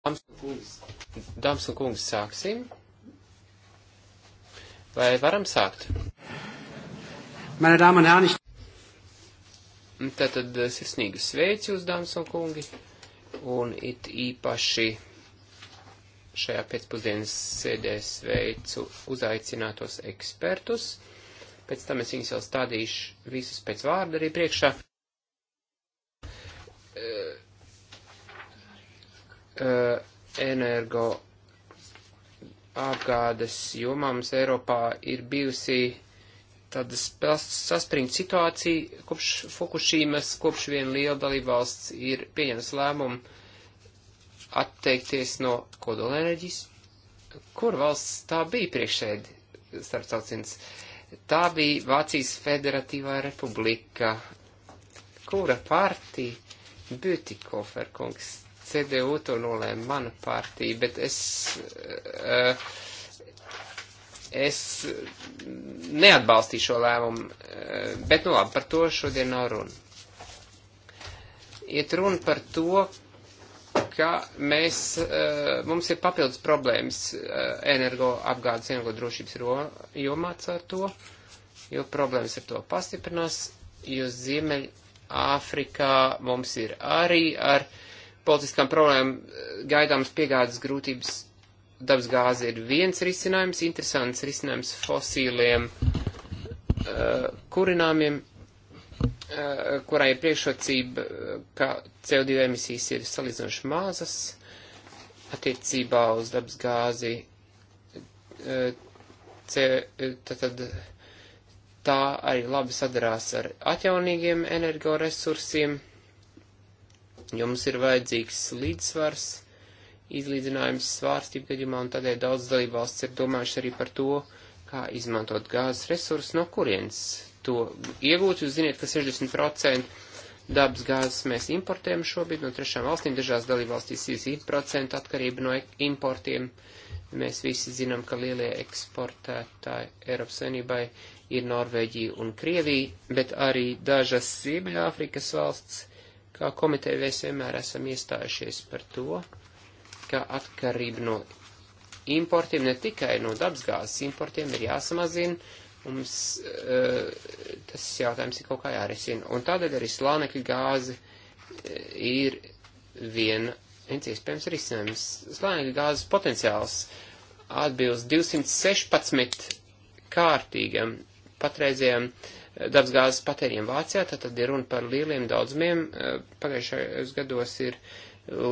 Dāmas un kungs, dāmas un kungs sāksim. Vai varam sākt? Mana dāma Nāniš. Tātad sirsnīgi sveicu jūs, dāmas un kungi, un it īpaši šajā pēcpusdienas sēdē sveicu uzaicinātos ekspertus. Pēc tam es viņus vēl stādīšu visus pēc vārda arī priekšā. Uh, Uh, energo apgādes jomā mums Eiropā ir bijusi tāda saspringta situācija kopš Fukushīmas, kopš viena liela dalībvalsts ir pieņems lēmumu atteikties no kodolenerģijas. Kur valsts tā bija priekšēdi, starp saucins? Tā bija Vācijas Federatīvā republika, kura partija Bütikoferkungs CDU to nolēma mana partija, bet es, eh, es neatbalstīju šo lēmumu, eh, bet nu labi, par to šodien nav runa. Iet runa par to, ka mēs, eh, mums ir papildus problēmas energo apgādes, energo drošības jomā ar to, jo problēmas ar to pastiprinās, jo Ziemeļ Āfrikā mums ir arī ar uh, politiskām problēmām eh, gaidāmas piegādes grūtības dabas gāze ir viens risinājums, interesants risinājums fosīliem uh, kurināmiem, uh, kurā ir priekšrocība, ka CO2 emisijas ir salīdzinoši mazas attiecībā uz dabas gāzi. Uh, C, tātad, tā arī labi sadarās ar atjaunīgiem energoresursiem Jums ir vajadzīgs līdzsvars, izlīdzinājums svārstību gadījumā, un tādēļ daudz dalībvalsts ir domājuši arī par to, kā izmantot gāzes resursus, no kurienes to iegūt. Jūs ziniet, ka 60% dabas gāzes mēs importējam šobrīd no trešām valstīm, dažās dalībvalstīs 60% atkarība no importiem. Mēs visi zinām, ka lielie eksportētāji Eiropas Savienībai ir Norvēģija un Krievija, bet arī dažas Ziemeļāfrikas valsts Kā komiteja mēs vienmēr esam iestājušies par to, ka atkarība no importiem, ne tikai no dabasgāzes importiem, ir jāsamazina. Mums e, tas jautājums ir kaut kā jārisina. Un tādēļ arī slānekļa gāze eh, ir viena, viens iespējams risinājums. Slānekļa gāzes potenciāls atbilst 216 kārtīgam patreizējam uh, dabasgāzes patēriņiem Vācijā, tad, tad ir runa par lieliem daudzumiem. Eh, pagājušajos gados ir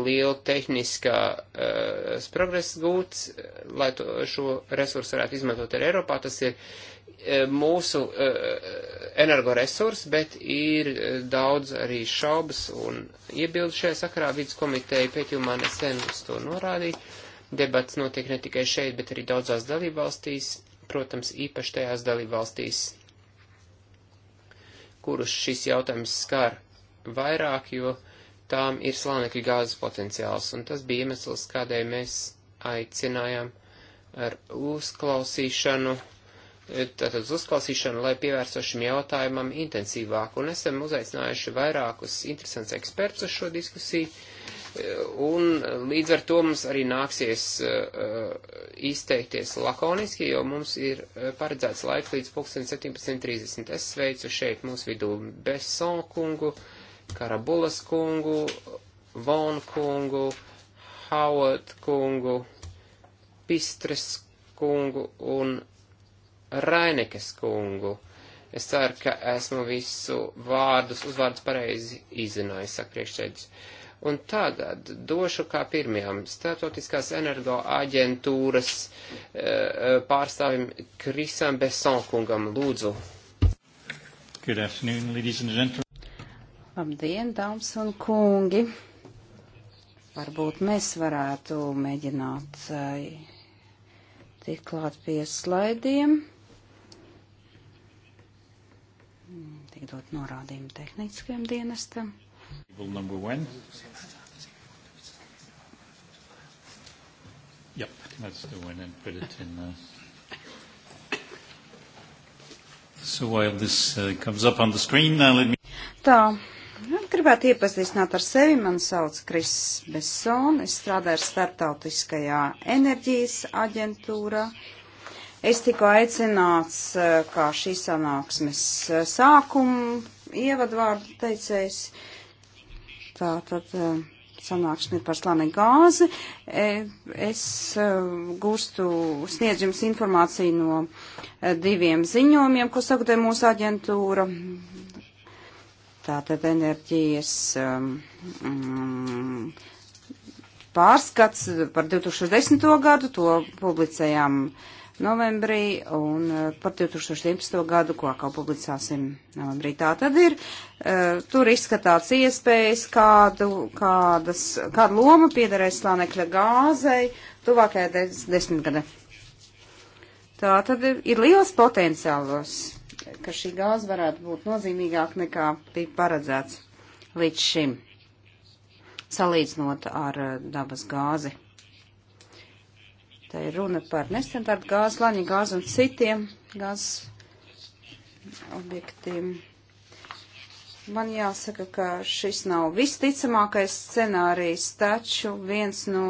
liela tehniskā uh, eh, progresa gūts, eh, lai to, šo resursu varētu izmantot arī Eiropā. Tas ir uh, mūsu uh, energoresurs, bet ir uh, daudz arī šaubas un iebildu šajā sakarā. Vides komiteja pētījumā nesen uz to norādīja. Debats notiek ne tikai šeit, bet arī daudzās dalībvalstīs, protams, īpaši tajās dalībvalstīs, kurus šis jautājums skar vairāk, jo tām ir slānekļa gāzes potenciāls, un tas bija iemesls, kādēļ mēs aicinājām ar uzklausīšanu, e, tātad uz uzklausīšanu, lai pievērstu šim jautājumam intensīvāk, un esam uzaicinājuši vairākus interesants ekspertus uz šo diskusiju, Un um, līdz ar to mums arī nāksies uh, uh, izteikties lakoniski, jo mums ir uh, paredzēts laiks līdz 17.30. Es sveicu šeit mūsu vidū Besson kungu, Karabulas kungu, Von kungu, Howard kungu, Pistres kungu un Rainekes kungu. Es ceru, ka esmu visu vārdus, uzvārdus pareizi izzinājis, saka priekšsēdus. Uh, Un tagad došu kā pirmajam Startautiskās energo aģentūras eh, eh, pārstāvim Krisam Besonkungam. Lūdzu. Good afternoon, ladies and gentlemen. Labdien, dāmas un kungi. Varbūt mēs varētu mēģināt eh, tikt klāt pie slaidiem. Tik dot norādījumu tehniskajam dienestam. Yep, that's the one and put it in there. Uh, so while this uh, comes up on the screen, now uh, let me... Tā, nu, gribētu iepazīstināt ar sevi. Man sauc Kris Besson, es strādāju starptautiskajā enerģijas aģentūrā. Es tiku aicināts uh, kā šīs sanāksmes sākuma ievadvārdu teicējs Tā tad eh, sanāksme ir par slāni gāzi. Eh, es eh, gūstu, sniedzu jums informāciju no diviem ziņojumiem, ko sagatē mūsu aģentūra. Tātad enerģijas um, pārskats par 2010. gadu, to publicējām uh, novembrī un eh, par 2011. gadu, ko atkal publicāsim novembrī. Tā tad ir, eh, tur izskatāts iespējas, kādu, kādas, kādu lomu piederēs slānekļa gāzei tuvākajā des, desmitgadē. Tā tad ir, ir liels potenciāls, ka šī gāze varētu būt nozīmīgāk nekā bija paredzēts līdz šim, salīdzinot ar eh, dabas gāzi. Tā ir runa par nestandartu gāzi, laņa gāzi un citiem gāzes objektiem. Man jāsaka, ka šis nav visticamākais scenārijs, taču viens no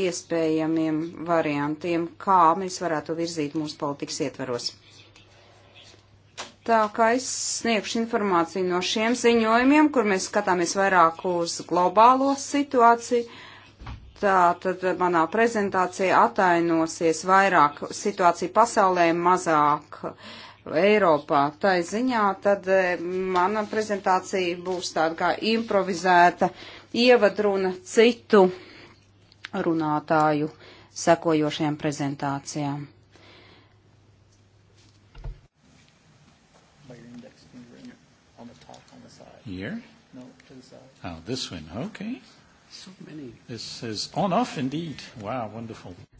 iespējamiem variantiem, kā mēs varētu virzīt mūsu politikas ietvaros. Tā kā es sniegšu informāciju no šiem ziņojumiem, kur mēs skatāmies vairāk uz globālo situāciju, Tā tad manā prezentācijā atainosies vairāk situācija pasaulē, mazāk Eiropā. Tā ziņā tad e, mana prezentācija būs tāda kā improvizēta ievadruna citu runātāju sekojošajām prezentācijām. Here? No, to the side. Oh, this one. Okay. Wow,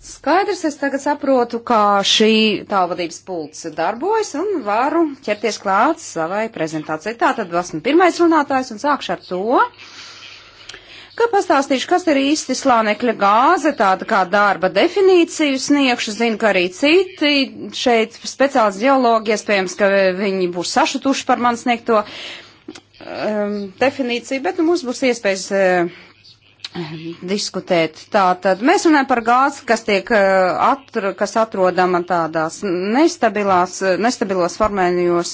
Skaidrs, es tagad saprotu, kā šī tālvadības pults darbojas un varu ķerties klāt savai prezentācijai. Tātad esmu pirmais runātājs un sākšu ar to, ka pastāstīšu, kas ir īsti slānekļa gāze, tāda kā darba definīciju sniegšu, zinu, ka arī citi šeit speciāls geologi, iespējams, ka viņi būs sašutuši par man sniegto um, definīciju, bet nu, mums būs iespējas uh, diskutēt. Tātad mēs runājam par gāzi, kas tiek eh, atr, kas atrodama tādās nestabilās, nestabilos formēļos,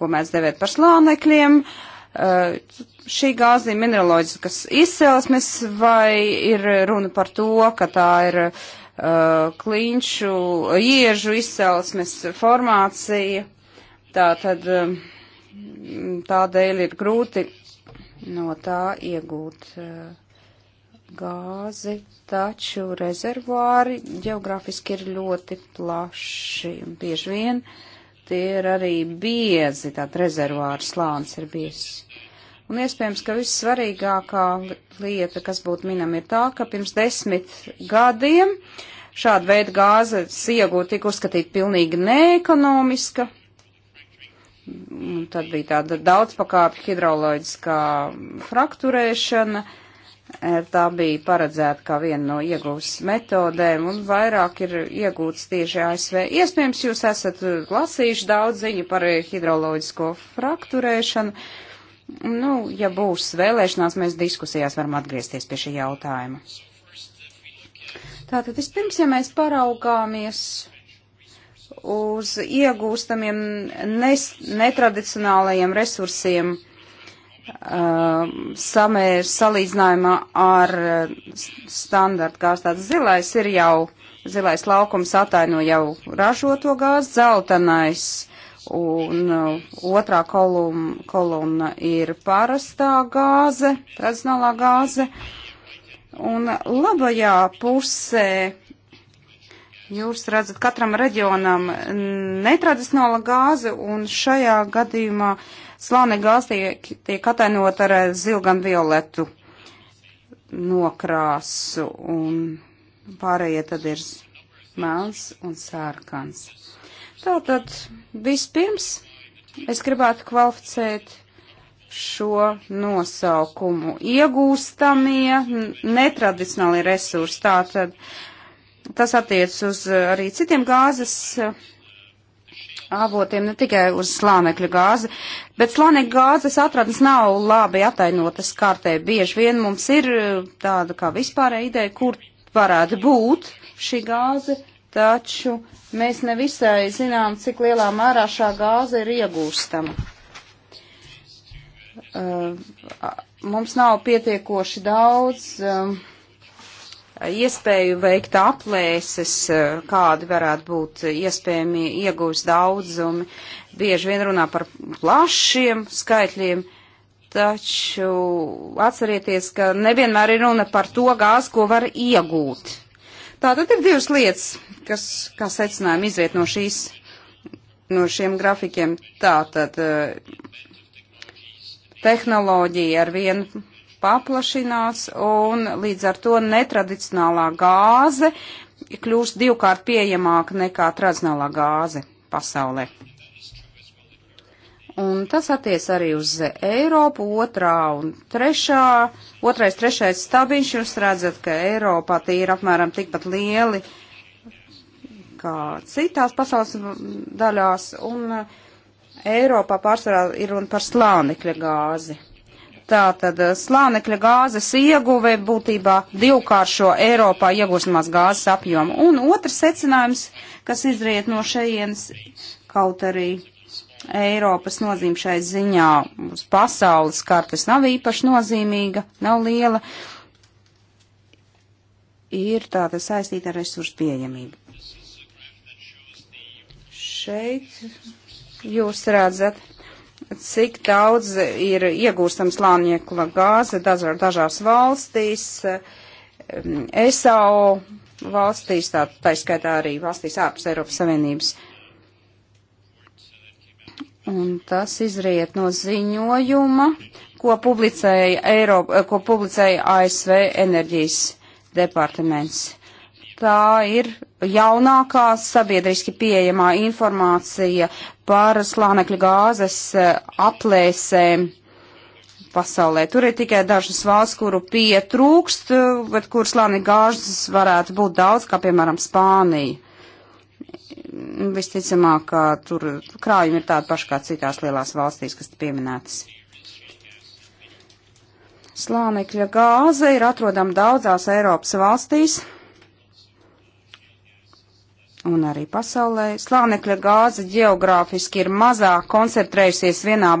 ko mēs devēt par slānekļiem. Eh, šī gāze ir mineraloģiskas izcelsmes vai ir runa par to, ka tā ir eh, klinšu, iežu izcelsmes formācija. Tātad tādēļ ir grūti no tā iegūt. Uh, gāzi, taču rezervuāri geogrāfiski ir ļoti plaši un bieži vien tie ir arī biezi, tātad rezervuāri slānis ir biezs. Un iespējams, ka vissvarīgākā lieta, kas būtu minam, ir tā, ka pirms desmit gadiem šāda veida gāzes iegūta tika uzskatīta pilnīgi neekonomiska. Un tad bija tāda daudzpakāpju hidrauloģiskā frakturēšana. Uh, Eh, tā bija paredzēta kā viena no iegūst metodēm, un vairāk ir iegūts tieši ASV. Iespējams, jūs esat eh, lasījuši daudz ziņu par eh, hidroloģisko frakturēšanu. Nu, ja būs vēlēšanās, mēs diskusijās varam atgriezties pie šī jautājuma. Tātad vispirms, ja mēs paraugāmies uz iegūstamiem nes, netradicionālajiem resursiem, Um, samērs salīdzinājumā ar uh, standartu gāzi. Tāds zilais ir jau, zilais laukums ataino jau ražoto gāzi, dzeltenais un uh, otrā kolumna, kolumna ir parastā gāze, tradicionālā gāze. Un labajā pusē jūs redzat katram reģionam netradicionāla gāze un šajā gadījumā uh, Slāne gāze tiek, tiek atainot ar eh, zilgan violetu nokrāsu un pārējie tad ir melns un sārkans. Tātad vispirms es gribētu kvalificēt šo nosaukumu. Iegūstamie netradicionāli resursi, tātad tas attiec uz eh, arī citiem gāzes eh, avotiem ne tikai uz slānekļa gāzi, bet slānekļa gāzes atradnes nav labi atainotas kartē. Bieži vien mums ir eh, tāda kā vispārēja ideja, kur varētu būt šī gāze, taču mēs nevisai zinām, cik lielā mērā šā gāze ir iegūstama. Uh, mums nav pietiekoši daudz. Uh, iespēju veikt aplēses, eh, kādi varētu būt iespējami iegūst daudzumi. Bieži vien runā par plašiem skaitļiem, taču atcerieties, ka nevienmēr ir runa par to gāzi, ko var iegūt. Tātad ir divas lietas, kas, kā secinājumi, izriet no šīs, no šiem grafikiem. Tātad eh, tehnoloģija ar vienu paplašinās un līdz ar to netradicionālā gāze kļūst divkārt pieejamāka nekā tradicionālā gāze pasaulē. Un tas attiec arī uz Eiropu, otrā un trešā, otrais, trešais stabiņš, jūs redzat, ka Eiropā tie ir apmēram tikpat lieli kā citās pasaules daļās, un uh, Eiropā pārsvarā ir un par slānekļa gāzi. Tātad eh, slānekļa gāzes ieguve būtībā divkāršo Eiropā iegūstamās gāzes apjomu. Un otrs secinājums, kas izriet no šejienes, kaut arī Eiropas nozīme šai ziņā uz pasaules kartes nav īpaši nozīmīga, nav liela, ir tātad saistīta ar resursu pieejamību. Šeit jūs redzat cik daudz ir iegūstams lāniekla gāze dažās valstīs, um, SAO valstīs, tā, tā skaitā arī valstīs ārpus Eiropas Savienības. Un tas izriet no ziņojuma, ko publicēja, Eiropa, ko publicēja ASV enerģijas departaments. Tā ir jaunākā sabiedriski pieejamā informācija par slānekļa gāzes eh, aplēsēm pasaulē. Tur ir tikai dažas valsts, kuru pietrūkst, eh, bet kur slānekļa gāzes varētu būt daudz, kā piemēram Spānija. Visticamāk, ka tur krājumi ir tādi paši kā citās lielās valstīs, kas pieminētas. Slānekļa gāze ir atrodama daudzās Eiropas valstīs un arī pasaulē. Slānekļa gāze geogrāfiski ir mazāk koncentrējusies vienā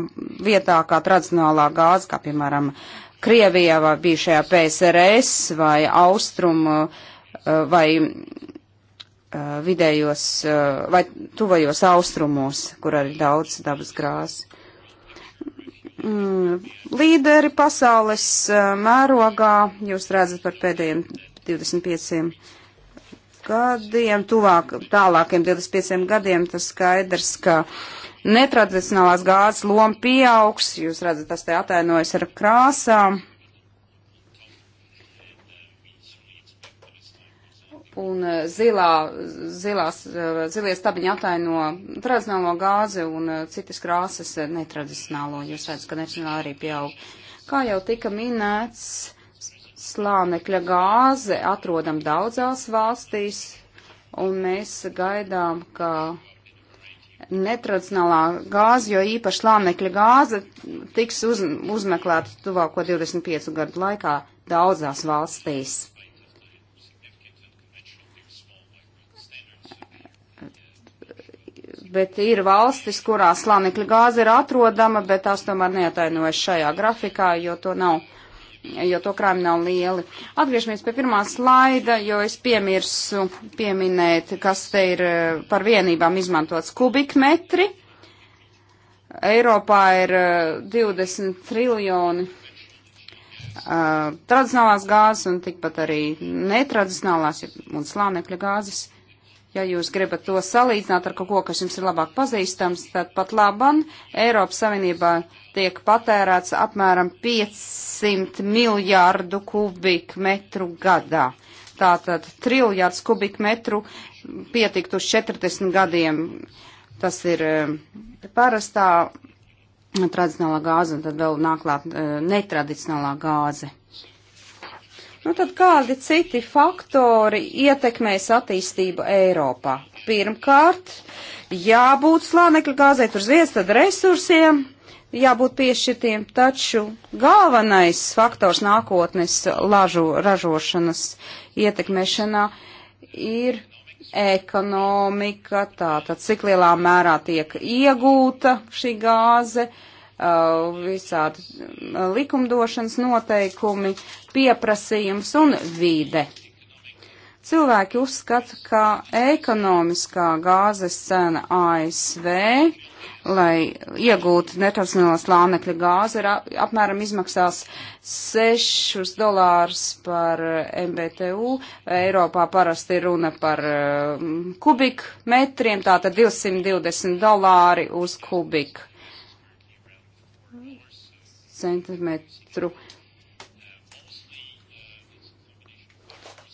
vietā kā tradicionālā gāze, kā piemēram Krievijā vai bijušajā PSRS vai Austrumu eh, vai eh, vidējos eh, vai tuvajos austrumos, kur arī daudz dabas grāzi. Mm, līderi pasaules mērogā, jūs redzat par pēdējiem 25 gadiem, tuvāk, tālākiem 25 gadiem, tas skaidrs, ka netradicionālās gāzes loma pieaugs, jūs redzat, tas te atainojas ar krāsām. Un eh, zilā, zilās, eh, zilie stabiņi ataino tradicionālo gāzi un eh, citas krāsas netradicionālo. Jūs redzat, ka netradicionāli arī pieaug. Kā jau tika minēts, slānekļa gāze atrodam daudzās valstīs, un mēs gaidām, ka netradicionālā gāze, jo īpaši slānekļa gāze, tiks uz, uzmeklēta tuvāko 25 gadu laikā daudzās valstīs. Bet ir valstis, kurās slānekļa gāze ir atrodama, bet tās tomēr neatainojas šajā grafikā, jo to nav jo to krājumi nav lieli. Atgriežamies pie pirmā slaida, jo es piemirsu pieminēt, kas te ir eh, par vienībām izmantots kubikmetri. Eiropā ir 20 eh, triljoni uh, tradicionālās gāzes un tikpat arī netradicionālās un slānekļa gāzes. Ja jūs gribat to salīdzināt ar kaut ko, kas jums ir labāk pazīstams, tad pat laban Eiropas Savienībā tiek patērēts apmēram 500 miljārdu kubikmetru gadā. Tātad triljārds kubikmetru pietiktu uz 40 gadiem. Tas ir eh, parastā tradicionālā gāze, un tad vēl nāk klāt eh, netradicionālā gāze. Nu tad kādi citi faktori ietekmēs attīstību Eiropā? Pirmkārt, jābūt slānekļa gāzē tur zviest, tad resursiem jābūt piešķirtiem, taču galvenais faktors nākotnes lažu, ražošanas ietekmēšanā ir ekonomika, tātad cik lielā mērā tiek iegūta šī gāze, uh, visādi uh, likumdošanas noteikumi, pieprasījums un vīde. Cilvēki uzskata, ka ekonomiskā gāzes cena ASV, lai iegūtu netradicionālās lānekļa gāzi, ir apmēram izmaksās 6 dolārus par MBTU. Eiropā parasti runa par um, kubikmetriem, tātad 220 dolāri uz kubiku centimetru. Uh,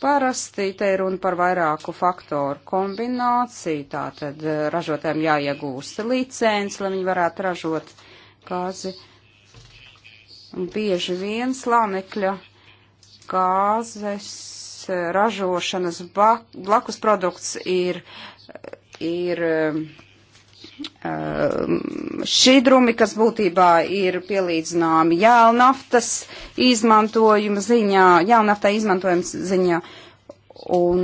Parasti te ir runa par vairāku faktoru kombināciju, tātad eh, ražotājiem jāiegūst licenci, lai viņi varētu ražot gāzi. Bieži vien slānekļa gāzes eh, ražošanas blakus produkts ir, ir eh, Ehm, šķidrumi, kas būtībā ir pielīdzināmi jēlnaftas izmantojuma ziņā, jēlnaftai izmantojuma ziņā. Un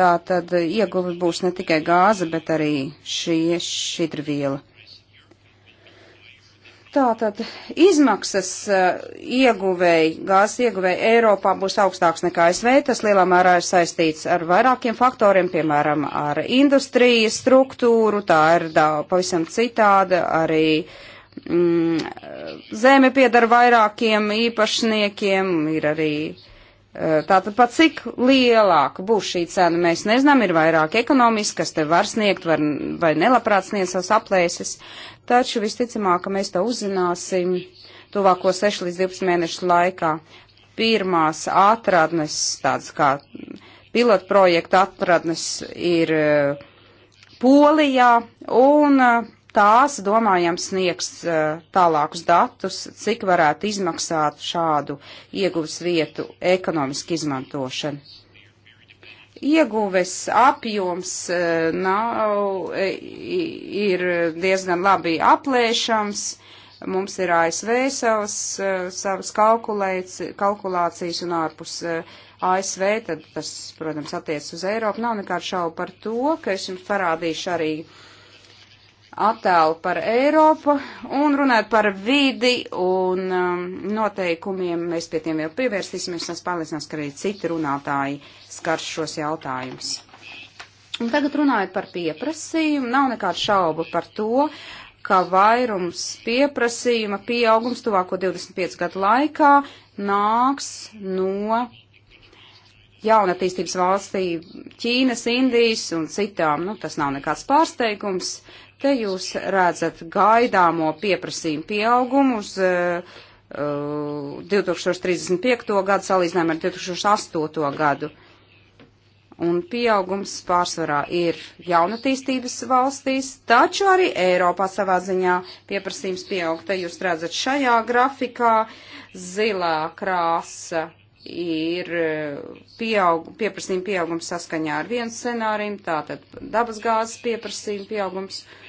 tā tad ieguvi būs ne tikai gāze, bet arī šī šķidrviela. Tātad izmaksas eh, ieguvēji, gāzes ieguvēji Eiropā būs augstāks nekā SV. Tas lielā mērā ir saistīts ar vairākiem faktoriem, piemēram, ar industrijas struktūru, tā ir dā, pavisam citāda, arī mm, zeme piedara vairākiem īpašniekiem, ir arī uh, Eh, tātad pat cik lielāka būs šī cena, mēs nezinām, ir vairāk ekonomiski, kas te var sniegt var, vai nelabprāt sniegt savas aplēses, taču visticamāk, ka mēs to uzzināsim tuvāko 6 līdz 12 mēnešu laikā. Pirmās atradnes, tāds kā pilotprojekta atradnes ir eh, Polijā un eh, tās, domājam, sniegs eh, tālākus datus, cik varētu izmaksāt šādu ieguves vietu ekonomiski izmantošanu. Ieguves apjoms eh, nav, e, ir diezgan labi aplēšams. Mums ir ASV savas, eh, savas kalkulācijas un ārpus ASV, tad tas, protams, attiec uz Eiropu. Nav nekādu šaubu par to, ka es jums parādīšu arī uh, attēlu par Eiropu un runāt par vidi un um, noteikumiem. Mēs pie tiem vēl pievērsīsimies, es pārliecinās, ka arī citi runātāji skars šos jautājumus. Un tagad runājot par pieprasījumu, nav nekādu šaubu par to, ka vairums pieprasījuma pieaugums tuvāko 25 gadu laikā nāks no jaunatīstības valstī Ķīnas, Indijas un citām. Nu, tas nav nekāds pārsteigums. Te jūs redzat gaidāmo pieprasījumu pieaugumu uz uh, eh, 2035. Eh, gadu salīdzinājumā ar 2008. gadu. Un pieaugums pārsvarā ir jaunatīstības valstīs, taču arī Eiropā savā ziņā pieprasījums pieaug. Te jūs redzat šajā grafikā zilā krāsa ir eh, pieaug, pieprasījuma pieaugums saskaņā ar vienu scenāriju, tātad dabasgāzes pieprasījuma pieaugums. Uh,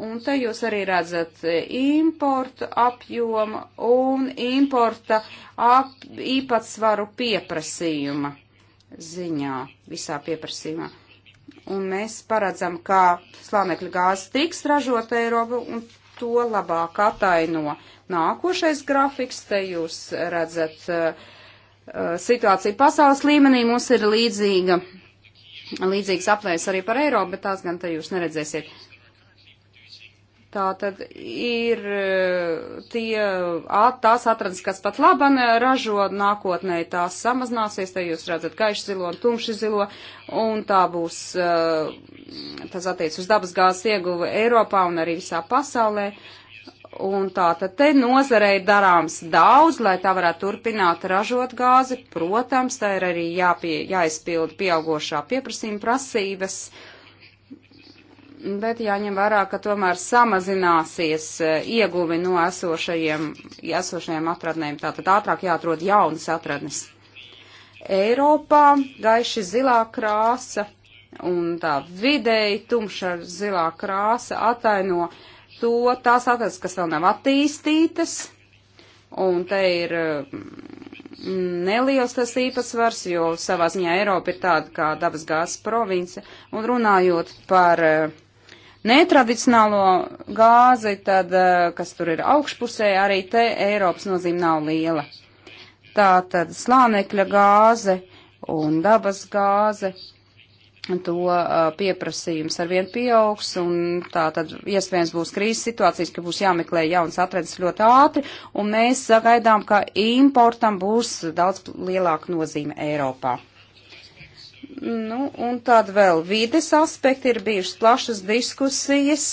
Un te jūs arī redzat importu apjomu un importa ap, īpatsvaru pieprasījuma ziņā, visā pieprasījumā. Un mēs paredzam, ka slānekļa gāze tiks ražota Eiropa un to labāk ataino nākošais grafiks. Te jūs redzat uh, uh situāciju pasaules līmenī. Mums ir līdzīga, līdzīgs aplēs arī par Eiropu, bet tās gan te jūs neredzēsiet. Tā tad ir eh, tie, tās atradas, kas pat laban eh, ražo nākotnē, tās samazināsies, te jūs redzat gaišu zilo un tumši zilo, un tā būs, eh, tas attiec uz dabas gāzes ieguvu Eiropā un arī visā pasaulē. Un tā tad te nozarei darāms daudz, lai tā varētu turpināt ražot gāzi. Protams, tā ir arī jāpie, jāizpilda pieaugošā pieprasījuma prasības. Uh, bet jāņem vērā, ka tomēr samazināsies eh, ieguvi no esošajiem, esošajiem atradnēm. Tātad ātrāk jāatrod jaunas atradnes. Eiropā gaiši zilā krāsa un tā vidēji tumša zilā krāsa ataino to tās atradnes, kas vēl nav attīstītas. Un te ir mm, neliels tas īpatsvars, jo savā ziņā Eiropa ir tāda kā dabas gāzes province. Un runājot par uh, netradicionālo gāzi, tad, eh, kas tur ir augšpusē, arī te Eiropas nozīme nav liela. Tā tad slānekļa gāze un dabas gāze, to eh, pieprasījums arvien pieaugs, un tā tad iespējams būs krīzes situācijas, ka būs jāmeklē jauns atvedes ļoti ātri, un mēs sagaidām, ka importam būs daudz lielāka nozīme Eiropā. Nu, un tad vēl vides aspekti ir bijušas plašas diskusijas,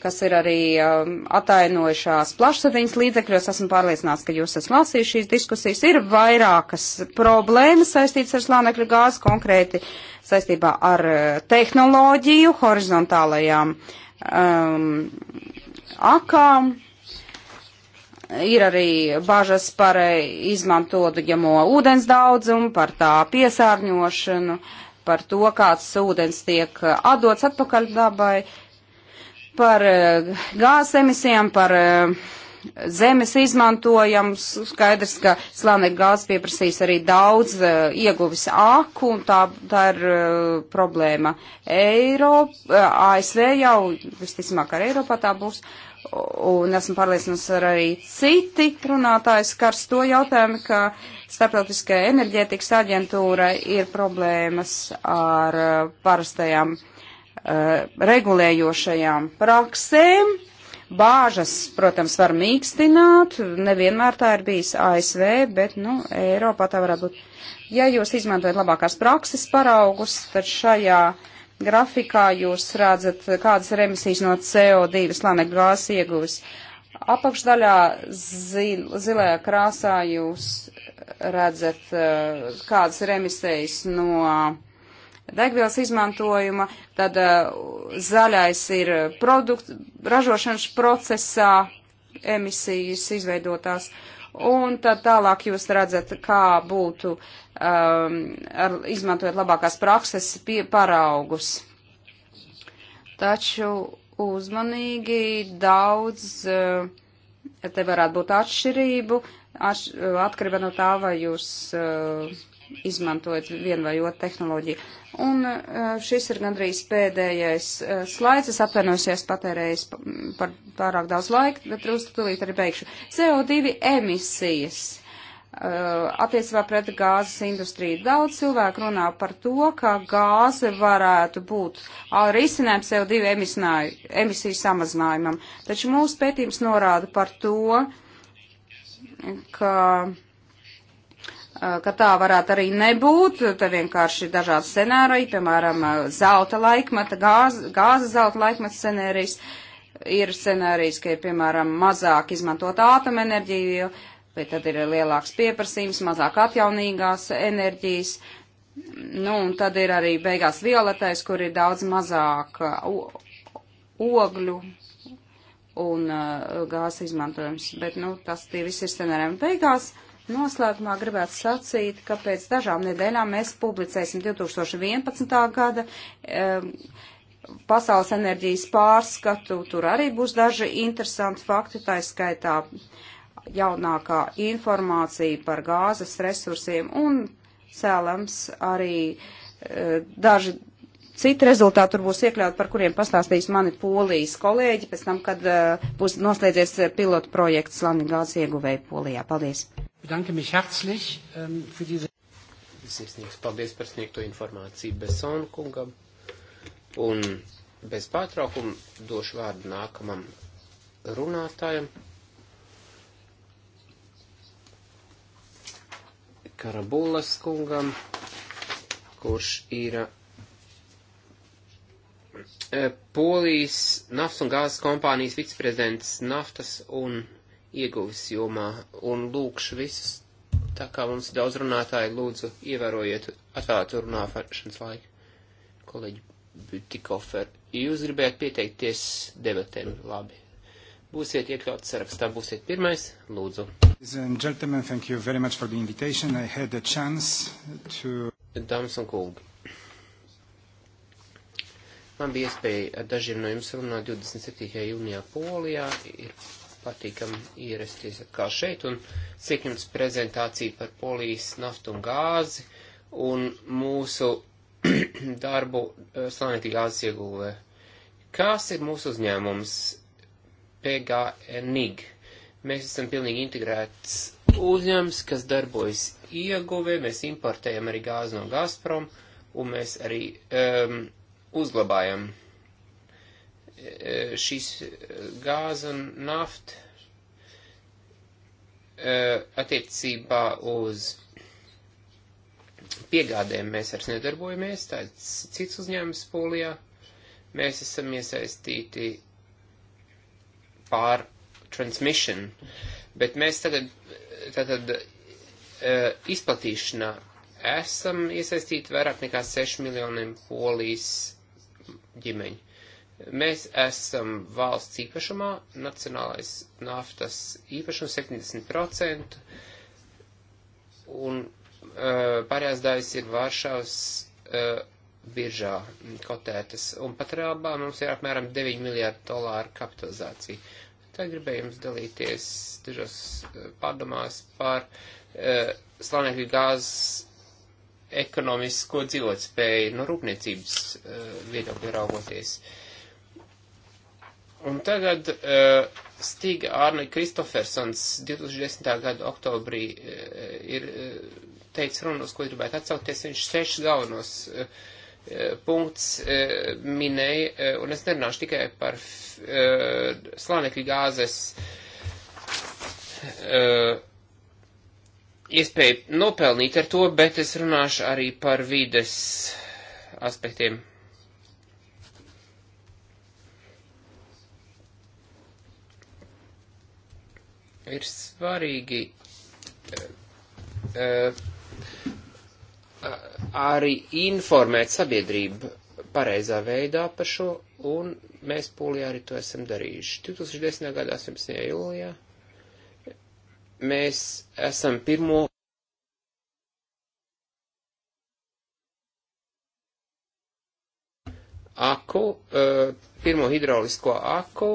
kas ir arī um, atainojušās plašsaziņas līdzekļos. Esmu pārliecināts, ka jūs esat lasījuši šīs diskusijas. Ir vairākas problēmas saistītas ar slānekļu gāzi, konkrēti saistībā ar uh, tehnoloģiju, horizontālajām um, akām ir arī bažas par eh, izmantojamo ūdens daudzumu, par tā piesārņošanu, par to, kāds ūdens tiek eh, atdots atpakaļ dabai, par eh, gāzes emisijām, par zemes izmantojams. Skaidrs, ka slānekļa gāzes pieprasīs arī daudz ieguvis aku, un tā, tā ir problēma. Eiropa, ASV jau, visticamāk, ar Eiropā tā būs. Uh, un esmu pārliecināts ar arī citi runātājs skars to jautājumu, ka starptautiskā enerģētikas aģentūra ir problēmas ar uh, parastajām uh, regulējošajām praksēm. Bāžas, protams, var mīkstināt, nevienmēr tā ir bijis ASV, bet, nu, Eiropā tā varētu būt. Ja jūs izmantojat labākās prakses paraugus, tad šajā uh, grafikā jūs redzat, kādas ir emisijas no CO2 slānekļa gāzes ieguvis. Apakšdaļā zil, zilajā krāsā jūs redzat, eh, kādas ir emisijas no degvielas izmantojuma, tad eh, zaļais ir produktu ražošanas procesā emisijas izveidotās. Uh, un tad tālāk jūs redzat, kā būtu um, ar, izmantojot labākās prakses pie paraugus. Taču uzmanīgi daudz, uh, te varētu būt atšķirību, atš, eh, atkarībā no tā, vai jūs. Uh, izmantojot vienu vai otru tehnoloģiju. Un e, šis ir gandrīz pēdējais e, slaids. Es apvienojos, ja es patērēju par pārāk daudz laika, bet uztūlīt arī beigšu. CO2 emisijas e, attiecībā pret gāzes industriju. Daudz cilvēku runā par to, ka gāze varētu būt risinājums CO2 emisiju samazinājumam. Taču mūsu pētījums norāda par to, ka ka tā varētu arī nebūt, te vienkārši ir dažādi scenāriji, piemēram, zelta laikmeta, gāze, gāze zelta laikmeta scenārijs, ir scenārijs, ka ir, piemēram, mazāk izmantot ātumenerģiju, bet tad ir lielāks pieprasījums, mazāk atjaunīgās enerģijas, nu, un tad ir arī beigās violetais, kur ir daudz mazāk ogļu un gāzes izmantojums, bet, nu, tas tie visi ir scenāriem beigās. Noslēgumā gribētu sacīt, ka pēc dažām nedēļām mēs publicēsim 2011. gada um, pasaules enerģijas pārskatu. Tur arī būs daži interesanti fakti, tā skaitā jaunākā informācija par gāzes resursiem un cēlams arī uh, daži citi rezultāti tur būs iekļauti, par kuriem pastāstīs mani polijas kolēģi pēc tam, kad uh, būs noslēdzies pilotu projekts Lanigāls ieguvēja Polijā. Paldies! bedanke mich herzlich um, für diese. Sirsnīgs paldies par sniegto informāciju Besonu kungam. Un bez pārtraukuma došu vārdu nākamam runātājam. Karabulas kungam, kurš ir eh, Polijas naftas un gāzes kompānijas viceprezidents naftas un ieguvis jomā. Un lūkšu visus, tā kā mums ir daudz runātāji, lūdzu ievērojiet atvēlētu runāšanas laiku. Kolēģi Butikofer, jūs gribējāt pieteikties debatēm, labi. Būsiet iekļauts sarakstā, būsiet pirmais, lūdzu. To... Dāmas un kungi, man bija iespēja ar dažiem no jums runāt 27. jūnijā Polijā. Ir patīkami ierasties atkal šeit un sniegt prezentāciju par polijas naftu un gāzi un mūsu darbu eh, slānītī gāzes ieguvē. Kas ir mūsu uzņēmums? PGNIG. Mēs esam pilnīgi integrēts uzņēmums, kas darbojas ieguvē, mēs importējam arī gāzi no Gazprom un mēs arī um, uzglabājam Eh, šīs eh, gāza un nafta eh, attiecībā uz piegādēm mēs vairs nedarbojamies, tāds cits uzņēmums Polijā. Mēs esam iesaistīti pār transmission, bet mēs tagad, tātad izplatīšanā esam iesaistīti vairāk nekā 6 miljoniem Polijas ģimeņu. Mēs esam valsts īpašumā, nacionālais naftas īpašums 70%, un uh, pārējās daļas ir Vāršavas uh, e, biržā kotētas, un pat rābā mums ir apmēram 9 miljārdu dolāru kapitalizācija. Tā gribēju jums dalīties dažos e, pārdomās par uh, slānekļu gāzes ekonomisko dzīvotspēju no rūpniecības uh, viedokļa raugoties. Uh, Un tagad uh, eh, Stīga Ārne Kristofersons 2010. gada oktobrī uh, ir uh, teicis runu, uz ko gribētu atsaukties. Viņš sešas galvenos uh, punkts uh, minēja, uh, un es nerunāšu tikai par uh, slānekļa gāzes uh, iespēju nopelnīt ar to, bet es runāšu arī par vides aspektiem. Ir svarīgi uh, arī informēt sabiedrību pareizā veidā par šo, un mēs Polijā arī to esam darījuši. 2010. gadā 18. jūlijā mēs esam pirmo. Aku, eh, pirmo hidraulisko aku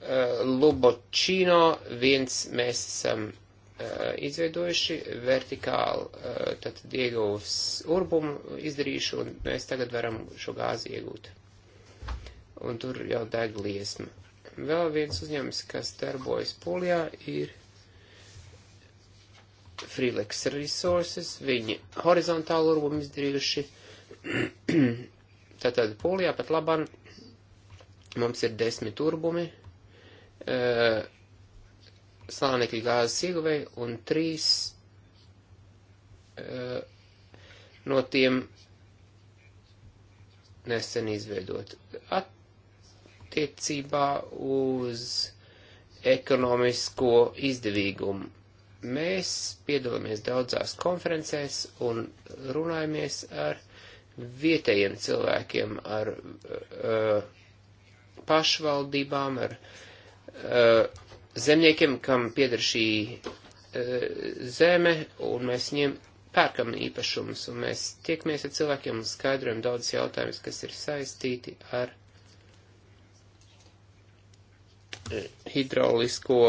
Eh, Lubočino viens mēs esam eh, izveidojuši vertikāli, eh, tad ieguvis urbumu izdarīšu, un mēs tagad varam šo gāzi iegūt. Un tur jau deg liesma. Vēl viens uzņēmums, kas darbojas Polijā, ir Freelix Resources. Viņi horizontāli urbumu izdarījuši. Tātad Polijā pat labam mums ir desmit urbumi, E, slānekļa gāzes ieguvei un trīs e, no tiem nesen izveidot. Attiecībā uz ekonomisko izdevīgumu. Mēs piedalāmies daudzās konferencēs un runājamies ar vietējiem cilvēkiem, ar uh, pašvaldībām, ar uh, Eh, zemniekiem, kam pieder šī eh, zeme, un mēs viņiem pērkam īpašumus, un mēs tiekamies ar cilvēkiem un skaidrojam daudz jautājumus, kas ir saistīti ar eh, hidraulisko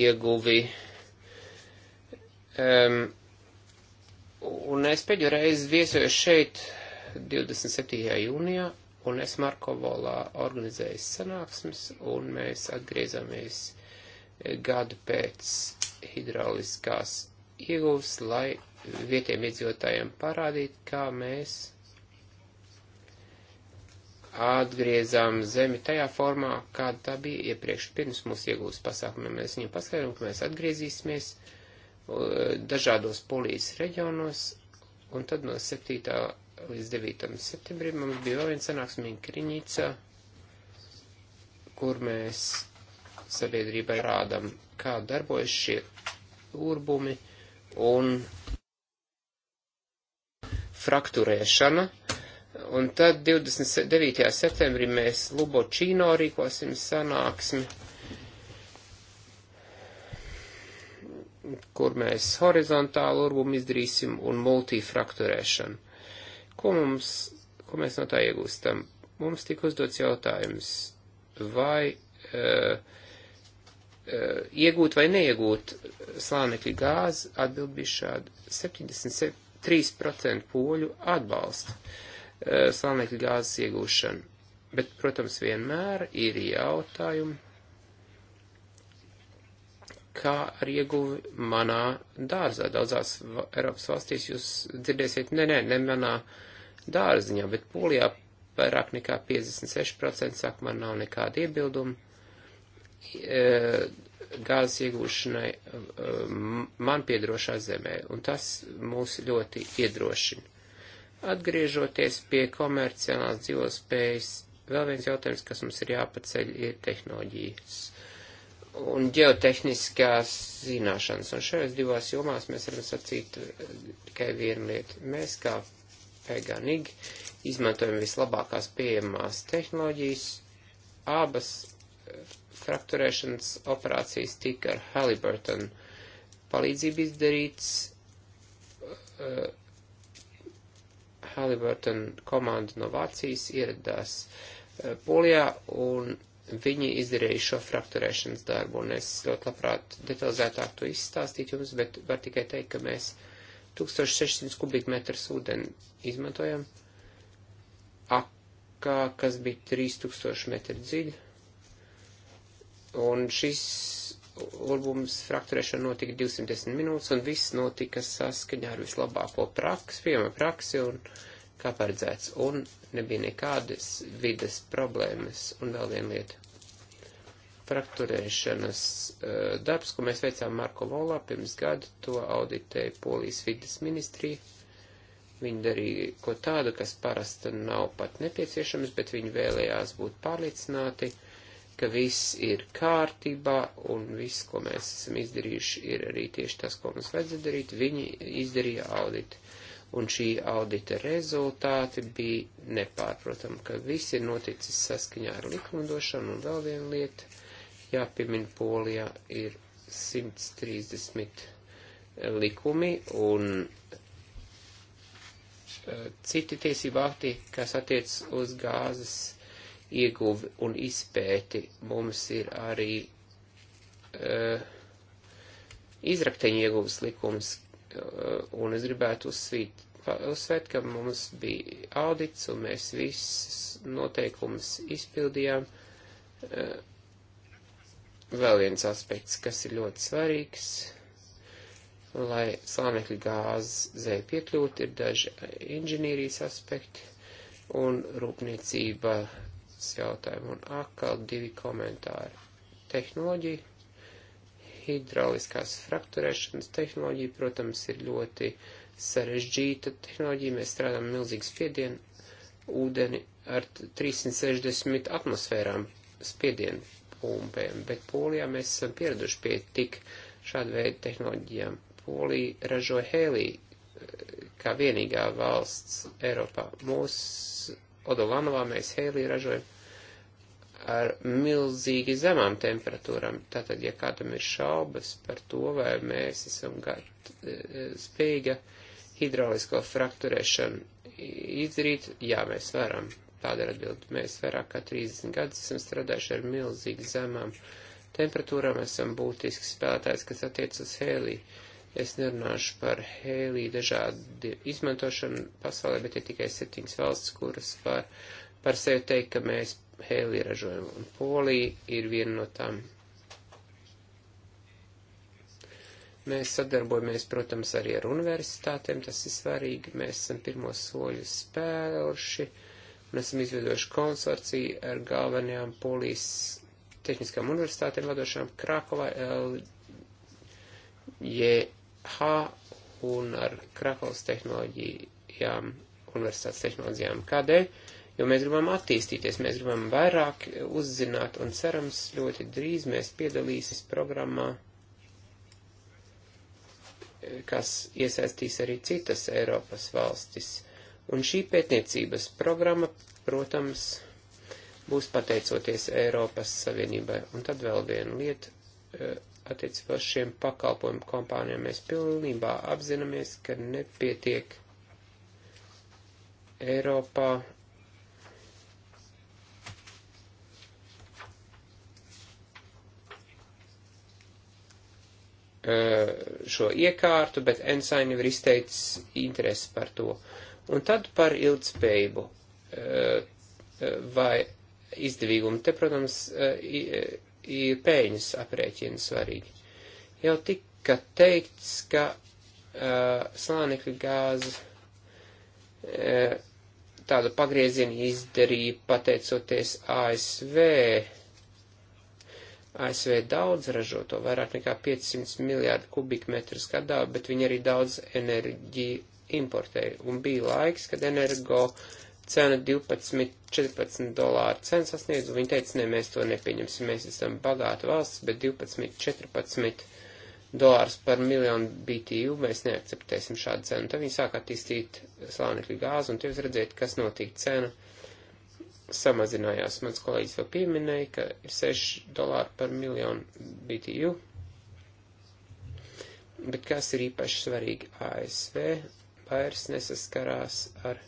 ieguvi. Um, un es pēdējo reizi viesojos šeit 27. jūnijā, un es Markovolā organizēju sanāksmes, un mēs atgriezāmies eh, gadu pēc hidrauliskās ieguvas, lai vietiem iedzīvotājiem parādītu, kā mēs atgriezām zemi tajā formā, kāda tā bija iepriekš pirms mūsu ieguvas pasākumiem. Mēs viņiem paskaidrojam, ka mēs atgriezīsimies eh, dažādos polijas reģionos, un tad no 7 līdz 9. septembrim mums bija vēl viena sanāksme Kriņīca, kur mēs sabiedrībai rādam, kā darbojas šie urbumi un frakturēšana. Un tad 29. septembrī mēs Lubočīno rīkosim sanāksmi, kur mēs horizontālu urbumu izdarīsim un multifrakturēšanu. Ko, mums, ko mēs no tā iegūstam? Mums tika uzdots jautājums, vai uh, uh, iegūt vai neiegūt slānekļa gāzi, atbild bija šāda. 73% poļu atbalsta uh, eh, slānekļa gāzes iegūšanu. Bet, protams, vienmēr ir jautājumi kā ar ieguvi manā dārzā. Daudzās Eiropas valstīs jūs dzirdēsiet, nē, nē, ne manā dārziņā, bet Polijā vairāk nekā 56% saka, man nav nekāda iebilduma e, gāzes iegūšanai e, man piedrošā zemē, un tas mūs ļoti iedrošina. Atgriežoties pie komerciālās dzīvospējas, vēl viens jautājums, kas mums ir jāpaceļ, ir tehnoloģijas un ģeotehniskās zināšanas. Un šajās divās jomās mēs varam sacīt eh, tikai vienu lietu. Mēs kā Peganig izmantojam vislabākās pieejamās tehnoloģijas. Abas eh, frakturēšanas operācijas tika ar Halliburton palīdzību izdarīts. Uh, Halliburton komanda no Vācijas ieradās uh, Polijā un Viņi izdarīja šo frakturēšanas darbu, un es ļoti labprāt detalizētāk to izstāstītu jums, bet var tikai teikt, ka mēs 1600 kubikmetrus ūdeni izmantojam, akā, kas bija 3000 metri dziļa, un šis urbums frakturēšana notika 210 minūtes, un viss notika saskaņā ar vislabāko praksi, piemēram, praksi, un uh, kā paredzēts, un nebija nekādas vides problēmas. Un vēl viena lieta - frakturēšanas uh, darbs, ko mēs veicām Marko Volā pirms gadu, to auditēja Polijas vides ministrija. Viņi darīja ko tādu, kas parasti nav pat nepieciešams, bet viņi vēlējās būt pārliecināti, ka viss ir kārtībā un viss, ko mēs esam izdarījuši, ir arī tieši tas, ko mums vajadzēja darīt. Viņi izdarīja auditu un šī audita rezultāti bija nepārprotam, ka viss ir noticis saskaņā ar likumdošanu, un vēl viena lieta, jāpiemina Polijā, ir 130 e, likumi un e, citi tiesību akti, kas attiec uz gāzes ieguvi un izpēti. Mums ir arī uh, e, izrakteņu ieguves likums, Eh, un es gribētu uzsvīt, uzsvērt, ka mums bija audits, un mēs visas noteikumus izpildījām. Eh, vēl viens aspekts, kas ir ļoti svarīgs, lai slānekļa gāzei piekļūtu, ir daži inženierijas aspekti un rūpniecības jautājumi. Un atkal divi komentāri. Tehnoloģija hidrauliskās frakturēšanas tehnoloģija, protams, ir ļoti sarežģīta tehnoloģija. Mēs strādājam milzīgu spiedienu, ūdeni ar 360 atmosfērām spiedienu pumpēm, bet Polijā mēs esam pieraduši pie tik šādu veidu tehnoloģijām. Polija ražo hēlī eh, kā vienīgā valsts Eiropā. Mūsu Odolanovā mēs hēlī ražojam ar milzīgi zemām temperatūrām. Tātad, ja kādam ir šaubas par to, vai mēs esam gat, eh, spīga hidraulisko frakturēšanu izdarīt, jā, mēs varam. Tāda ir atbilde. Mēs vairāk kā 30 gadus esam strādājuši ar milzīgi zemām temperatūrām, esam būtiski spēlētājs, kas attiec uz hēlī. Es nerunāšu par hēlī dažādu izmantošanu pasaulē, bet ir tikai septiņas valsts, kuras var. Uh, par sevi teikt, ka mēs hēlī ražojam, un Polija ir viena no tām. Mēs sadarbojamies, protams, arī ar universitātēm, tas ir svarīgi, mēs esam pirmos soļus spēruši, un esam izveidojuši konsorciju ar galvenajām polijas tehniskām universitātēm vadošām Krakovā, LJH un ar Krakovas tehnoloģijām, universitātes tehnoloģijām. Kādēļ? jo mēs gribam attīstīties, mēs gribam vairāk uzzināt un cerams ļoti drīz mēs piedalīsies programmā, kas iesaistīs arī citas Eiropas valstis. Un šī pētniecības programma, protams, būs pateicoties Eiropas Savienībai. Un tad vēl viena lieta eh, attiecībā uz šiem pakalpojumu kompānijām. Mēs pilnībā apzināmies, ka nepietiek Eiropā Eh, šo iekārtu, bet Ensign jau ir izteicis interesi par to. Un tad par ilgspējību eh, vai izdevīgumu. Te, protams, eh, ir pēļņas aprēķina svarīgi. Jau tika teikts, ka slānekļa gāze tādu pagriezienu izdarīja pateicoties ASV ASV daudz ražo to, vairāk nekā 500 miljārdu kubikmetru gadā, bet viņi arī daudz enerģiju importēja. Un bija laiks, kad energo cena 12, 14 dolāru cenu sasniedz, un viņi teica, ne, mēs to nepieņemsim, mēs esam bagāta valsts, bet 12, 14 dolārus par miljonu BTU mēs neakceptēsim šādu cenu. Tad viņi sāk attīstīt slānekļu gāzi, un jūs redzēt, kas notika cena samazinājās. Mans kolēģis vēl pieminēja, ka ir 6 dolāri par miljonu BTU. Bet kas ir īpaši svarīgi ASV, vairs nesaskarās ar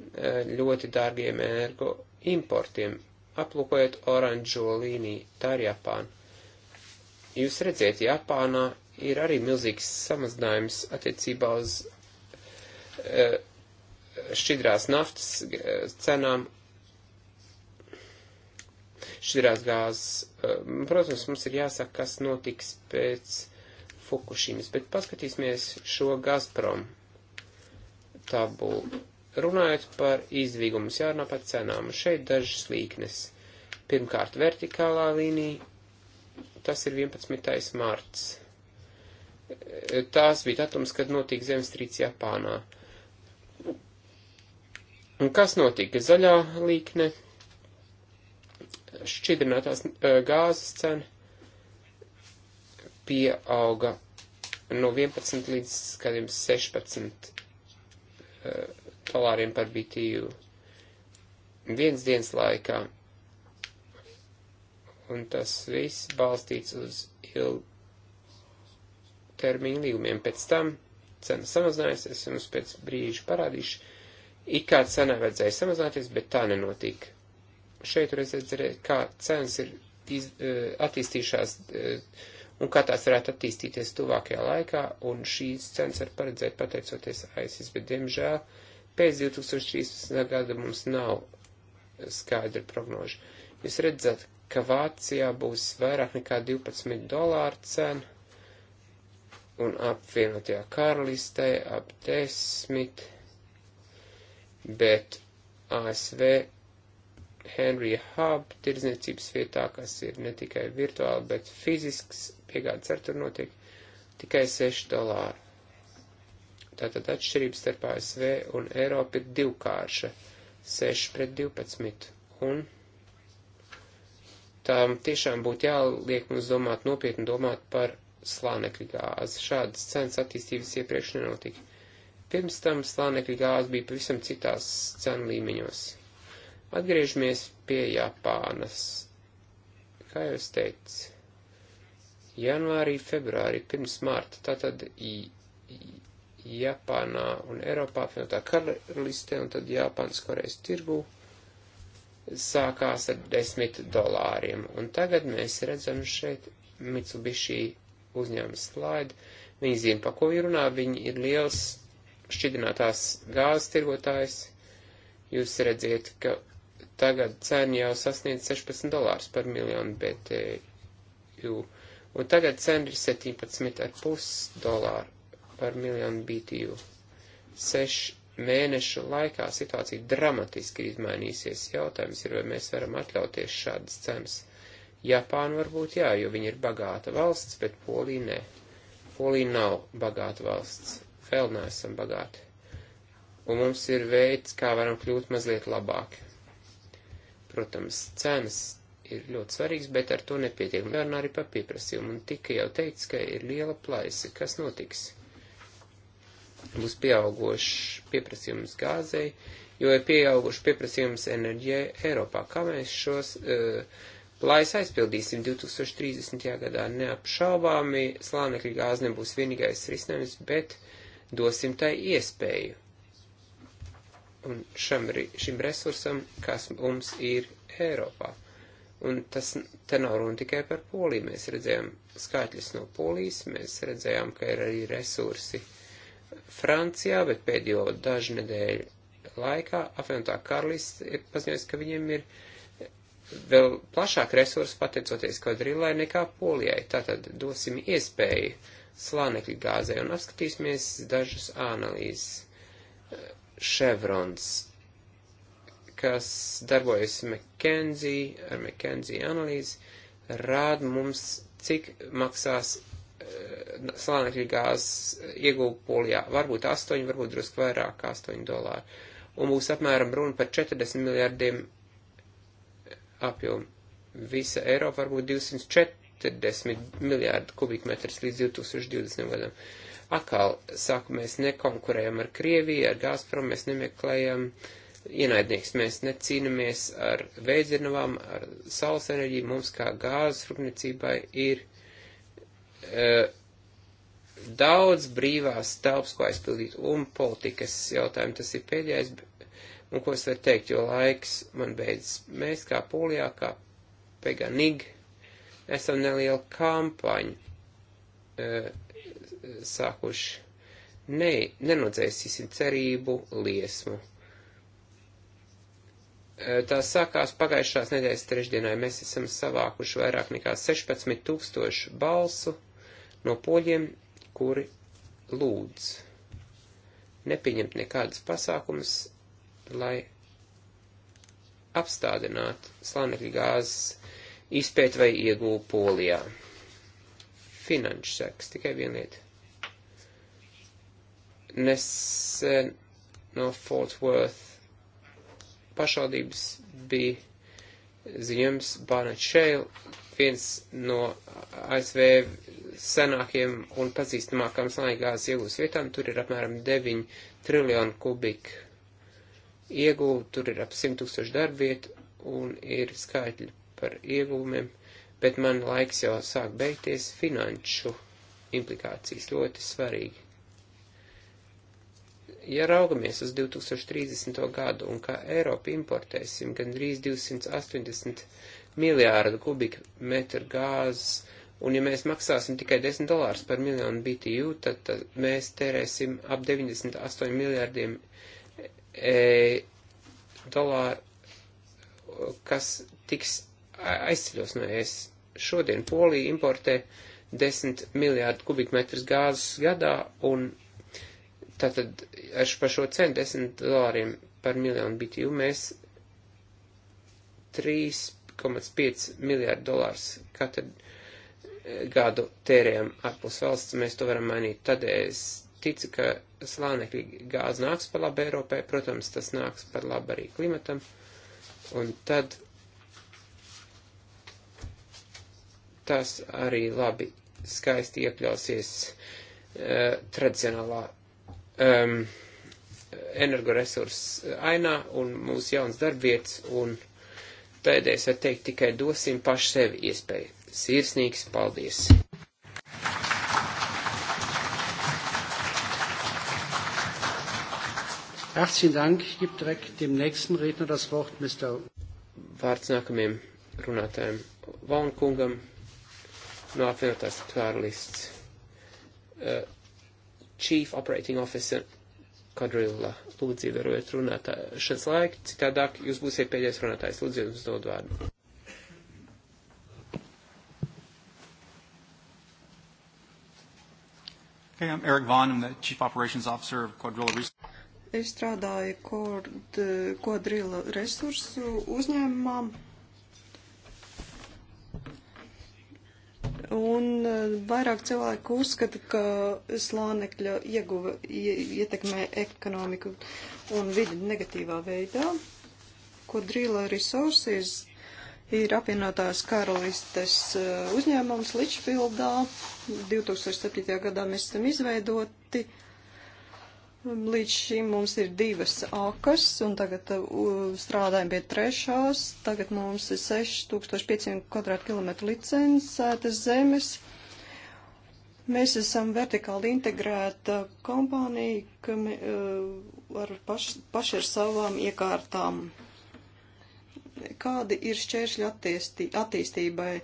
eh, ļoti dārgiem energo importiem. Aplūkojot oranžo līniju, tā ir Japāna. Jūs redzēt, Japānā ir arī milzīgs samazinājums attiecībā uz uh, šķidrās naftas eh, cenām, šķidrās gāzes. Eh, protams, mums ir jāsaka, kas notiks pēc Fukušīmas, bet paskatīsimies šo Gazprom tabulu. Runājot par izdevīgumus, jārunā par cenām. Šeit dažas līknes. Pirmkārt, vertikālā līnija, tas ir 11. mārts. Eh, tās bija datums, kad notika zemestrīce Japānā. Uh, Un kas notika? Zaļā līkne, šķidrinātās eh, gāzes cena pieauga no 11 līdz kādiem 16 eh, dolāriem par BTU viens dienas laikā. Un tas viss balstīts uz ilgtermiņu līgumiem. Pēc tam cena samazinājusies, jums pēc brīža parādīšu it kā cenā vajadzēja samazināties, bet tā nenotika. Šeit tur redzēt, kā cenas ir iz, e, attīstījušās e, un kā tās varētu attīstīties tuvākajā laikā, un šīs cenas var paredzēt pateicoties ASIS, bet diemžēl pēc 2013. gada mums nav skaidra prognoža. Jūs redzat, ka Vācijā būs vairāk nekā 12 dolāru cena, un apvienotajā karalistē ap 10 dolāru bet ASV Henrija Hub tirdzniecības vietā, kas ir ne tikai virtuāli, bet fizisks piegādes ar tur notiek tikai 6 dolāri. Tātad atšķirība starp ASV un Eiropu ir divkārša - 6 pret 12. Un tām tiešām būtu jāliek mums domāt nopietni domāt par slānekļa gāzi. Šādas cenas attīstības iepriekš nenotika Pirms tam slānekļa gāze bija pavisam citās cenu līmeņos. Atgriežamies pie Japānas. Kā jau es teicu, janvārī, februārī, pirms mārta, tātad Japānā un Eiropā, apvienotā karalistē un tad Japānas Korejas tirgu sākās ar desmit dolāriem. Un tagad mēs redzam šeit Mitsubishi uzņēmuma slaidu. Viņi zina, pa ko viņi runā, viņi ir liels šķidrinātās gāzes tirgotājs, jūs redziet, ka tagad cena jau sasniedz 16 dolārus par miljonu BTU, un tagad cena ir 17,5 dolāru par miljonu BTU. Sešu mēnešu laikā situācija dramatiski ir izmainīsies. Jautājums ir, vai mēs varam atļauties šādas cenas. Japāna varbūt jā, jo viņa ir bagāta valsts, bet Polija nē. Polija nav bagāta valsts Vēl neesam bagāti. Un mums ir veids, kā varam kļūt mazliet labāki. Protams, cenas ir ļoti svarīgas, bet ar to nepietiek. Jārunā arī par pieprasījumu. Un tika jau teicis, ka ir liela plaisa. Kas notiks? būs pieaugošs pieprasījums gāzei, jo ir pieaugušs pieprasījums enerģijai Eiropā. Kā mēs šos uh, eh, plājus aizpildīsim 2030. gadā? Neapšaubāmi slānekļa gāze nebūs vienīgais risinājums, bet dosim tai iespēju. Un šam, šim resursam, kas mums ir Eiropā. Un tas te nav runa tikai par Poliju. Mēs redzējām skaitļus no Polijas, mēs redzējām, ka ir arī resursi Francijā, bet pēdējo dažu nedēļu laikā apvienotā karalists ir paziņojis, ka viņiem ir vēl plašāk resursi pateicoties kvadrilai nekā Polijai. Tātad dosim iespēju slānekļa gāzē un apskatīsimies dažas analīzes. Chevrons, kas darbojas McKenzie, ar McKenzie analīzi, rāda mums, cik maksās eh, slānekļa gāzes iegūta polijā. Varbūt 8, varbūt drusku vairāk, 8 dolāri. Un būs apmēram runa par 40 miljardiem apjomu. Visa Eiropa varbūt 204 40 miljārdu kubikmetrus līdz 2020. gadam. Atkal, saku, mēs nekonkurējam ar Krieviju, ar Gazprom, mēs nemeklējam ienaidnieks, mēs necīnamies ar veidzinavām, ar saules enerģiju, mums kā gāzes rūpniecībai ir e, daudz brīvās telpas, ko aizpildīt, un politikas jautājumi, tas ir pēdējais, un ko es varu teikt, jo laiks man beidzas. Mēs kā Polijā, kā Peganig, esam nelielu kampaņu e, sākuši. Ne, nenodzēsīsim cerību liesmu. E, tā sākās pagājušās nedēļas trešdienā. Mēs esam savākuši vairāk nekā 16 tūkstošu balsu no poļiem, kuri lūdz nepieņemt nekādas pasākumas, lai apstādinātu slānekļa gāzes izpēt vai iegūvu polijā. Finanšu seks, tikai vienliet. Nesen no Fort Worth pašvaldības bija ziņojums Barnett Shale, viens no ASV senākiem un pazīstamākām slānīgās iegūs vietām. Tur ir apmēram 9 triljonu kubiku ieguvu, tur ir ap 100 tūkstoši darbvietu un ir skaitļi par ieguvumiem, bet man laiks jau sāk beigties finanšu implikācijas ļoti svarīgi. Ja raugamies uz 2030. gadu un kā Eiropa importēsim gandrīz 280 miljārdu kubikmetru gāzes, un ja mēs maksāsim tikai 10 dolārus par miljonu BTU, tad, tad mēs tērēsim ap 98 miljārdiem e, dolāru, kas tiks aizceļos no es. Šodien Polija importē 10 miljārdu kubikmetrus gāzes gadā un tātad ar par šo cenu 10 dolāriem par miljonu BTU mēs 3,5 miljārdu dolārus katru e, gadu tērējam ārpus valsts, mēs to varam mainīt. Tad es ticu, ka slānekļa gāze nāks par labu Eiropai, protams, tas nāks par labu arī klimatam. Un tad tas arī labi skaisti iekļausies uh, tradicionālā um, energoresursu ainā un mūsu jauns darbvietas, un tādēļ es varu teikt tikai dosim paši sevi iespēju. Sirsnīgs paldies! Herzlichen Dank. Ich gebe direkt dem nächsten Redner das Wort, Mr. Vārds nākamajam runātājam Vaunkungam no apvienotās karalists uh, Chief Operating Officer Kadrilla. Lūdzu, ievērojiet runātāšanas laiku, citādāk jūs būsiet pēdējais runātājs. Lūdzu, jums dod vārdu. Hey, I'm Eric Vaughn. I'm the Chief Operations Officer of Quadrilla Resources. Es strādāju Quadrilla resursu uzņēmumam Un eh, vairāk cilvēku uzskata, ka slānekļa ieguva ietekmē ekonomiku un vidi negatīvā veidā, ko Drīla Resources ir apvienotās karalistes eh, uzņēmums Ličfildā. 2007. gadā mēs esam izveidoti Līdz šim mums ir divas akas, un tagad uh, strādājam pie trešās. Tagad mums ir 6500 km2 licencētas zemes. Mēs esam vertikāli integrēta kompānija, ka me, uh, ar paš, paši ar savām iekārtām. Kādi ir šķēršļi attīstī, attīstībai?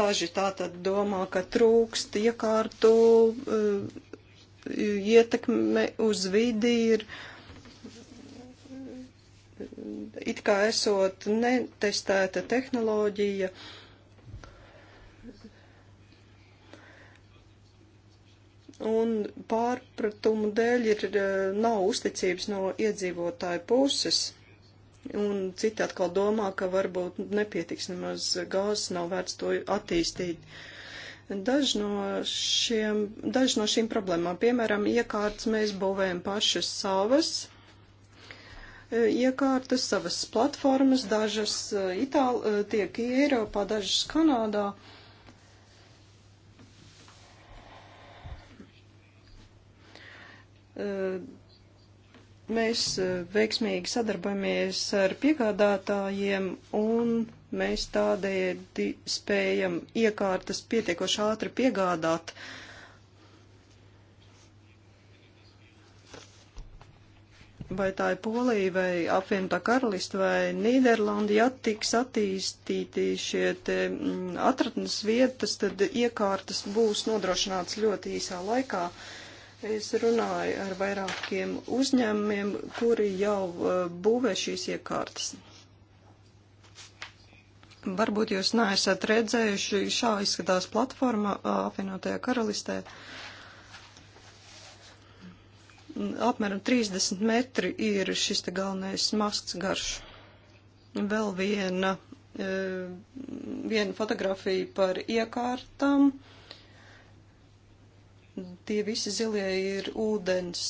Daži tātad domā, ka trūkst iekārtu. Uh, ietekme uz vidi ir it kā esot netestēta tehnoloģija. Un pārpratumu dēļ ir, eh, nav uzticības no iedzīvotāju puses. Un citi atkal domā, ka varbūt nepietiks nemaz gāzes, nav vērts to attīstīt. Uh, Daži no, šiem, daži no šīm problēmām, piemēram, iekārtas mēs būvējam pašas savas, e, iekārtas, savas platformas, dažas e, Itāli, e, tiek Eiropā, dažas Kanādā. Mēs veiksmīgi sadarbojamies ar piegādātājiem un Mēs tādējādi spējam iekārtas pietiekoši ātri piegādāt. Vai tā ir Polija vai apvienotā karalista vai Nīderlanda, ja tiks attīstīti šie te mm, atratnes vietas, tad iekārtas būs nodrošināts ļoti īsā laikā. Es runāju ar vairākiem uzņēmumiem, kuri jau eh, būvē šīs iekārtas. Varbūt jūs neesat redzējuši, šā izskatās platforma apvienotajā karalistē. Apmēram 30 metri ir šis te galvenais masts garš. Vēl viena, viena fotografija par iekārtām. Tie visi zilie ir ūdens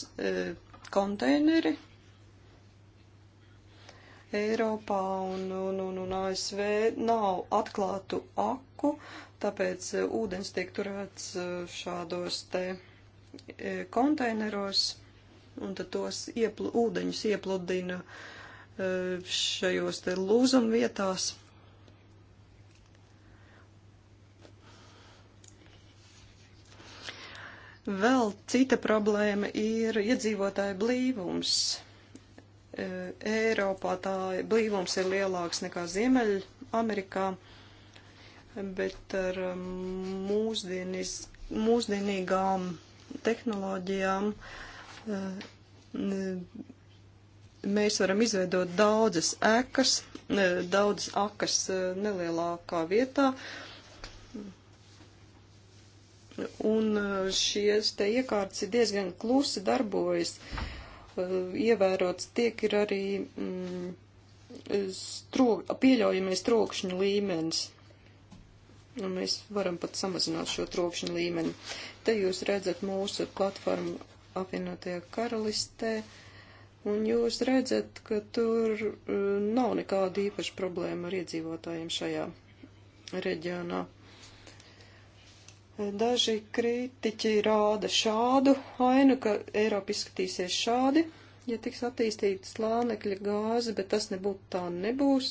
konteineri, Eiropā un, un, un, un ASV nav atklātu aku, tāpēc e, ūdens tiek turēts e, šādos te e, konteineros, un tad tos iepl ūdeņus iepludina šajos te lūzumvietās. vietās. Vēl cita problēma ir iedzīvotāju blīvums. Eiropā tā blīvums ir lielāks nekā Ziemeļamerikā, bet ar um, mūsdienis, mūsdienīgām tehnoloģijām uh, mēs varam izveidot daudzas ekas, uh, daudzas akas uh, nelielākā vietā. Un šies te iekārtas ir diezgan klusi darbojas. Uh, Eh, ievērots tiek ir arī mm, stro, pieļaujamais trokšņu līmenis. Un mēs varam pat samazināt šo trokšņu līmeni. Te jūs redzat mūsu platformu apvienotajā karalistē, un jūs redzat, ka tur eh, nav nekāda īpaša problēma ar iedzīvotājiem šajā reģionā. Daži kritiķi rāda šādu ainu, ka Eiropa izskatīsies šādi, ja tiks attīstīta slānekļa gāze, bet tas nebūtu tā nebūs.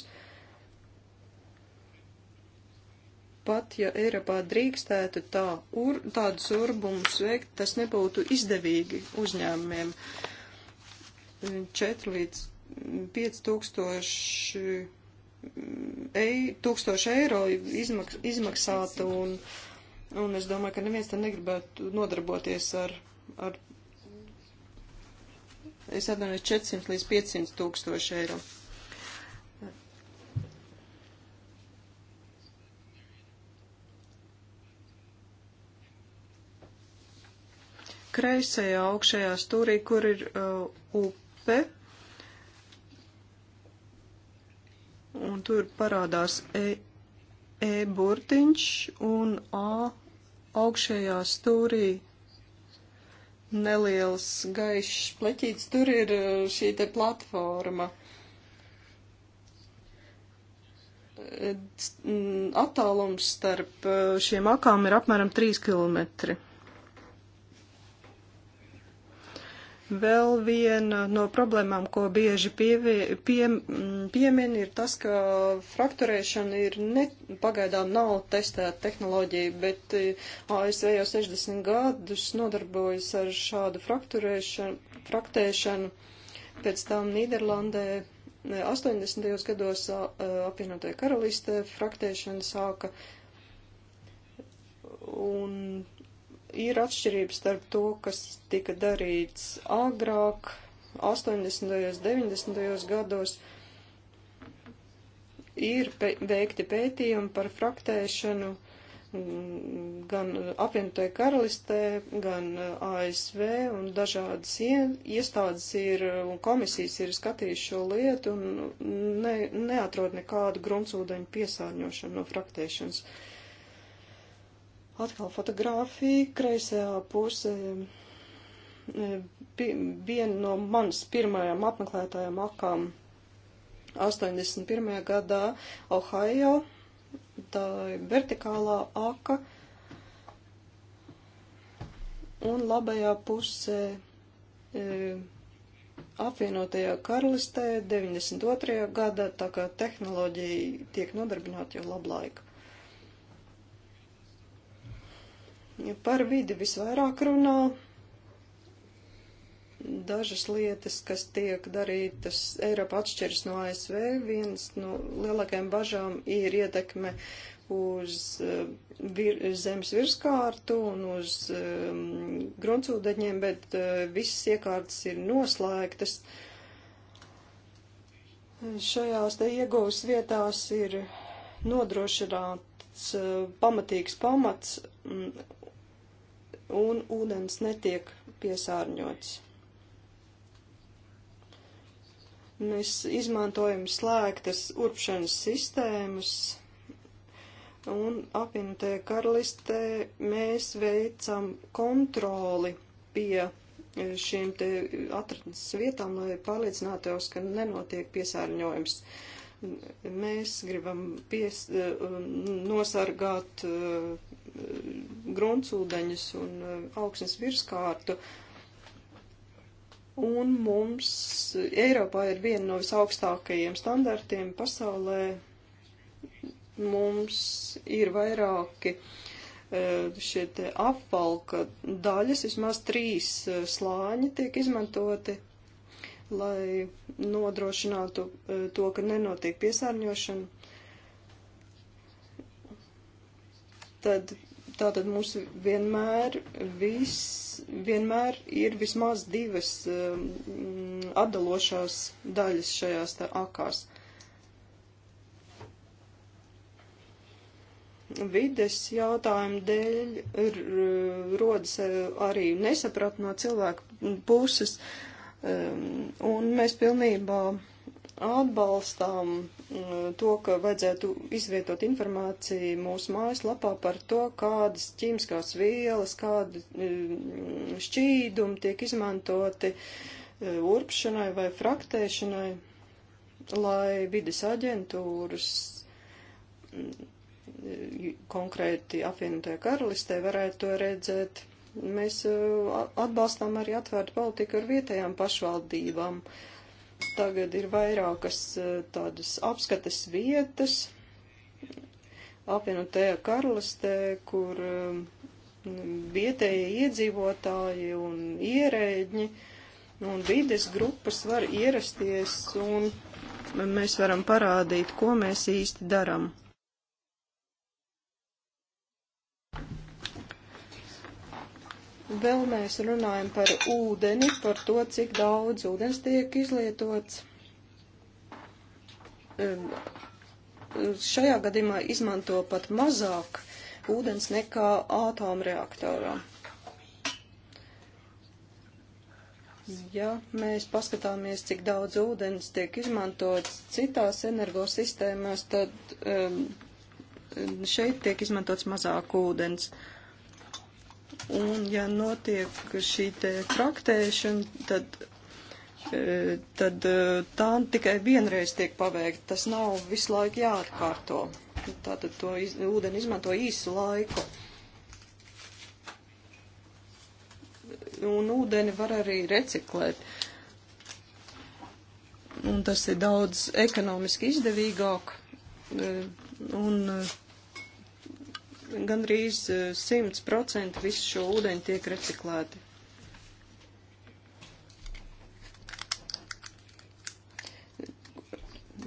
Pat ja Eiropā drīkstētu tā ur, tādus urbumus veikt, tas nebūtu izdevīgi uzņēmumiem. 4 līdz 5 tūkstoši, ei, tūkstoši eiro izmaks, izmaksātu un. Uh, Un es domāju, ka neviens te negribētu nodarboties ar, ar es atvainojos 400 līdz 500 tūkstoši eiro. kreisajā augšējā stūrī, kur ir uh, upe, un tur parādās e E burtiņš un A augšējā stūrī neliels gaišs pleķīts. Tur ir e, šī te platforma. E, attālums starp e, šiem akām ir apmēram 3 km. Vēl viena no problēmām, ko bieži pievie, pie, mm, piemin, ir tas, ka frakturēšana ir ne, pagaidām nav testēta tehnoloģija, bet eh, ASV jau 60 gadus nodarbojas ar šādu frakturēšanu, fraktēšanu. Pēc tam Nīderlandē 80. Eh, gados eh, apvienotajā karalistē fraktēšana sāka. Un ir atšķirības starp to, kas tika darīts agrāk, 80. un 90. gados. Ir pe veikti pētījumi par fraktēšanu mm, gan apvienotajā karalistē, gan ASV, un dažādas iestādes ir un komisijas ir skatījuši šo lietu un ne, neatrod nekādu gruntsūdeņu piesārņošanu no fraktēšanas. Uh, Atkal fotografija, kreisajā pusē e, viena no manas pirmajām apmeklētājām akām 81. gadā Ohio. Tā ir vertikālā aka. Un labajā pusē e, apvienotajā karalistē 92. gadā, tā kā tehnoloģija tiek nodarbināta jau labu laiku. Par vidi visvairāk runā dažas lietas, kas tiek darītas Eiropa atšķiras no ASV. Viens no lielākajām bažām ir ietekme uz eh, vir, zemes virskārtu un uz um, gruntsūdeņiem, bet uh, visas iekārtas ir noslēgtas. Šajās te ieguvas vietās ir nodrošināts uh, pamatīgs pamats. Um, un ūdens netiek piesārņots. Mēs izmantojam slēgtas urpšanas sistēmas, un apvienotē karalistē mēs veicam kontroli pie šīm te atradnes vietām, lai pārliecinātos, ka nenotiek piesārņojums. Mēs gribam pies, eh, nosargāt uh, Eh, gruntsūdeņus un eh, augsnes virskārtu. Un mums eh, Eiropā ir viena no visaugstākajiem standartiem pasaulē. Mums ir vairāki šie te apvalka daļas, vismaz trīs slāņi tiek izmantoti, lai nodrošinātu to, ka nenotiek piesārņošana tad, tātad mums vienmēr, vis, vienmēr ir vismaz divas um, atdalošās daļas šajās tā akās. Vides jautājumu dēļ rodas uh, arī nesaprat no cilvēku puses, um, un mēs pilnībā atbalstām mm, to, ka vajadzētu izvietot informāciju mūsu mājaslapā par to, kādas ķīmiskās vielas, kādi mm, šķīdumi tiek izmantoti mm, urpšanai vai fraktēšanai, lai vides aģentūras konkrēti apvienotajā karalistē varētu to redzēt. Mēs atbalstām arī atvērtu politiku ar vietējām pašvaldībām. Uh, Tagad ir vairākas eh, tādas apskates vietas apvienotajā karalistē, kur eh, vietējie iedzīvotāji un ierēģi un vides grupas var ierasties un mēs varam parādīt, ko mēs īsti daram. Vēl mēs runājam par ūdeni, par to, cik daudz ūdens tiek izlietots. Šajā gadījumā izmanto pat mazāk ūdens nekā atomreaktorā. Ja mēs paskatāmies, cik daudz ūdens tiek izmantots citās energosistēmās, tad um, šeit tiek izmantots mazāk ūdens. Uh, Un ja notiek šī te traktēšana, tad, e, tad e, tā tikai vienreiz tiek paveikta. Tas nav visu laiku jāatkārto. Tātad to iz, ūdeni izmanto īsu laiku. Un ūdeni var arī reciklēt. Un tas ir daudz ekonomiski izdevīgāk. E, un, gandrīz 100% eh, visu šo ūdeņu tiek reciklēti.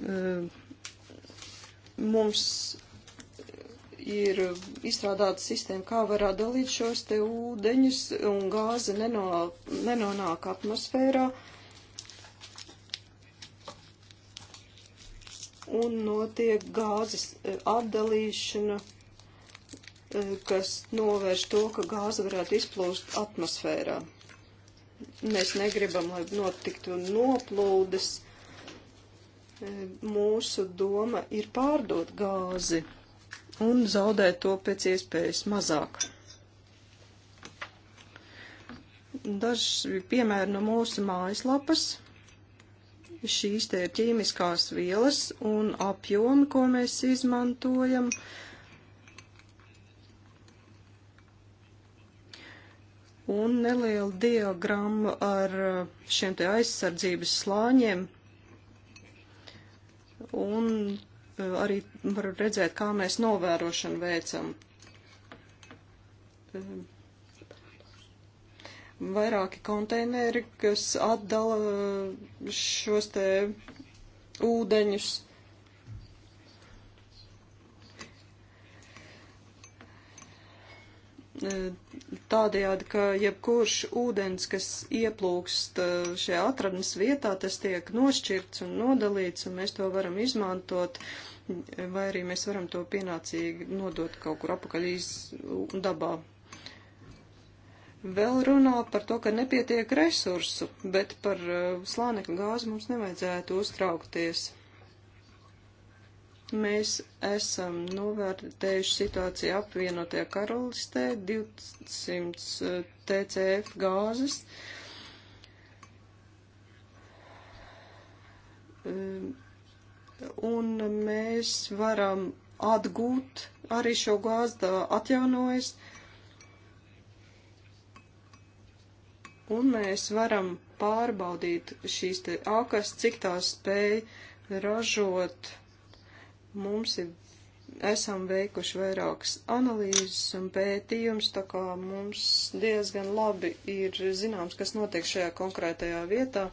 Eh, mums ir izstrādāta sistēma, kā var atdalīt šos te ūdeņus, un gāze neno, nenonāk atmosfērā. Un notiek gāzes eh, atdalīšana Eh, kas novērš to, ka gāze varētu izplūst atmosfērā. Mēs negribam, lai notiktu noplūdes. Eh, mūsu doma ir pārdot gāzi un zaudēt to pēc iespējas mazāk. Daži piemēri no mūsu mājaslapas. Šīs te ir ķīmiskās vielas un apjomi, ko mēs izmantojam. Uh, un nelielu diagrammu ar eh, šiem te aizsardzības slāņiem. Un eh, arī var redzēt, kā mēs novērošanu veicam. Eh, vairāki konteineri, kas atdala šos te ūdeņus Eh, tādējādi, ka jebkurš ūdens, kas ieplūkst eh, šajā atradnes vietā, tas tiek nošķirts un nodalīts, un mēs to varam izmantot, eh, vai arī mēs varam to pienācīgi nodot kaut kur apakaļ iz dabā. Vēl runā par to, ka nepietiek resursu, bet par slānekļa gāzi mums nevajadzētu uztraukties. Mēs esam novērtējuši situāciju apvienotajā karalistē 200 TCF gāzes. Un mēs varam atgūt arī šo gāzi atjaunojas. Un mēs varam pārbaudīt šīs te akas, cik tās spēj ražot uh, Mums ir, esam veikuši vairākas analīzes un pētījums, tā kā mums diezgan labi ir zināms, kas notiek šajā konkrētajā vietā.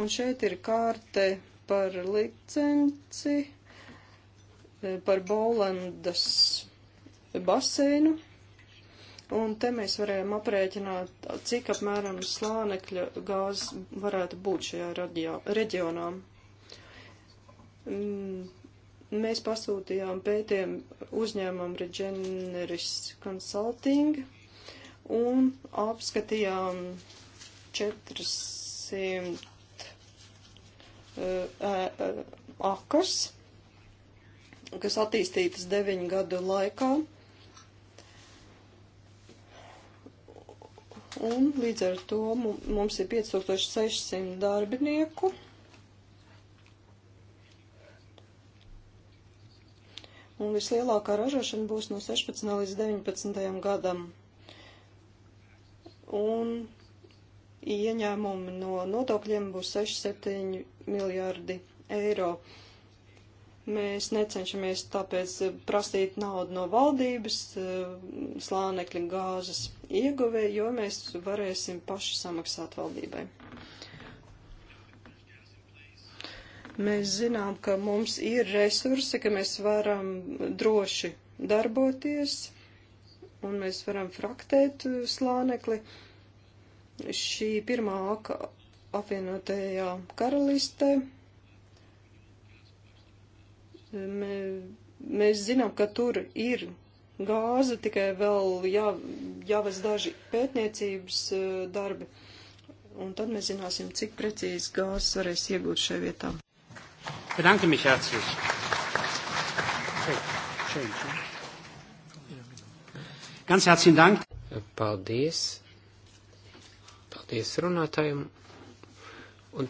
Un šeit ir kārte par licenci, eh, par Bolandas baseinu. Un te mēs varējām aprēķināt, cik apmēram slānekļa gāzes varētu būt šajā reģionā. Mm, mēs pasūtījām pētījumu uzņēmumu Regeneris Consulting un apskatījām 400 uh, e, e, akars, kas attīstītas 9 gadu laikā. Un līdz ar to mums ir 5600 darbinieku un vislielākā ražošana būs no 16. līdz 19. gadam. Un ieņēmumi no nodokļiem būs 6-7 miljārdi eiro. Mēs necenšamies tāpēc prasīt naudu no valdības, slānekļa gāzes ieguvē, jo mēs varēsim paši samaksāt valdībai. Mēs zinām, ka mums ir resursi, ka mēs varam droši darboties un mēs varam fraktēt slānekli. Šī pirmā aka apvienotajā karalistē. Mē, mēs zinām, ka tur ir gāze, tikai vēl jā, jāvas daži pētniecības eh, darbi. Un tad mēs zināsim, cik precīzi gāzes varēs iegūt šajā vietā. Ich bedanke mich herzlich. Ganz herzlichen Dank. Paldies. Paldies runātājiem. Un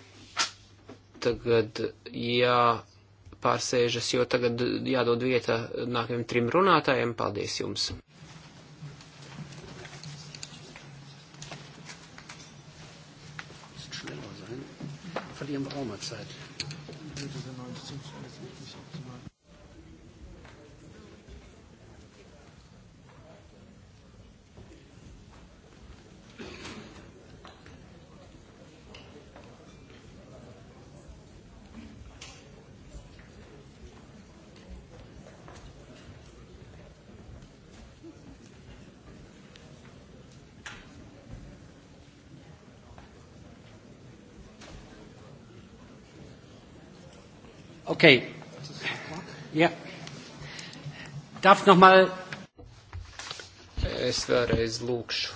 tagad jāpārsēžas, jo tagad jādod vieta nākamajiem trim runātājiem. Paldies jums. Verlieren wir auch mal Zeit. Okay. Ja. Darf nochmal. Es vēlreiz lūkšu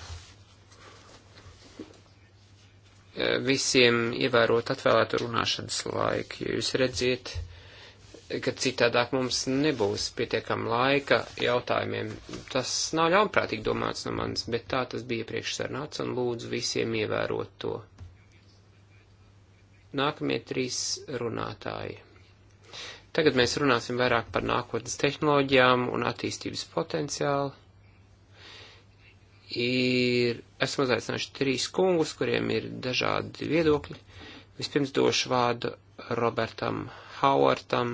eh, visiem ievērot atvēlētu runāšanas laiku, jo jūs redziet, ka citādāk mums nebūs pietiekam laika jautājumiem. Tas nav ļaunprātīgi domāts no manis, bet tā tas bija iepriekš sarunāts un lūdzu visiem ievērot to. Nākamie trīs runātāji. Tagad mēs runāsim vairāk par nākotnes tehnoloģijām un attīstības potenciālu. Ir, esmu uzaicinājuši trīs kungus, kuriem ir dažādi viedokļi. Vispirms došu vārdu Robertam Howardam,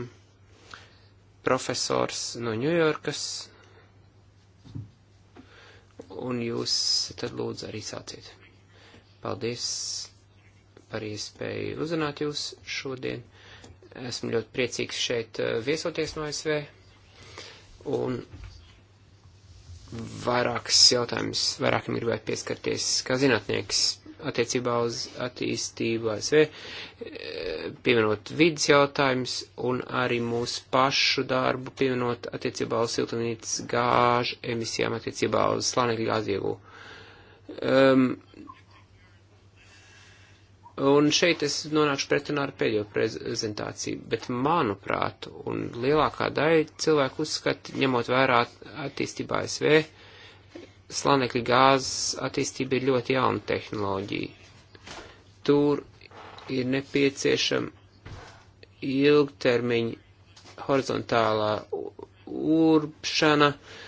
profesors no Ņujorkas, un jūs tad lūdzu arī sāciet. Paldies par iespēju uzrunāt jūs šodien. Esmu ļoti priecīgs šeit eh, viesoties no ASV. Un vairākas jautājumas, vairākam gribētu pieskarties kā zinātnieks attiecībā uz attīstību ASV, eh, pieminot vidas jautājumus un arī mūsu pašu darbu pieminot attiecībā uz siltumnīcas gāžu emisijām attiecībā uz slānekļa gāziegu. Um, ehm, Un šeit es nonākšu pretrunā ar pēdējo prezentāciju, bet manuprāt, un lielākā daļa cilvēku uzskata, ņemot vērā attīstībā ASV, slanekļa gāzes attīstība ir ļoti jauna tehnoloģija. Tur ir nepieciešama ilgtermiņa horizontālā urbšana, uh,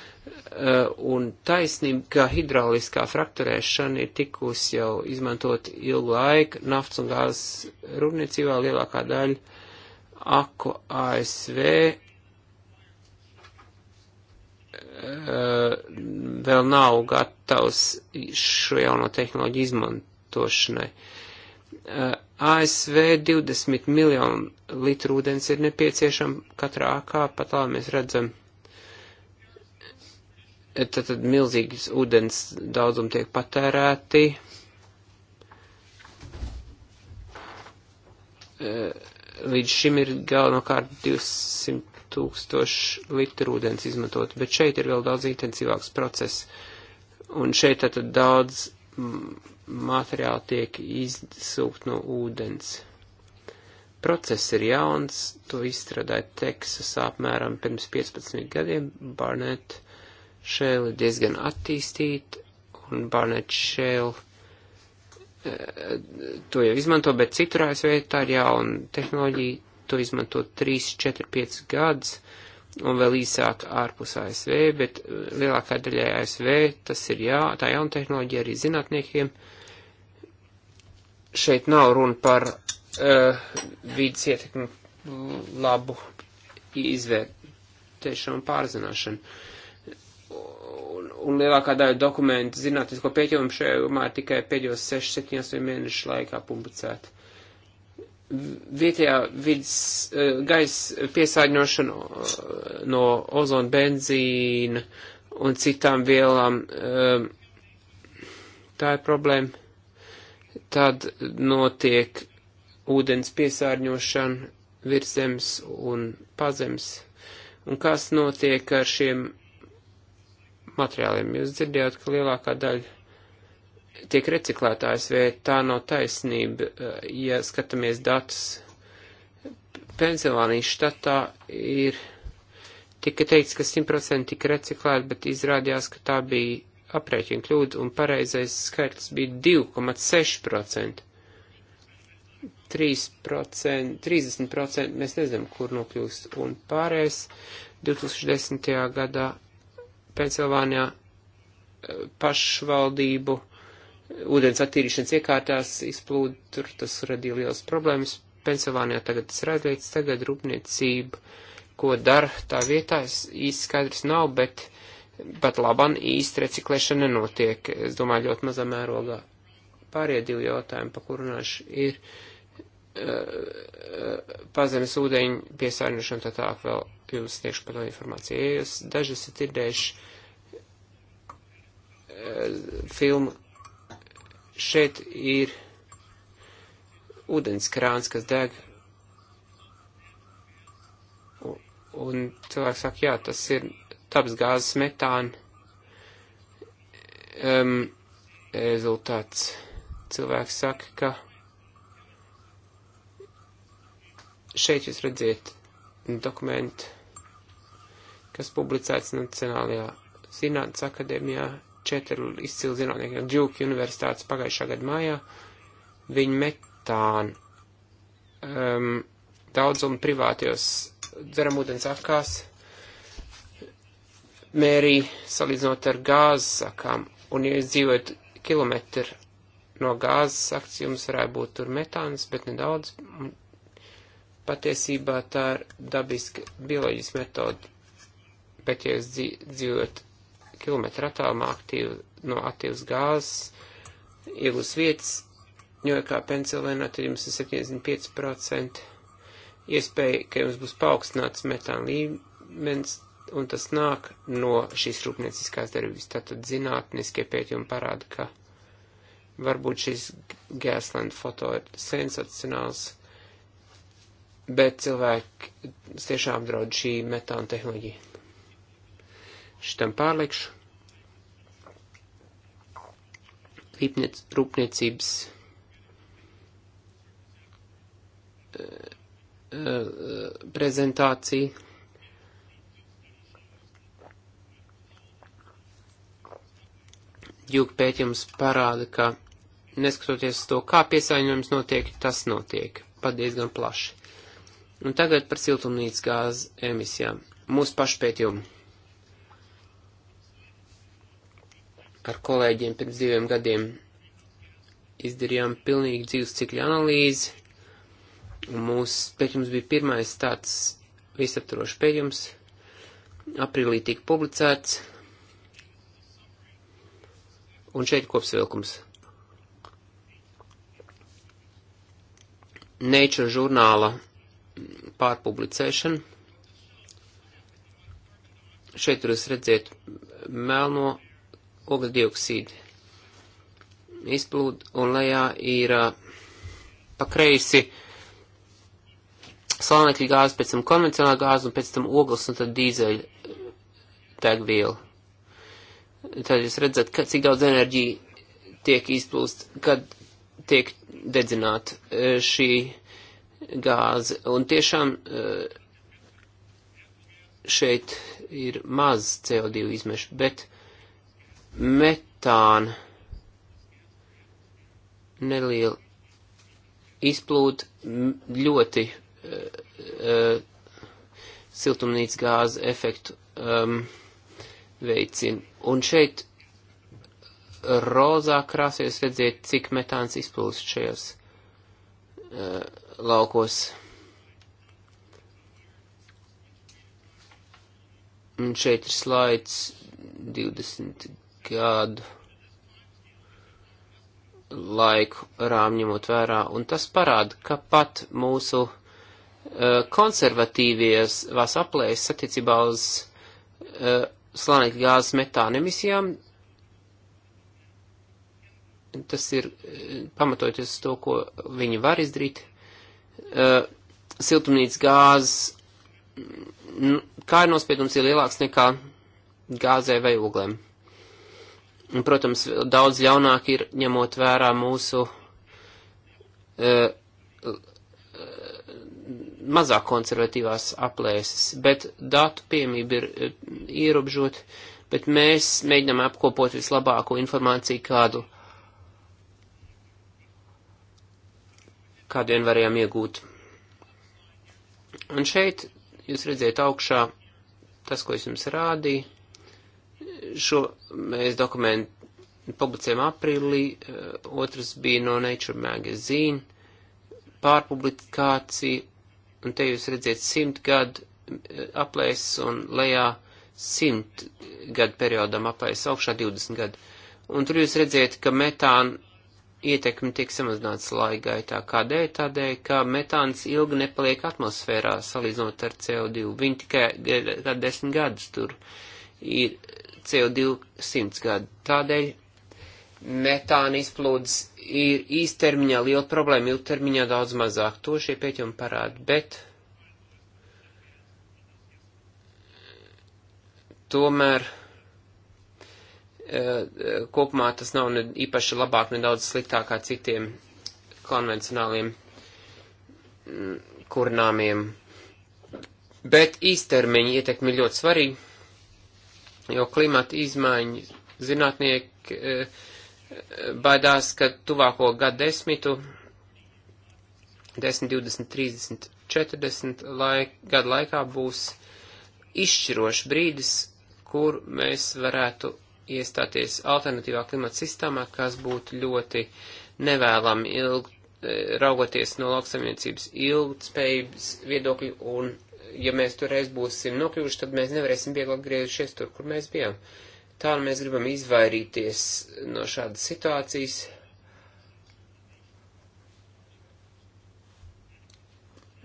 Eh, un taisnība, ka hidrauliskā frakturēšana ir tikusi jau izmantot ilgu laiku nafts un gāzes rūpniecībā lielākā daļa aku ASV eh, vēl nav gatavs šo jauno tehnoloģiju izmantošanai. Eh, ASV 20 miljonu litru ūdens ir nepieciešama katrā akā, pat labi mēs redzam tad, tad milzīgas ūdens daudzumi tiek patērēti. E, līdz šim ir galvenokārt 200 tūkstoši litru ūdens izmantot, bet šeit ir vēl daudz intensīvāks process. Un šeit tad daudz materiāli tiek izsūkt no ūdens. Process ir jauns, to izstrādāja Teksasā apmēram pirms 15 gadiem Barnett šēli diezgan attīstīta, un Barnet šēli eh, to jau izmanto, bet citur ASV tā ir jauna tehnoloģija, to izmanto 3, 4, 5 gadus, un vēl īsāk ārpus ASV, bet eh, lielākā daļa ASV tas ir jā, tā jauna tehnoloģija arī zinātniekiem. Šeit nav runa par uh, eh, vīdes ietekmi labu izvērtēšanu un pārzināšanu. Uh, un lielākā daļa dokumentu zinātnisko pieķēmumu šajā jomā ir tikai pēdējos 6, 7, 8 mēnešu laikā publicēta. Vietējā vidas eh, gaisa piesārņošana eh, no ozona benzīna un citām vielām, eh, tā ir problēma. Tad notiek ūdens piesārņošana virzems un pazems. Un kas notiek ar šiem materiāliem. Jūs dzirdējāt, ka lielākā daļa tiek reciklēta ASV, tā nav taisnība, eh, ja skatāmies datus. Pensilvānijas štatā ir tika teikts, ka 100% tika reciklēta, bet izrādījās, ka tā bija aprēķina kļūda un pareizais skaitlis bija 2,6%. 3%, 30% mēs nezinām, kur nokļūst, un pārējais 2010. gadā Pensilvānijā e, pašvaldību ūdens attīrīšanas iekārtās izplūda, tur tas radīja liels problēmas. Pensilvānijā tagad tas ir aizliegts, tagad rūpniecība, ko dara tā vietā, īsti skaidrs nav, bet pat laban īsti reciklēšana nenotiek, es domāju, ļoti mazā mērogā. Pārējie divi jautājumi, pa kurunāšu, ir pazemes ūdeņu piesārņošanu, tā tālāk vēl jums sniegšu par to informāciju. Ja jūs daži esat dzirdējuši eh, filmu, šeit ir ūdenskrāns, kas deg. Un, un cilvēks saka, jā, tas ir taps gāzes metāna um, rezultāts. Cilvēks saka, ka Šeit jūs redziet dokumentu, kas publicēts Nacionālajā Zinātnes akadēmijā, četri izcili zinātnieki no Džūki universitātes pagājušā gada mājā. Viņi metānu um, daudzumu privātajos dzeramūdens akās mērī salīdzinot ar gāzes sakām, un ja jūs dzīvojat kilometru no gāzes sakts, jums varētu būt tur metāns, bet nedaudz, un Patiesībā tā ir dabiska bioloģijas metode, bet ja jūs dzīvot kilometru attālumā aktīvi, no aktīvas gāzes, iegūs vietas, Ņujorkā, Pensilvēnā, tad jums ir 75% iespēja, ka jums būs paaugstināts metāna līmenis, un tas nāk no šīs rūpnieciskās darbības. Tātad zinātniskie pētījumi parāda, ka varbūt šis Gasland foto ir sensacionāls bet cilvēki tiešām apdraud šī metāna tehnoloģija. Šitam pārlikšu. Rīpniec, rūpniecības eh, eh, prezentācija. Jūk pētījums parāda, ka neskatoties to, kā piesāņojums notiek, tas notiek pat diezgan plaši. Un tagad par siltumnīcas gāzu emisijām. Mūsu pašpētījumu. Ar kolēģiem pirms diviem gadiem izdarījām pilnīgi dzīves cikļa analīzi, un mūsu pētījums bija pirmais tāds visaptrošs pētījums. Aprīlī tika publicēts, un šeit kopsvilkums. Nature žurnāla pārpublicēšanu. Šeit jūs redzēt melno ogļu dioksīdu izplūdu un lejā ir pa kreisi slānekļa gāze, pēc tam konvencionāla gāze un pēc tam ogles un tad dīzeļa degviela. Tad jūs redzat, ka, cik daudz enerģija tiek izplūst, kad tiek dedzināta šī uh, gāzi. Un tiešām eh, šeit ir maz CO2 izmešu, bet metāna neliela izplūda ļoti eh, eh, siltumnīcas gāzi efektu um, veicina. Un šeit rozā krāsēs redzēt, cik metāns izplūst šajos uh, laukos. Un šeit ir slaids 20 gadu laiku rāmņemot vērā, un tas parāda, ka pat mūsu uh, eh, konservatīvies vās aplēs attiecībā uz uh, slānekļa gāzes metāna emisijām. Tas ir uh, eh, pamatoties to, ko viņi var izdarīt. Eh, siltumnīca gāzes, kā ir nospiedums ir lielāks nekā gāzē vai uglēm. Un, protams, daudz ļaunāk ir ņemot vērā mūsu uh, mazāk konservatīvās aplēses, bet datu piemība ir eh, ierobežota, bet mēs mēģinām apkopot vislabāko informāciju, kādu kādu vien varējām iegūt. Un šeit jūs redzēt augšā tas, ko es jums rādīju. Šo mēs dokumentu publicējam aprīlī, eh, otrs bija no Nature Magazine pārpublikācija, un te jūs redzēt simt gadu eh, aplēs un lejā simt gadu periodam aplēs augšā 20 gadu. Un tur jūs redzēt, ka metāna ietekmi tiek samazināts laika gaitā. Kādēļ? Tādēļ, ka metāns ilgi nepaliek atmosfērā salīdzinot ar CO2. Viņi tikai kādu desmit gadus tur ir CO2 simts gadu. Tādēļ metāna izplūdes ir īstermiņā liela problēma, ilgtermiņā daudz mazāk. To šie pieķumi parāda, bet tomēr Eh, kopumā tas nav ne īpaši labāk, ne daudz sliktāk kā citiem konvencionāliem mm, kurināmiem. Bet īstermiņa ietekmi ļoti svarīgi, jo klimata izmaiņu zinātnieki eh, baidās, ka tuvāko gadu desmitu, 10, 20, 30, 40 laik, gadu laikā būs izšķirošs brīdis, kur mēs varētu iestāties alternatīvā klimata sistēmā, kas būtu ļoti nevēlami ilg, e, raugoties no lauksamniecības ilgtspējības viedokļu, un ja mēs toreiz būsim nokļuvuši, tad mēs nevarēsim viegli atgriezušies tur, kur mēs bijām. Tā nu mēs gribam izvairīties no šādas situācijas.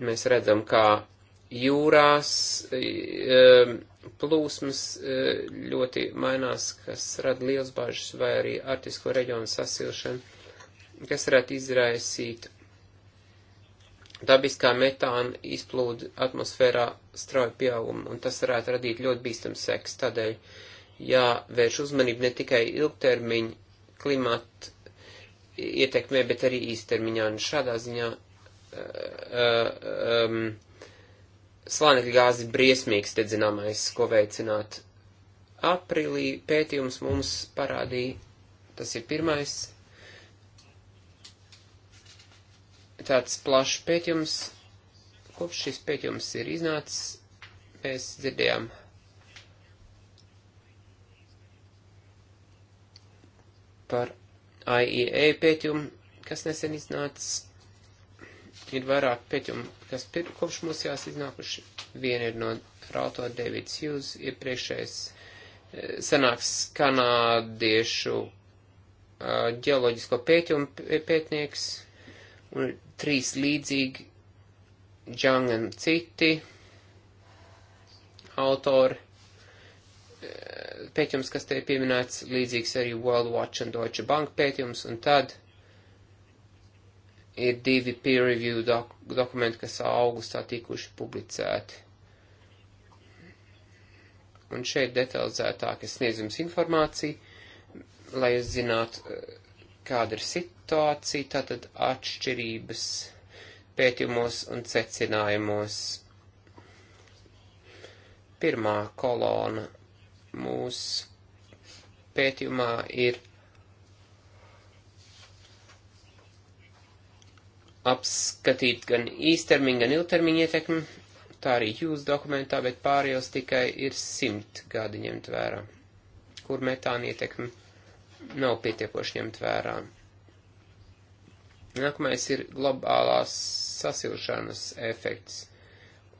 Mēs redzam, kā jūrās. Um, plūsmas eh, ļoti mainās, kas rada liels bažas vai arī artisko reģionu sasilšanu, kas varētu izraisīt dabiskā metāna izplūdu atmosfērā strauju pieaugumu, un tas varētu radīt ļoti bīstams seks. Tādēļ jāvērš uzmanība ne tikai ilgtermiņa klimata ietekmē, bet arī īstermiņā. Un šādā ziņā uh, uh, um, slānekļa gāzi briesmīgs dedzināmais, ko veicināt. Aprilī pētījums mums parādīja, tas ir pirmais tāds plašs pētījums. Kopš šis pētījums ir iznācis, mēs dzirdējām par IEA e pētījumu, kas nesen iznācis ir vairāk pieķumi, kas pir, kopš mums jās iznākuši. Viena ir no Rauto Davids Hughes, iepriekšējais e, senāks kanādiešu e, ģeoloģisko pētījumu pētnieks, un trīs līdzīgi Džang un citi autori. E, pētījums, kas te ir pieminēts, līdzīgs arī World Watch and Deutsche Bank pētījums, un tad ir divi peer review dok dokumenti, kas augustā tikuši publicēti. Un šeit detalizētāk es sniedzu jums informāciju, lai jūs zinātu, kāda ir situācija, tātad atšķirības pētījumos un secinājumos. Pirmā kolona mūsu pētījumā ir apskatīt gan īstermiņa, gan ilgtermiņa ietekmi, tā arī jūs dokumentā, bet pārējos tikai ir simt gadi ņemt vērā, kur metāna ietekme nav pietiekoši ņemt vērā. Nākamais ir globālās sasilšanas efekts,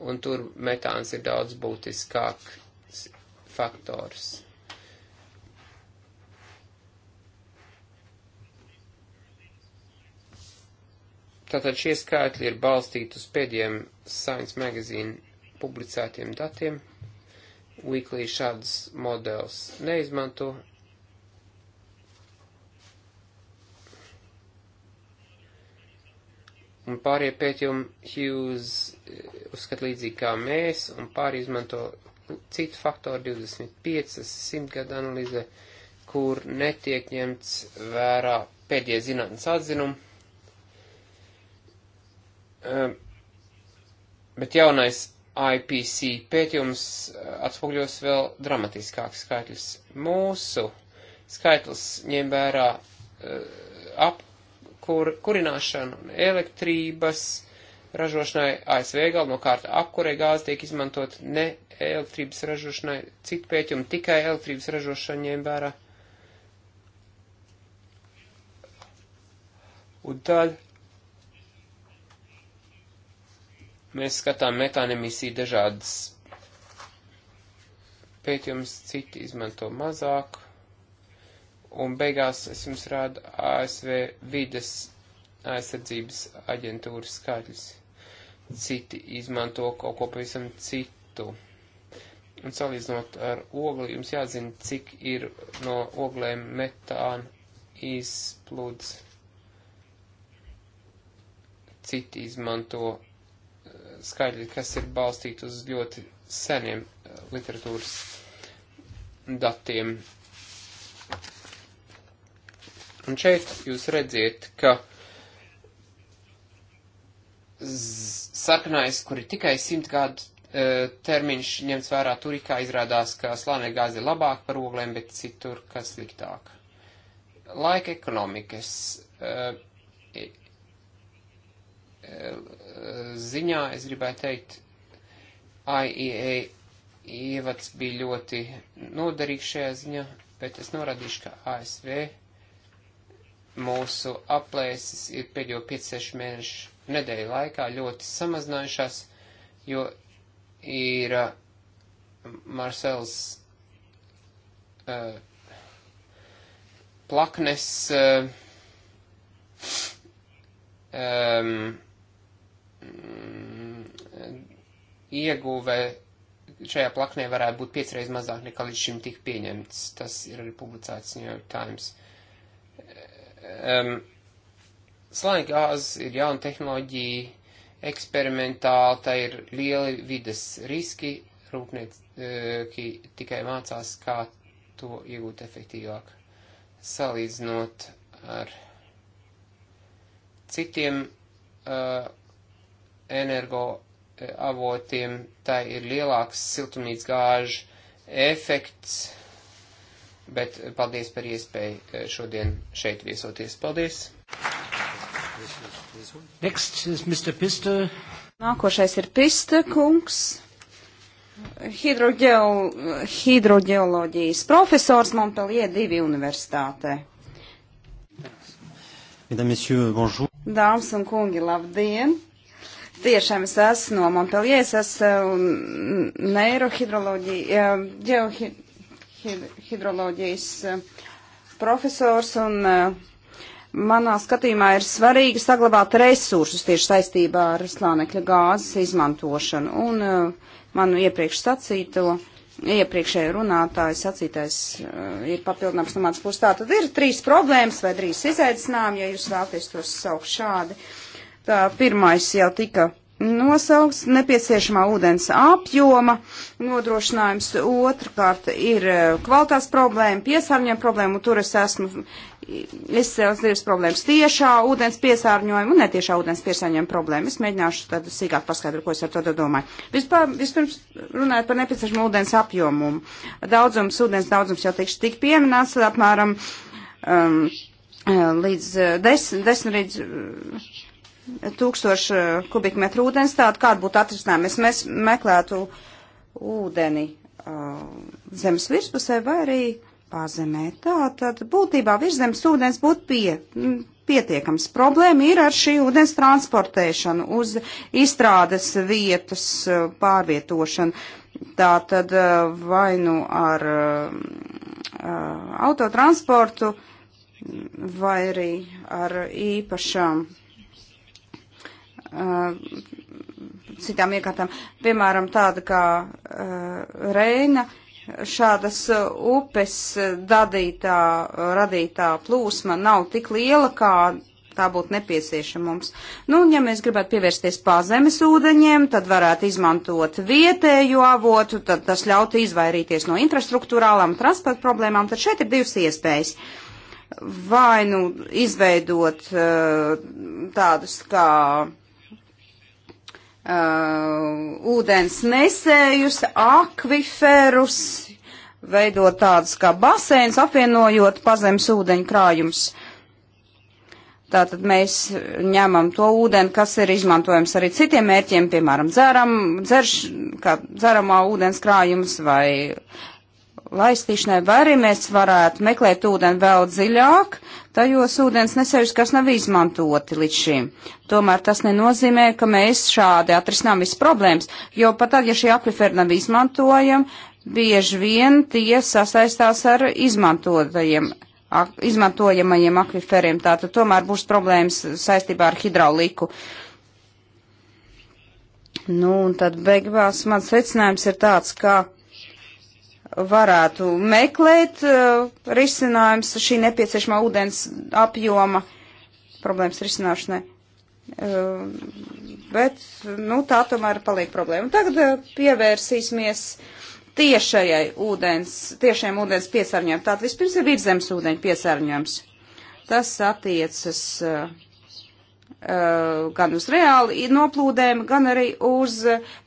un tur metāns ir daudz būtiskāk faktors. Tātad šie skaitļi ir balstīti uz pēdējiem Science Magazine publicētiem datiem. Weekly šādas modeļus neizmanto, un pārējie pētījumi Hughes eh, uzskata līdzīgi kā mēs, un pāri izmanto citu faktoru 25, 100 gadu analīze, kur netiek ņemts vērā pēdējie zinātnes atzinumi. Ehm, bet jaunais IPC pētījums eh, atspogļos vēl dramatiskāks skaitļus. Mūsu skaitlis ņem vērā eh, ap kur, kurināšanu un elektrības ražošanai ASV galvenokārt apkurē gāze tiek izmantot ne elektrības ražošanai, citu pētījumu tikai elektrības ražošana ņem vērā. Un tad Mēs skatām metānemisiju dažādas pētījumus, citi izmanto mazāk. Un beigās es jums rādu ASV vides aizsardzības aģentūras skaļus. Citi izmanto kaut ko pavisam citu. Un salīdzinot ar ogli, jums jāzina, cik ir no oglēm metāna izplūds. Citi izmanto skaidri, kas ir balstīti uz ļoti seniem eh, literatūras datiem. Un šeit jūs redziet, ka sarkanais, kur ir tikai simt gadu eh, termiņš ņemts vērā tur, kā izrādās, ka slānē gāze ir labāk par oglēm, bet citur, kas sliktāk. Laika ekonomikas eh, Eh, ziņā, es gribēju teikt, IEA ievads bija ļoti noderīgs šajā ziņā, bet es norādīšu, ka ASV mūsu aplēses ir pēdējo 5-6 mēnešu nedēļu laikā ļoti samazinājušās, jo ir eh, Marcels uh, Plaknes uh, um, mm, ieguve šajā plaknē varētu būt piecreiz mazāk nekā līdz šim tik pieņemts. Tas ir arī publicēts New York Times. Um, ehm, Slāņa gāze ir jauna tehnoloģija, eksperimentāli, tā ir lieli vides riski, rūpnieki tikai mācās, kā to iegūt efektīvāk. Salīdzinot ar citiem uh, energo avotiem, tai ir lielāks siltumnīca gāžu efekts, bet paldies par iespēju eh, šodien šeit viesoties. Paldies! Next is Mr. Pista. Nākošais ir Pista kungs, hidrogeol, hidrogeoloģijas profesors Montpellier 2 universitātē. Dāmas un kungi, labdien! Tiešām es esmu no Montpellier, es esmu um, neirohidroloģijas um, um, profesors un uh, manā skatījumā ir svarīgi saglabāt resursus tieši saistībā ar slānekļa gāzes izmantošanu un uh, manu iepriekš sacīto. Iepriekšēja runātāja sacītais uh, ir papildināms no manas puses. Tā tad ir trīs problēmas vai trīs izaicinājumi, ja jūs vēlaties tos saukt šādi. Uh, Tā pirmais jau tika nosaukts nepieciešamā ūdens apjoma nodrošinājums, otrkārt ir e, kvalitātes problēma, piesārņojuma problēma, un tur es esmu izcēlis divas problēmas. Tiešā ūdens piesārņojuma un netiešā ūdens piesārņojuma problēma. Es mēģināšu tad sīkāk paskaidrot, ko es ar to domāju. Vispār, vispirms runājot par nepieciešamo ūdens apjomumu. Daudzums, ūdens daudzums jau tikšu tik pieminēts, apmēram um, e, līdz e, desmit, desmit līdz tūkstoši eh, kubikmetru ūdens, tādu kādu būtu atrisinājums. Mēs meklētu ūdeni eh, zemes virspusē vai arī pazemē. Tā tad būtībā virszemes ūdens būtu pie, pietiekams. Problēma ir ar šī ūdens transportēšanu uz izstrādes vietas eh, pārvietošanu. Tā tad vai nu ar autotransportu vai arī ar īpašām Uh, citām iekārtām, piemēram, tāda kā uh, Reina, šādas uh, upes dadītā, radītā plūsma nav tik liela, kā tā būtu nepieciešama mums. Nu, un ja mēs gribētu pievērsties pazemes ūdeņiem, tad varētu izmantot vietējo avotu, tad tas ļautu izvairīties no infrastruktūrālām transporta problēmām, tad šeit ir divas iespējas. Vai nu izveidot uh, tādus kā uh, uh, ūdens nesējus, akviferus, veidot tādus kā basēns, apvienojot pazemes ūdeņu krājumus. Tātad mēs ņemam to ūdeni, kas ir izmantojams arī citiem mērķiem, piemēram, dzeram, dzerš, kā dzeramā ūdens krājums vai laistīšanai, vai arī mēs varētu meklēt ūdeni vēl dziļāk, tajos ūdens nesevišķi, kas nav izmantoti līdz šim. Tomēr tas nenozīmē, ka mēs šādi atrisinām visas problēmas, jo pat tad, ja šie akliferi nav izmantojami, bieži vien tie sasaistās ar izmantotajiem ak, izmantojamajiem akviferiem, tātad tomēr būs problēmas saistībā ar hidrauliku. Nu, un tad beigās mans secinājums ir tāds, ka varētu meklēt uh, risinājums šī nepieciešamā ūdens apjoma problēmas risināšanai. Uh, bet, nu, tā tomēr paliek problēma. Tagad uh, pievērsīsimies tiešajai ūdens, tiešajam ūdens piesārņojumam. Tātad vispirms ir vidzemes ūdeņu piesārņojums. Tas attiecas uh, Uh, gan uz reāli noplūdēm, gan arī uz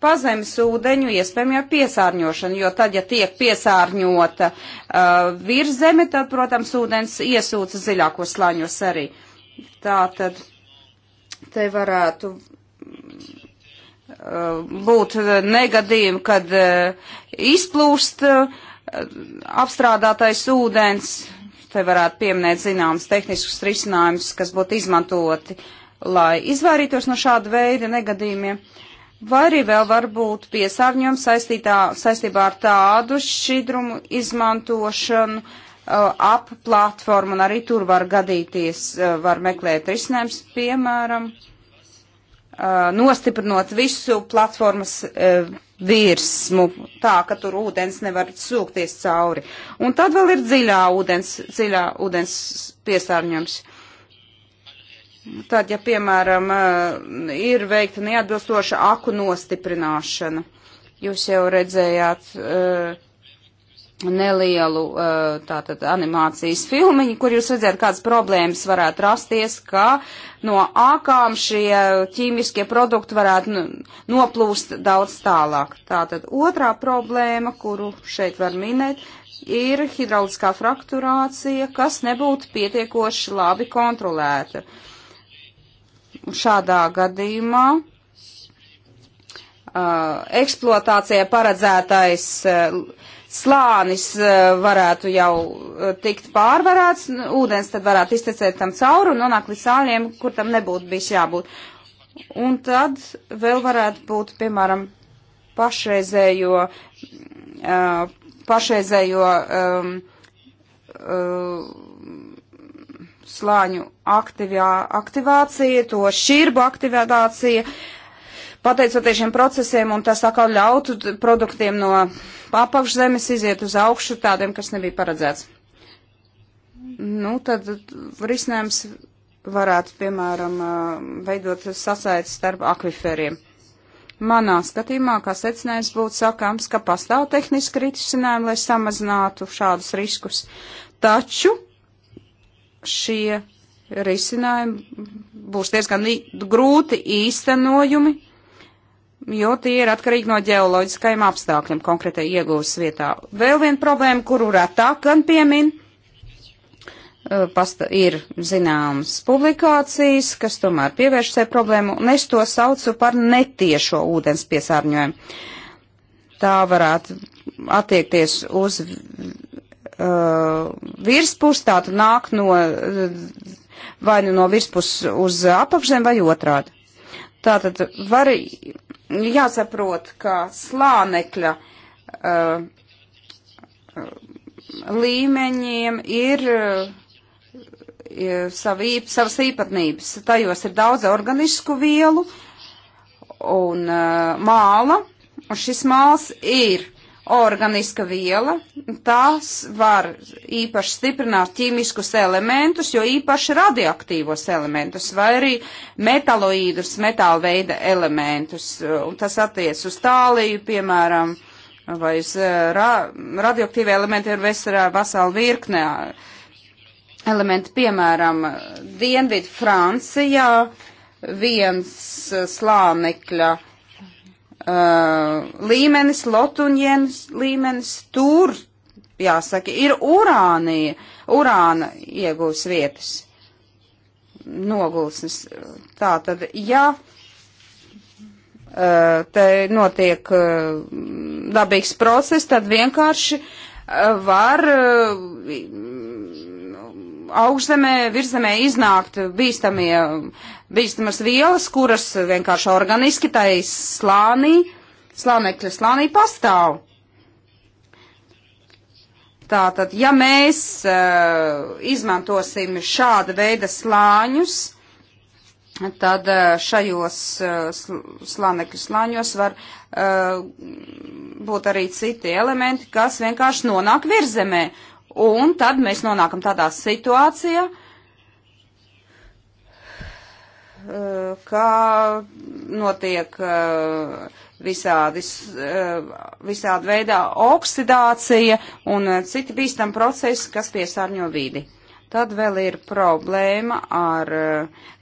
pazemes ūdeņu iespējamajā piesārņošanu, jo tad, ja tiek piesārņota uh, virs zeme, tad, protams, ūdens iesūca ziļākos slāņos arī. Tā tad te varētu uh, būt negadījumi, kad uh, izplūst uh, apstrādātais ūdens. Te varētu pieminēt zināmas tehniskus risinājumus, kas būtu izmantoti uh, lai izvairītos no šāda veida negadījumiem. Vai arī vēl var būt piesārņojums saistītā, saistībā ar tādu šķidrumu izmantošanu uh, ap platformu, un arī tur var gadīties, uh, var meklēt risinājums, piemēram, uh, nostiprinot visu platformas virsmu, tā, ka tur ūdens nevar sūkties cauri. Un tad vēl ir dziļā ūdens, dziļā ūdens piesārņojums. Tad, ja, piemēram, eh, ir veikta neatbilstoša aku nostiprināšana, jūs jau redzējāt eh, nelielu eh, tātad animācijas filmiņu, kur jūs redzējāt, kādas problēmas varētu rasties, ka no ākām šie ķīmiskie produkti varētu nu, noplūst daudz tālāk. Tātad otrā problēma, kuru šeit var minēt, ir hidrauliskā frakturācija, kas nebūtu pietiekoši labi kontrolēta. Uh, šādā gadījumā uh, eksploatācijai paredzētais uh, slānis uh, varētu jau uh, tikt pārvarēts, nu, ūdens tad varētu iztecēt tam cauri un nonākt līdz sāļiem, kur tam nebūtu bijis jābūt. Un tad vēl varētu būt, piemēram, pašreizējo, uh, pašreizējo um, slāņu aktivā, aktivācija, to šķirbu aktivācija, pateicoties šiem procesiem, un tas atkal ļautu produktiem no apakšzemes iziet uz augšu tādiem, kas nebija paredzēts. Nu, tad risinājums varētu, piemēram, veidot sasaites starp akviferiem. Manā skatījumā, kā secinājums būtu sakāms, ka pastāv tehniski risinājumi, lai samazinātu šādus riskus. Taču šie risinājumi būs diezgan grūti īstenojumi, jo tie ir atkarīgi no ģeoloģiskajiem apstākļiem konkrētai iegūs vietā. Vēl viena problēma, kuru retā gan piemin, eh, pasta, ir zināmas publikācijas, kas tomēr pievērš tai problēmu, un es to saucu par netiešo ūdens piesārņojumu. Tā varētu attiekties uz uh, virspus, tātad nāk no, uh, vai nu no virspus uz apakšzem vai otrādi. Tātad var jāsaprot, ka slānekļa uh, uh līmeņiem ir uh, savi, savas īpatnības. Tajos ir daudz organisku vielu un uh, māla, un šis māls ir organiska viela, tās var īpaši stiprināt ķīmiskus elementus, jo īpaši radioaktīvos elementus, vai arī metaloīdus, metāla veida elementus. Un tas attiec uz tāliju, piemēram, vai uz eh, ra radioaktīvi elementi ir vesarā vasāla virknē. Elementi, piemēram, Dienvidu Francijā viens eh, slānekļa uh, Uh, līmenis, lotuņienas līmenis, tur, jāsaka, ir urānija, urāna iegūs vietas nogulsnes. Tā tad, ja uh, te notiek uh, dabīgs process, tad vienkārši var augšzemē, virzemē iznākt bīstamie, bīstamas vielas, kuras vienkārši organiski tai slānī, slānekļa slānī pastāv. Tātad, ja mēs uh, izmantosim šāda veida slāņus, tad uh, šajos uh, eh, slānekļu slāņos var uh, būt arī citi elementi, kas vienkārši nonāk virzemē un tad mēs nonākam tādā situācijā, eh, kā notiek eh, visādi, eh, visādi veidā oksidācija un citi bīstam procesi, kas piesārņo vidi. Tad vēl ir problēma ar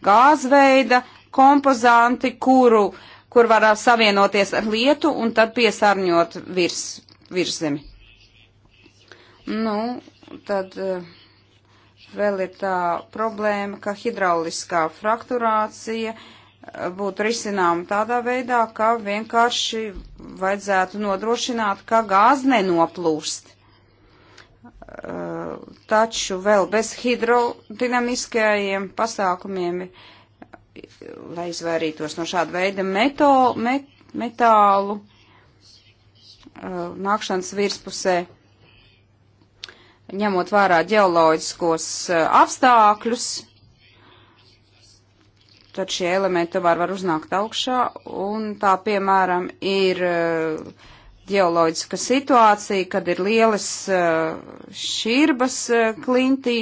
gāzveida kompozanti, kuru, kur var savienoties ar lietu un tad piesārņot virs, virs zemi. Nu, tad eh, vēl ir tā problēma, ka hidrauliskā frakturācija eh, būtu risinām tādā veidā, ka vienkārši vajadzētu nodrošināt, ka gāze nenoplūst. Eh, taču vēl bez hidrodinamiskajiem pasākumiem, lai izvairītos no šāda veida metālu, met, metālu nākšanas virspusē, ņemot vērā ģeoloģiskos eh, apstākļus, tad šie elementi tomēr var uznākt augšā, un tā piemēram ir ģeoloģiska eh, situācija, kad ir lielas eh, šķirbas klintī,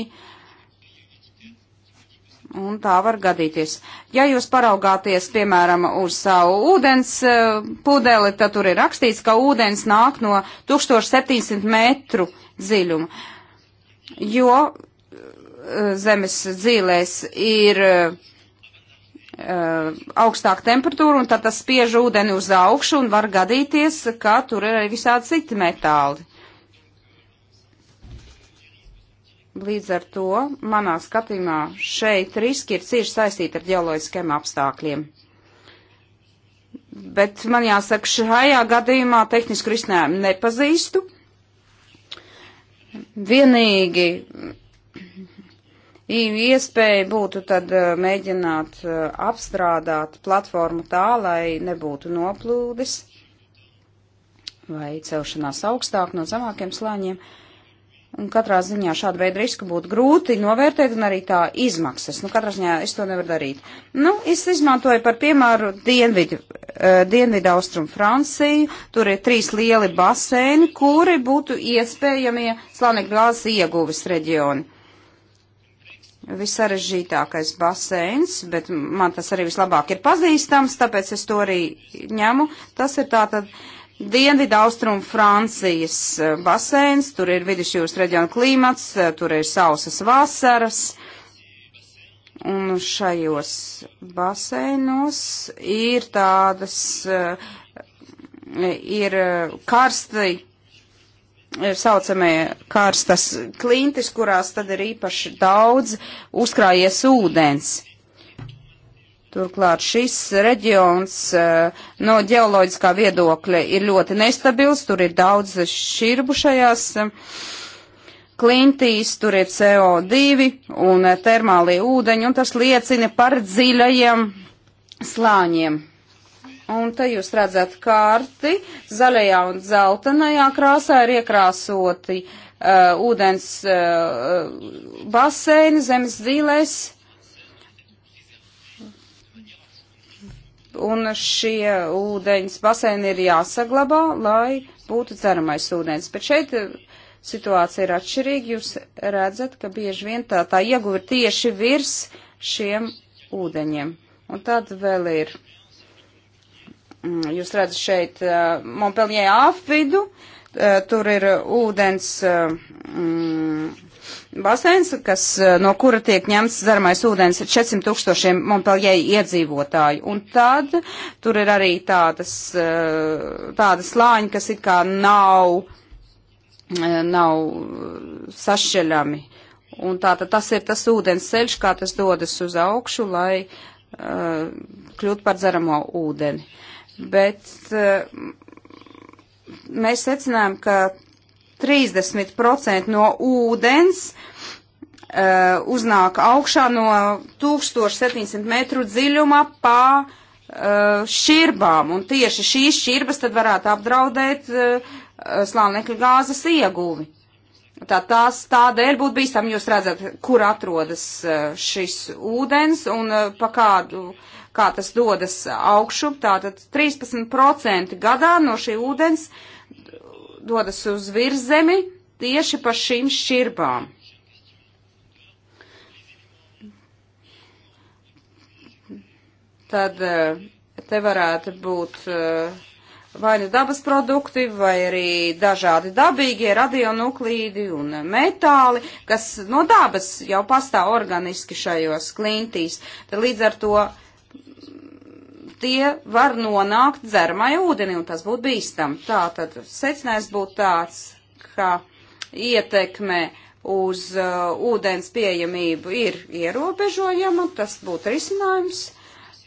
un tā var gadīties. Ja jūs paraugāties, piemēram, uz savu ūdens pudeli, tad tur ir rakstīts, ka ūdens nāk no 1700 metru dziļuma jo uh, zemes dzīvēs ir Uh, augstāka temperatūra, un tad tas spiež ūdeni uz augšu, un var gadīties, ka tur ir arī visādi citi metāli. Līdz ar to, manā skatījumā, šeit riski ir cieši saistīti ar ģeoloģiskiem apstākļiem. Bet man jāsaka, šajā gadījumā tehnisku risinājumu nepazīstu. Vienīgi iespēja būtu tad mēģināt apstrādāt platformu tā, lai nebūtu noplūdes vai celšanās augstāk no zemākiem slāņiem. Uh, Un katrā ziņā šādu veidu risku būtu grūti novērtēt un arī tā izmaksas. Nu, katrā ziņā es to nevaru darīt. Nu, es izmantoju par piemēru Dienvidu, uh, Dienvidu Austrumu Franciju. Tur ir trīs lieli baseini, kuri būtu iespējamie slānekļa glāzes ieguvis reģioni. Visarežģītākais baseins, bet man tas arī vislabāk ir pazīstams, tāpēc es to arī ņemu. Tas ir tātad. Uh, Dienvidu austrumu Francijas eh, basēns, tur ir vidusjūras reģiona klimats, eh, tur ir sausas vasaras, un šajos basēnos ir tādas, eh, ir karsti, ir saucamie karstas klintis, kurās tad ir īpaši daudz uzkrājies ūdens. Turklāt šis reģions eh, no ģeoloģiskā viedokļa ir ļoti nestabils, tur ir daudz šķirbu šajās eh, klintīs, tur ir CO2 un eh, termālie ūdeņi, un tas liecina par dziļajiem slāņiem. Un te jūs redzat karti, zaļajā un zeltenajā krāsā ir iekrāsoti uh, ūdens uh, baseini, zemes zīlēs, un šie ūdeņas baseini ir jāsaglabā, lai būtu dzeramais ūdens. Bet šeit eh, situācija ir atšķirīga. Jūs redzat, ka bieži vien tā, tā ieguva ir tieši virs šiem ūdeņiem. Un tad vēl ir, mm, jūs redzat šeit eh, Montpellier apvidu, eh, tur ir ūdens. Mm, Baseins, kas, eh, no kura tiek ņemts dzeramais ūdens 400 tūkstošiem Montpellier iedzīvotāju. Un tad tur ir arī tādas, eh, tādas slāņi, kas it kā nav, eh, nav sašķeļami. Un tātad tas ir tas ūdens ceļš, kā tas dodas uz augšu, lai uh, kļūtu par dzeramo ūdeni. Bet uh, mēs secinājām, ka 30% no ūdens uh, uznāk augšā no 1700 metru dziļumā pa uh, šķirbām, un tieši šīs šķirbas tad varētu apdraudēt uh, slānekļa gāzes ieguvi. Tā, tās tādēļ būtu bīstam, jūs redzat, kur atrodas šis ūdens un pa kādu, kā tas dodas augšup, tātad 13% gadā no šī ūdens uh, dodas uz virzemi tieši pa šīm šķirbām. Tad eh, te varētu būt eh, vai nu dabas produkti, vai arī dažādi dabīgie radionuklīdi un metāli, kas no dabas jau pastāv organiski šajos klintīs. Tad līdz ar to tie var nonākt dzeramai ūdenī, un tas būtu bīstam. Tā tad secinājums būtu tāds, ka ietekme uz uh, ūdens pieejamību ir ierobežojama, tas būtu risinājums.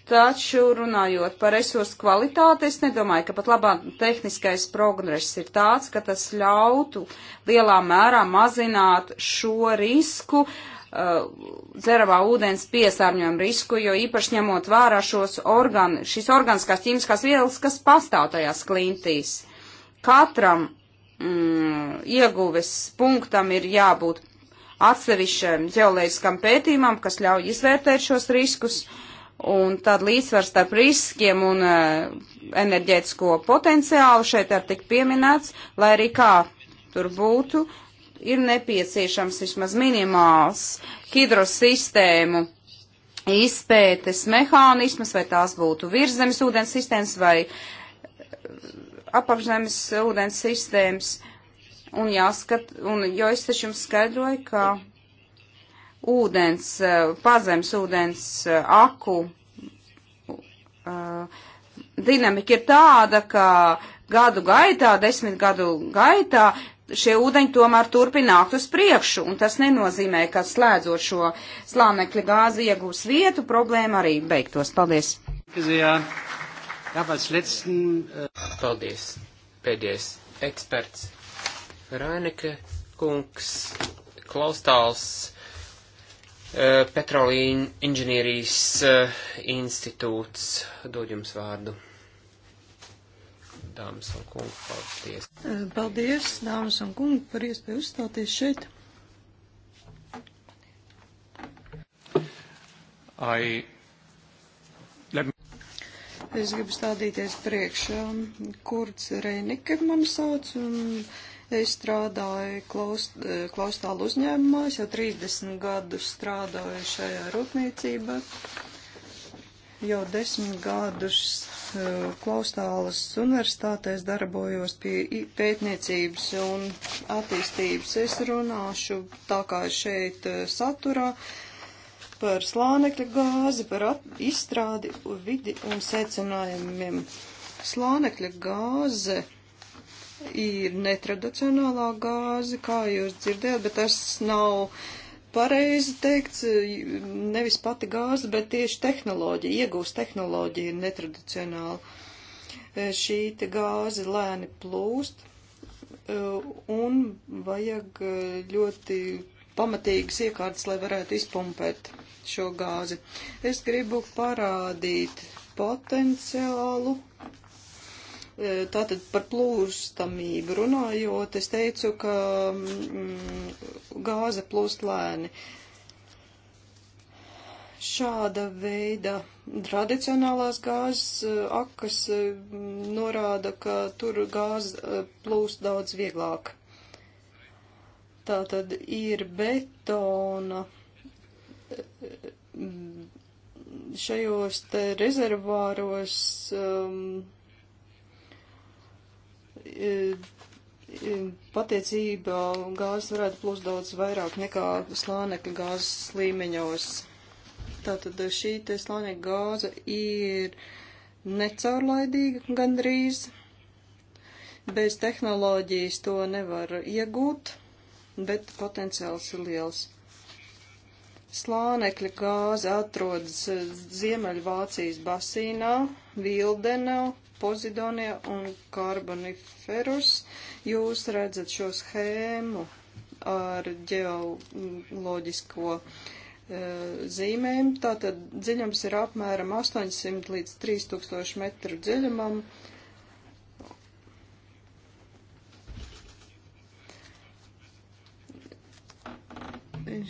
Taču runājot par resursu kvalitāti, es nedomāju, ka pat labā tehniskais progress ir tāds, ka tas ļautu lielā mērā mazināt šo risku uh, Uh, dzeramā ūdens piesārņojumu risku, jo īpaši ņemot vērā šos organ, šīs organiskās ķīmiskās vielas, kas pastāv tajās klintīs. Katram mm, ieguves punktam ir jābūt atsevišķam ģeoloģiskam pētījumam, kas ļauj izvērtēt šos riskus, un tad līdzsvars starp riskiem un uh, enerģētisko potenciālu šeit ir tik pieminēts, lai arī kā tur būtu, ir nepieciešams vismaz minimāls hidrosistēmu izpētes mehānismas, vai tās būtu virszemes ūdens sistēmas vai eh, apakšzemes ūdens sistēmas. Un jāskat, un, jo es taču jums skaidroju, ka ūdens, eh, pazemes ūdens eh, aku uh, dinamika ir tāda, ka gadu gaitā, desmit gadu gaitā šie ūdeņi tomēr turpināt uz priekšu, un tas nenozīmē, ka slēdzot šo slānekļa gāzi iegūs vietu, problēma arī beigtos. Paldies! Paldies! Pēdējais eksperts Rainike Kungs, Klaustāls, eh, Petrolīna inženierijas eh, institūts, dod jums vārdu dāmas un kungi, paldies. Paldies, dāmas un kungi, par iespēju uzstāties šeit. I... Let... Es gribu stādīties priekšā, kurds Reinika man sauc, un es strādāju klaust, klaustālu uzņēmumā, es jau 30 gadus strādāju šajā rūpniecībā, jau 10 gadus Klaustālas universitātēs darbojos pie pētniecības un attīstības. Es runāšu tā kā šeit eh, saturā par slānekļa gāzi, par izstrādi, vidi un secinājumiem. Slānekļa gāze ir netradicionālā gāze, kā jūs dzirdējat, bet tas nav pareizi teikts, nevis pati gāze, bet tieši tehnoloģija, iegūst tehnoloģija ir netradicionāla. E, šī te gāze lēni plūst e, un vajag e, ļoti pamatīgas iekārtas, lai varētu izpumpēt šo gāzi. Es gribu parādīt potenciālu Tātad par plūstamību runājot, es teicu, ka mm, gāze plūst lēni. Šāda veida tradicionālās gāzes eh, akas eh, norāda, ka tur gāze eh, plūst daudz vieglāk. Tātad ir betona mm, šajos te rezervāros. Um, E, e, patiecībā gāzes varētu plūst daudz vairāk nekā slānekļa gāzes līmeņos. Tātad šī te slānekļa gāze ir necaurlaidīga gandrīz. Bez tehnoloģijas to nevar iegūt, bet potenciāls ir liels. Slānekļa gāze atrodas Ziemeļvācijas basīnā, Vildenau, Pozidonie un Karboniferus. Jūs redzat šo schēmu ar ģeoloģisko uh, zīmēm. Tātad dziļums ir apmēram 800 līdz 3000 metru dziļumam.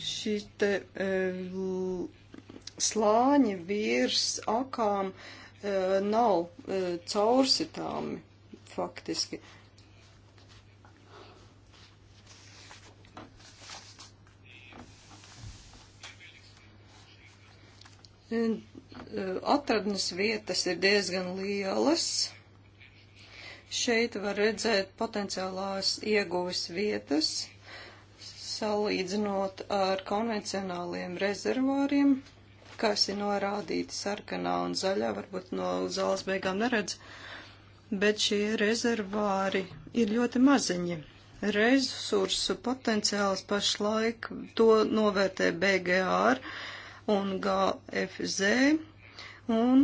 Šī te uh, e, slāņa virs akām uh, Eh, nav eh, caursitāmi faktiski. Eh, atradnes vietas ir diezgan lielas. Šeit var redzēt potenciālās ieguvis vietas, salīdzinot ar konvencionāliem rezervāriem kas ir norādīti sarkanā un zaļā, varbūt no zāles beigām neredz, bet šie rezervāri ir ļoti maziņi. Resursu potenciāls pašlaik to novērtē BGR un GFZ, un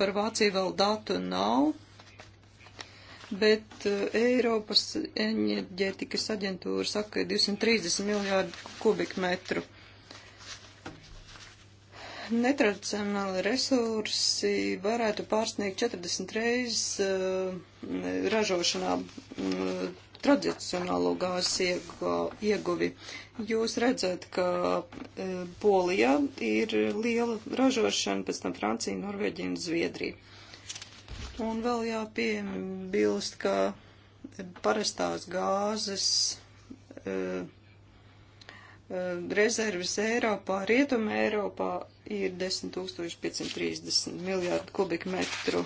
par Vāciju vēl datu nav, bet eh, Eiropas enerģētikas aģentūra saka, ka 230 miljārdu kubikmetru netradicionāli resursi varētu pārsniegt 40 reizes eh, ražošanā mm, tradicionālo gāzes ieguvi. Jūs redzat, ka eh, Polijā ir liela ražošana, pēc tam Francija, Norvēģija un Zviedrija. Un vēl jāpiebilst, ka parastās gāzes eh, rezerves Eiropā, Rietuma Eiropā ir 10530 miljārdu kubikmetru.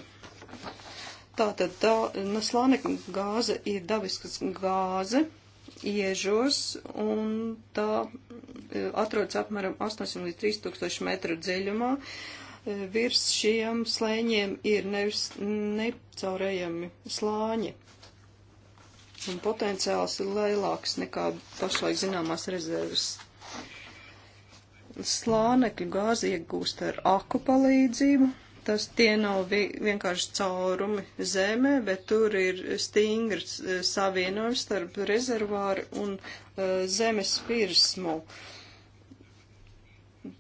Tātad tā, no nu, slānekļa gāze ir dabiskas gāze iežos, un tā e, atrodas apmēram 800 līdz 3000 metru dziļumā. E, virs šiem slēņiem ir nevis necaurējami slāņi, un potenciāls ir lielāks nekā pašlaik zināmās rezerves slānekļu gāzi iegūst ar aku palīdzību. Tas tie nav vi vienkārši caurumi zemē, bet tur ir stingrs e, savienojums starp rezervāru un uh, zemes virsmu.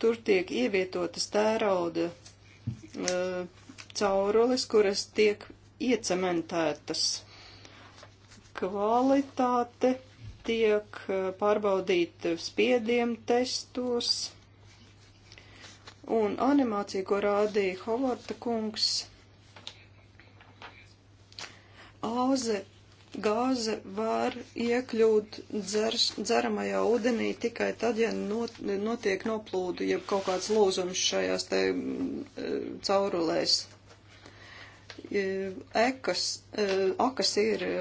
Tur tiek ievietotas tērauda uh, caurules, kuras tiek iecementētas. Kvalitāte tiek pārbaudīta spiedienu testos un animācija, ko rādīja Hovarta kungs. Āze, gāze var iekļūt dzers, dzeramajā ūdenī tikai tad, ja not, notiek noplūdu, ja kaut kāds lūzums šajās te e, caurulēs, E, ekas, akas e, ir e,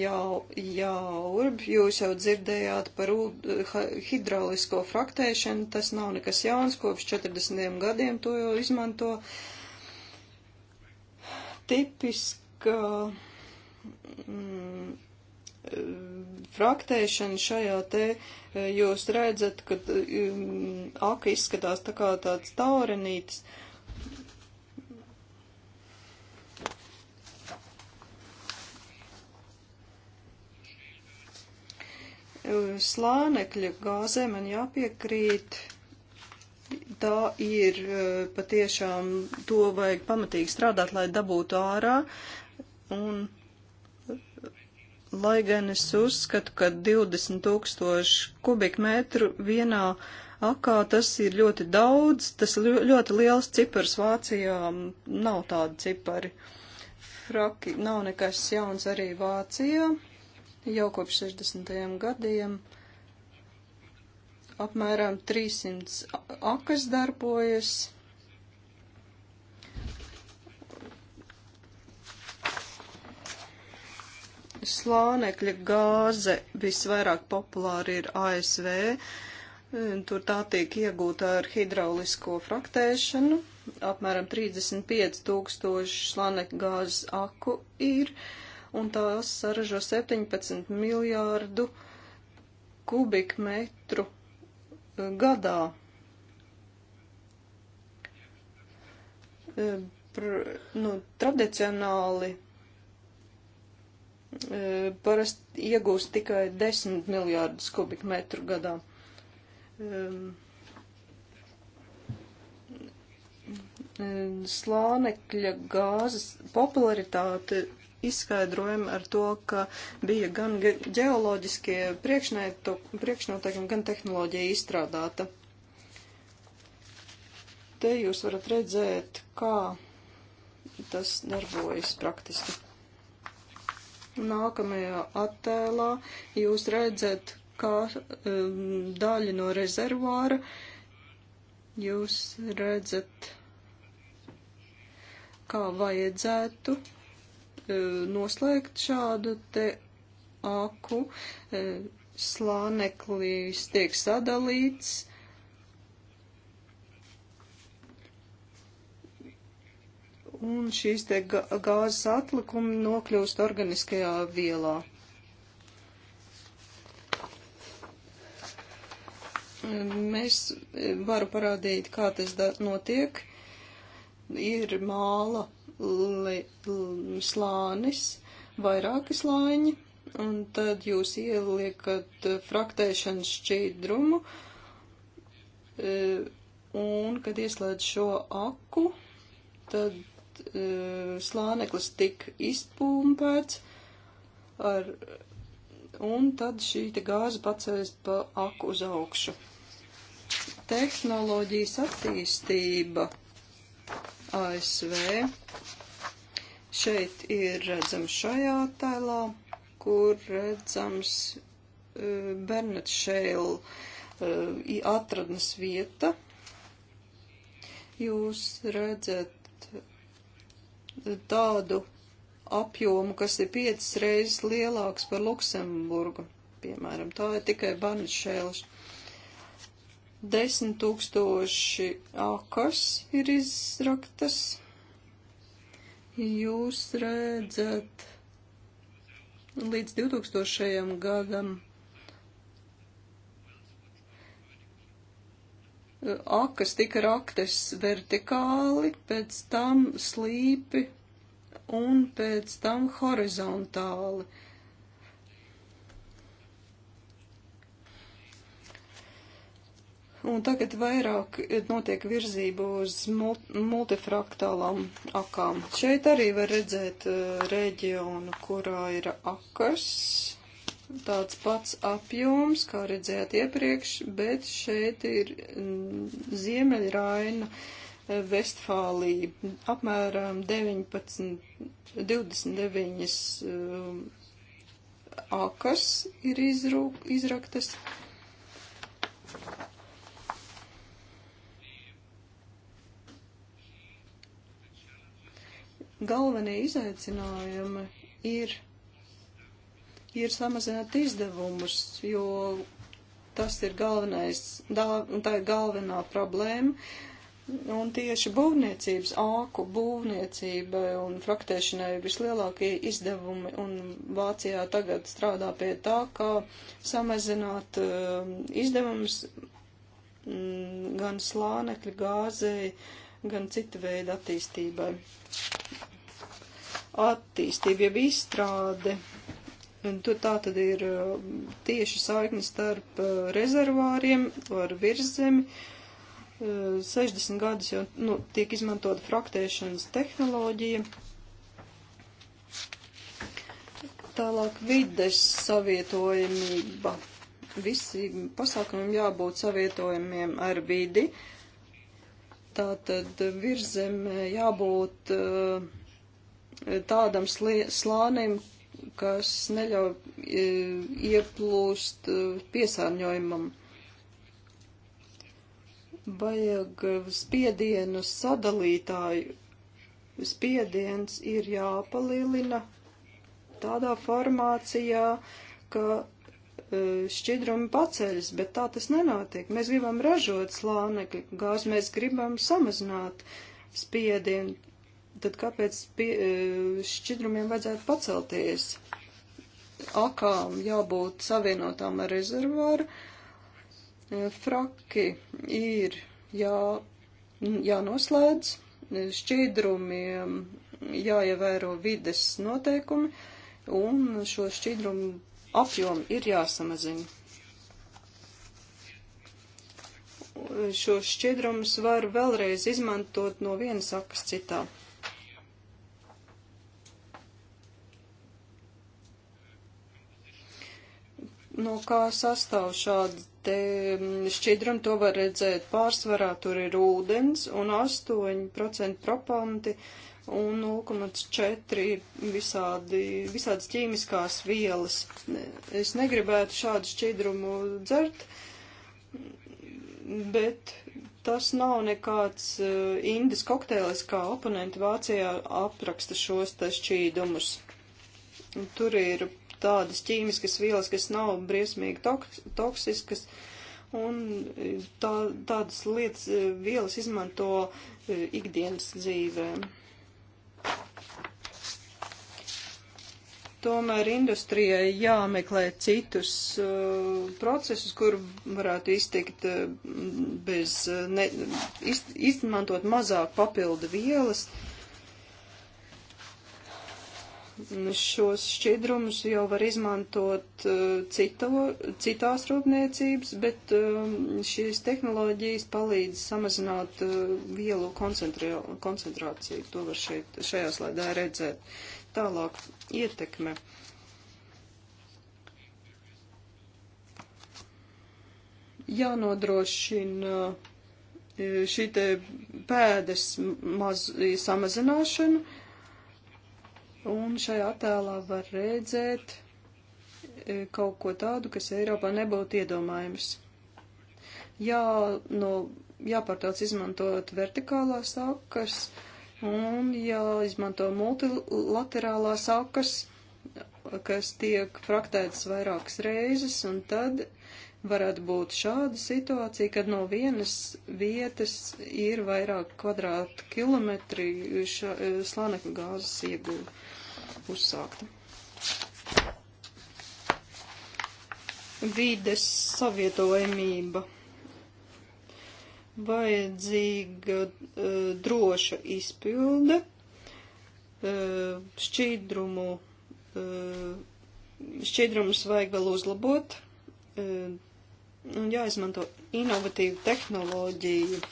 jau, jaurb, jūs jau dzirdējāt par hidraulisko fraktēšanu, tas nav nekas jauns, kopš 40 gadiem to jau izmanto. Tipiska mm, fraktēšana šajā te, jūs redzat, ka mm, aka izskatās tā kā tāds taurenītis. Uh, slānekļa gāzē man jāpiekrīt. Tā ir e, patiešām, to vajag pamatīgi strādāt, lai dabūtu ārā. Un, lai gan es uzskatu, ka 20 tūkstoši kubikmetru vienā akā tas ir ļoti daudz, tas ļoti liels cipars Vācijā, nav tādi cipari. Fraki nav nekas jauns arī Vācijā jau kopš 60. gadiem. Apmēram 300 akas darbojas. Slānekļa gāze visvairāk populāra ir ASV. Tur tā tiek iegūta ar hidraulisko fraktēšanu. Apmēram 35 tūkstoši slānekļa gāzes aku ir. Uh, un tās saražo 17 miljārdu kubikmetru e, gadā. E, pr, nu, tradicionāli e, parasti iegūst tikai 10 miljārdus kubikmetru gadā. Slānekļa gāzes popularitāte izskaidrojumu ar to, ka bija gan ģeoloģiskie priekšnoteikumi, gan tehnoloģija izstrādāta. Te jūs varat redzēt, kā tas darbojas praktiski. Nākamajā attēlā jūs redzat, kā um, daļa no rezervāra jūs redzat, kā vajadzētu E, noslēgt šādu te aku. E, Slāneklis tiek sadalīts. Un šīs te gāzes atlikumi nokļūst organiskajā vielā. Mēs e, varu parādīt, kā tas notiek. Ir māla Mm, slānis, vairāki slāņi, un tad jūs ieliekat eh, fraktēšanas šķīdrumu, eh, un kad ieslēdz šo aku, tad eh, slāneklis tik izpumpēts ar, un tad šī te gāze pacēs pa aku uz augšu. Tehnoloģijas attīstība ASV. Šeit ir redzams šajā tēlā, kur redzams e, Bernard Šēl e, atradnes vieta. Jūs redzat tādu apjomu, kas ir piecas reizes lielāks par Luksemburgu. Piemēram, tā ir tikai Bernard Šēls. Desmit tūkstoši akas ir izraktas. Jūs redzat līdz 2000. gadam akas tika raktas vertikāli, pēc tam slīpi un pēc tam horizontāli. Un tagad vairāk notiek virzība uz multifraktālām akām. Šeit arī var redzēt eh, reģionu, kurā ir akas, tāds pats apjoms, kā redzēt iepriekš, bet šeit ir mm, Ziemeļraina, eh, Vestfālija, apmēram 19, 29 eh, akas ir izrūk, izraktas. galvenie izaicinājumi ir, ir samazināt izdevumus, jo tas ir galvenais, tā ir galvenā problēma. Un tieši būvniecības, āku būvniecībai un fraktēšanai ir vislielākie izdevumi, un Vācijā tagad strādā pie tā, kā samazināt uh, izdevumus mm, gan slānekļa gāzei, uh, gan cita veida attīstībai. Attīstība jau izstrāde. Tur tā tad ir um, tieši saikni starp uh, rezervāriem ar virzemi. 60 uh, gadus jau nu, tiek izmantota fraktēšanas tehnoloģija. Tālāk vides savietojamība. Visi pasākumiem jābūt savietojamiem ar vidi. Uh, tā tad virzemē jābūt eh, tādam slānim, kas neļauj eh, ieplūst eh, piesārņojumam. Vajag spiedienu sadalītāju. Spiediens ir jāpalielina tādā formācijā, ka E, šķidrumi paceļas, bet tā tas nenotiek. Mēs gribam ražot slānekļa gāzi, mēs gribam samazināt spiedienu. Tad kāpēc pie, e, šķidrumiem vajadzētu pacelties? Akām jābūt savienotām ar rezervāru. E, fraki ir jā, jānoslēdz, šķidrumiem jāievēro vides noteikumi un šo šķidrumu apjomi ir jāsamazina. Šo šķidrumus var vēlreiz izmantot no vienas akas citā. no kā sastāv šādi te šķidrumi, to var redzēt pārsvarā, tur ir ūdens un 8% propanti un 0,4 ir visādi, visādas ķīmiskās vielas. Es negribētu šādu šķidrumu dzert, bet tas nav nekāds eh, indas kokteilis, kā oponenti Vācijā apraksta šos te šķīdumus. Tur ir tādas ķīmiskas vielas, kas nav briesmīgi toks, toksiskas un eh, tā, tādas lietas, eh, vielas izmanto ikdienas dzīvēm. tomēr industrijai jāmeklē citus uh, procesus, kur varētu iztikt uh, bez, uh, ne, iz, izmantot mazāk papildu vielas. Šos šķidrumus jau var izmantot uh, cito, citās rūpniecības, bet um, šīs tehnoloģijas palīdz samazināt uh, vielu koncentrāciju. To var šeit, šajā slaidā redzēt. Tālāk ietekme. Jānodrošina e, šī te pēdas maz, samazināšana, un šajā attēlā var redzēt e, kaut ko tādu, kas Eiropā nebūtu iedomājams. Jā, no, jāpārtauc izmantot vertikālās akas, uh, un jāizmanto multilaterālās akas, kas tiek fraktētas vairākas reizes, un tad varētu būt šāda situācija, kad no vienas vietas ir vairāk kvadrātu kilometri e, slānekļa gāzes iegūta uzsākta. Vides savietojamība vajadzīga uh, droša izpilde, uh, e, šķīdrumu, uh, e, šķīdrumus vajag vēl uzlabot uh, un jāizmanto inovatīvu tehnoloģiju.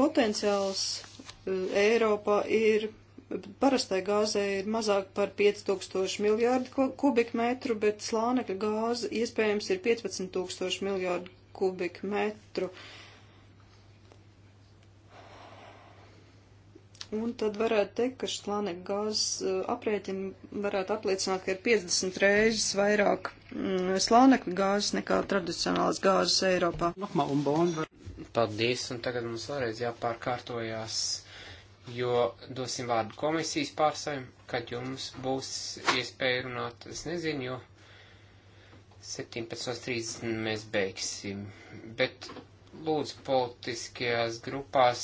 Potenciāls uh, Eiropā ir. Parastai gāzē ir mazāk par 5000 miljārdu kubikmetru, bet slānekļa gāze iespējams ir 15 000 miljārdu kubikmetru. Un tad varētu teikt, ka šlānek gāzes e, aprēķini varētu apliecināt, ka ir 50 reizes vairāk mm, slānekļa gāzes nekā tradicionālās gāzes Eiropā. Paldies, un tagad mums vēlreiz jāpārkārtojās, jo dosim vārdu komisijas pārsavim, kad jums būs iespēja runāt. Es nezinu, jo 17.30 mēs beigsim, bet lūdzu politiskajās grupās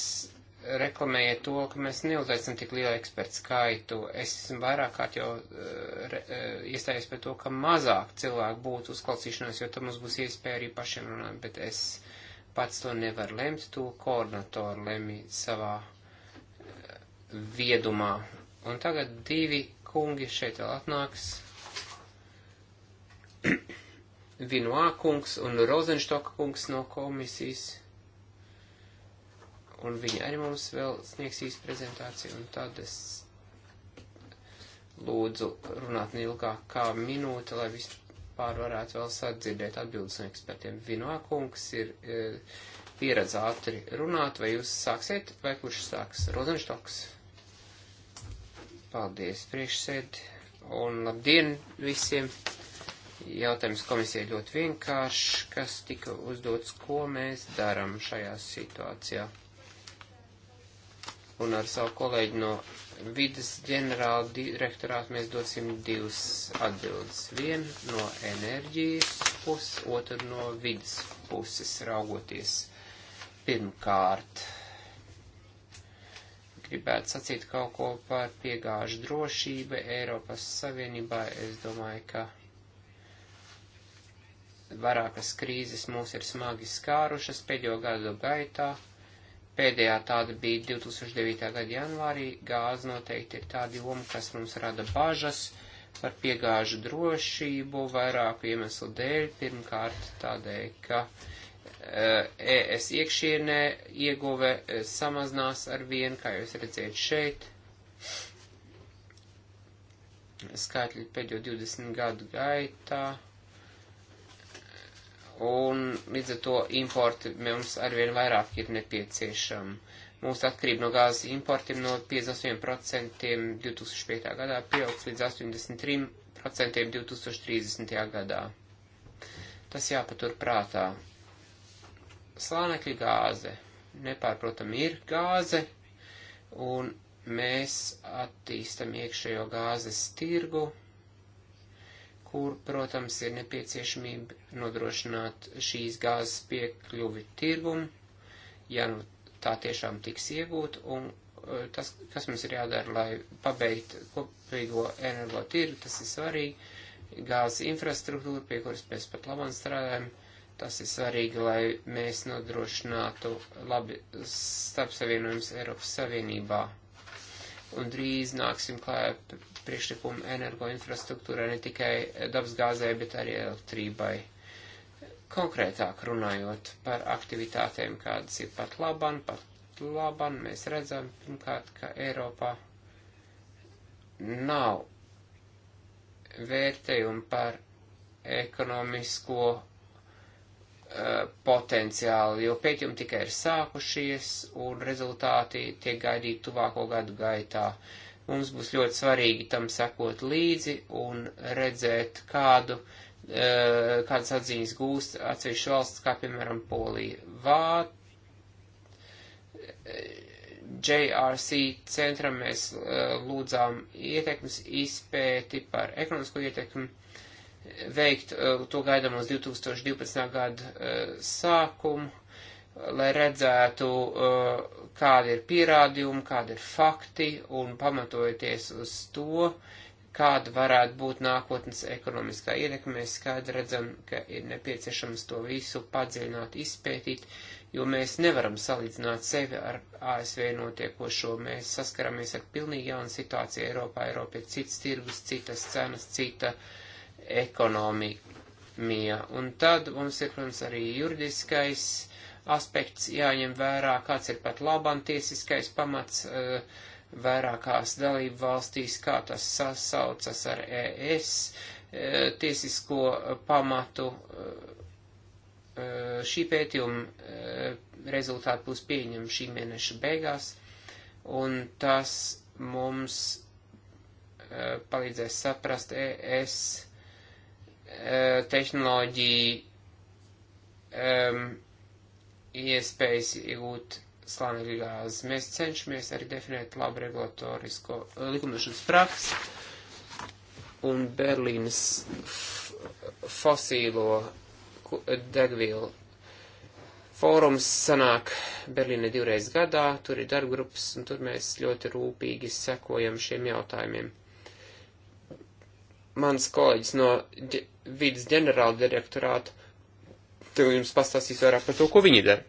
reklamēja to, ka mēs neuzveicam tik lielu ekspertu skaitu. Es esmu vairāk kārt jau uh, eh, eh, iestājies par to, ka mazāk cilvēku būtu uzklausīšanās, jo tam mums būs iespēja arī pašiem runāt, bet es pats to nevaru lemt, to koordinatoru lemi savā uh, viedumā. Un tagad divi kungi šeit vēl atnāks. Vinoā kungs un Rozenštoka kungs no komisijas. Un viņi arī mums vēl sniegs īstu prezentāciju, un tad es lūdzu runāt neilgāk kā minūte, lai vispār varētu vēl sadzirdēt atbildes no ekspertiem. Vinoā kungs ir e, pieredze ātri runāt, vai jūs sāksiet, vai kurš sāks? Rozenštoks. Paldies, priekšsēdi, un labdien visiem! Jautājums komisijai ļoti vienkāršs, kas tika uzdots, ko mēs darām šajā situācijā. Un ar savu kolēģi no vidas ģenerāla direktorāta mēs dosim divas atbildes. Vienu no enerģijas puses, otru no vidas puses raugoties. Pirmkārt, gribētu sacīt kaut ko par piegāžu drošību Eiropas Savienībā. Es domāju, ka Vairākas krīzes mūs ir smagi skārušas pēdējo gadu gaitā. Pēdējā tāda bija 2009. gada janvārī. Gāze noteikti ir tāda joma, kas mums rada bažas par piegāžu drošību vairāku iemeslu dēļ. Pirmkārt tādēļ, ka ES eh, e iekšienē ieguve eh, samazinās ar vienu, kā jūs redzēt šeit. Skaitļi pēdējo 20 gadu gaitā un līdz ar to importi mums arvien vairāk ir nepieciešama. Mūsu atkarība no gāzes importiem no 58% 2005. gadā pieaugs līdz 83% 2030. gadā. Tas jāpatur prātā. Slānekļa gāze nepārprotam ir gāze, un mēs attīstam iekšējo gāzes tirgu kur, protams, ir nepieciešamība nodrošināt šīs gāzes piekļuvi tirgumu, ja nu tā tiešām tiks iegūt, un e, tas, kas mums ir jādara, lai pabeigt kopīgo energo tirgu, tas ir svarīgi. Gāzes infrastruktūra, pie kuras mēs pat labāk strādājam, tas ir svarīgi, lai mēs nodrošinātu labi starpsavienojums Eiropas Savienībā. Un drīz nāksim klājā priekšlikumu energoinfrastruktūrai ne tikai dabasgāzē, bet arī elektrībai. Konkrētāk runājot par aktivitātēm, kādas ir pat laban, pat laban, mēs redzam pirmkārt, ka Eiropā nav vērtējumu par ekonomisko eh, potenciāli, jo pētījumi tikai ir sākušies un rezultāti tiek gaidīti tuvāko gadu gaitā. Mums būs ļoti svarīgi tam sekot līdzi un redzēt, kādu, e, kādas atziņas gūst atsevišķu valsts, kā piemēram Polija. Vā... E, JRC centram mēs e, lūdzām ietekmes izpēti par ekonomisko ietekmi veikt, to gaidām uz 2012. gada sākumu, lai redzētu, kāda ir pierādījuma, kāda ir fakti, un pamatojoties uz to, kāda varētu būt nākotnes ekonomiskā ietekme, mēs skaidri redzam, ka ir nepieciešams to visu padziļināt, izpētīt, jo mēs nevaram salīdzināt sevi ar ASV notiekošo. Mēs saskaramies ar pilnīgi jaunu situāciju Eiropā. Eiropa ir cits tirgus, citas cenas, cita ekonomika. Un tad mums ir, protams, arī juridiskais aspekts jāņem vērā, kāds ir pat labam tiesiskais pamats eh, vairākās dalību valstīs, kā tas sasaucas ar ES eh, tiesisko pamatu. Eh, šī pētījuma rezultāti būs pieņemti šī mēneša beigās, un tas mums palīdzēs saprast ES tehnoloģiju ehm, iespējas iegūt slānekļa gāzes. Mēs cenšamies arī definēt labu regulatorisko eh, likumdošanas praksi un Berlīnas fosīlo degvielu fórums sanāk Berlīne divreiz gadā, tur ir darbgrupas un tur mēs ļoti rūpīgi sekojam šiem jautājumiem. Mans kolēģis no vidas ģenerāla direktorāta tev jums pastāstīs vairāk par to, ko viņi dara.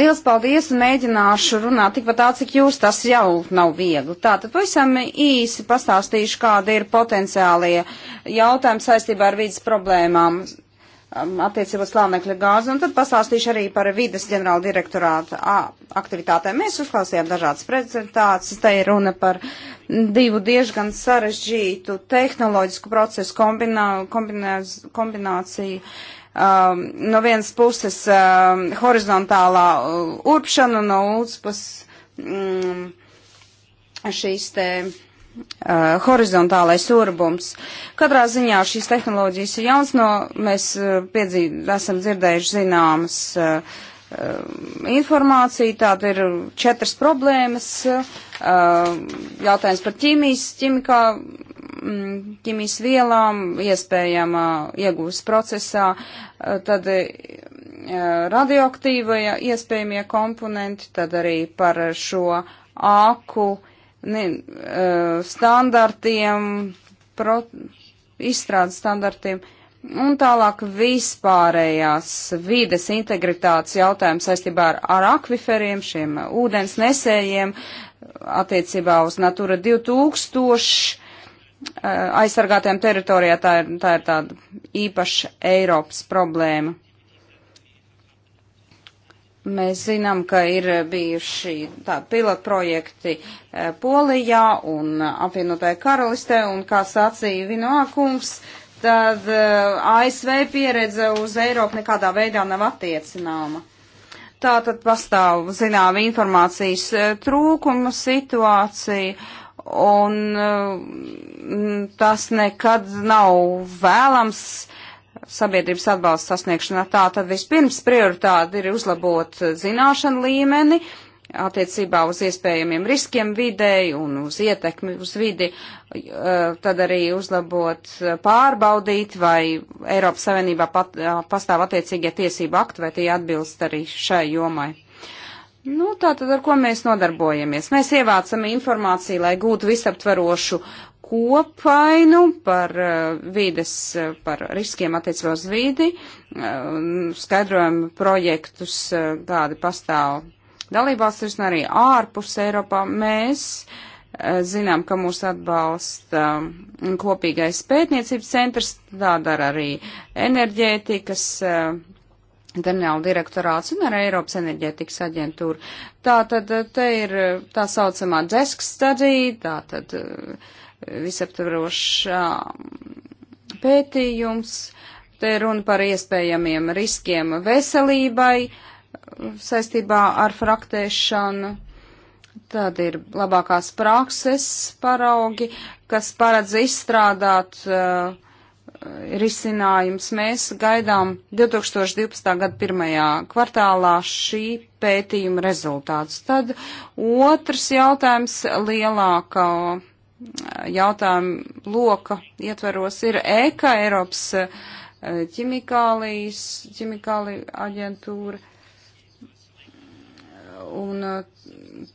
Liels paldies un mēģināšu runāt tikpat tā, cik jūs tas jau nav viegli. Tātad pavisam īsi pastāstīšu, kāda ir potenciālie jautājumi saistībā ar vidas problēmām Um, attiecībā uz slānekļa gāzi, un tad pastāstīšu arī par vides ģenerāla direktorāta aktivitātēm. Mēs uzklausījām dažādas prezentācijas, te ir runa par divu diezgan sarežģītu tehnoloģisku procesu kombinā, kombinā, kombināciju. Um, no vienas puses um, horizontālā uh, urpšana, no otras puses um, šīs te. Uh, uh, horizontālais urbums. Katrā ziņā šīs tehnoloģijas ir jauns, no mēs uh, piedzīv, esam dzirdējuši zināmas uh, informāciju, tāda ir četras problēmas, jautājums par ķīmijas, ķimikā, mm, ķīmijas vielām, iespējamā iegūst procesā, tad radioaktīvajā iespējamie komponenti, tad arī par šo āku ne, eh, standartiem, pro, izstrādes standartiem. Un tālāk vispārējās vides integritātes jautājums saistībā ar, ar akviferiem, šiem ūdens nesējiem, attiecībā uz Natura 2000 eh, aizsargātajām teritorijām. Tā, ir, tā ir tāda īpaša Eiropas problēma. Mēs zinām, ka ir bijuši tādi pilotprojekti eh, Polijā un eh, apvienotāja karalistē, un kā sacīja Vinoākums, tad eh, ASV pieredze uz Eiropu nekādā veidā nav attiecināma. Tātad pastāv, zinām, informācijas trūkuma situācija, un tas nekad nav vēlams sabiedrības atbalsta sasniegšanā. Tā tad vispirms prioritāte ir uzlabot zināšanu līmeni attiecībā uz iespējamiem riskiem videi un uz ietekmi uz vidi, tad arī uzlabot, pārbaudīt, vai Eiropas Savienībā pat, pastāv attiecīgie tiesību akti, vai tie atbilst arī šai jomai. Nu, tā tad ar ko mēs nodarbojamies? Mēs ievācam informāciju, lai gūtu visaptvarošu kopainu par eh, vides, eh, par riskiem attiecībā uz vidi, eh, skaidrojam projektus, kādi pastāv dalībvalstis un arī ārpus Eiropā. Mēs zinām, ka mūs atbalsta mm, kopīgais pētniecības centrs, tā dara arī enerģētikas ģenerāla direktorāts un arī Eiropas enerģētikas aģentūra. Tā tad te ir tā saucamā desk study, tā tad visaptvarošā pētījums. Te runa par iespējamiem riskiem veselībai saistībā ar fraktēšanu. Tad ir labākās prakses paraugi, kas paredz izstrādāt uh, risinājums. Mēs gaidām 2012. gada pirmajā kvartālā šī pētījuma rezultātus. Tad otrs jautājums - lielākā jautājumu loka ietveros ir EKA, Eiropas e, ķimikālijas, ķimikālija aģentūra. Un e,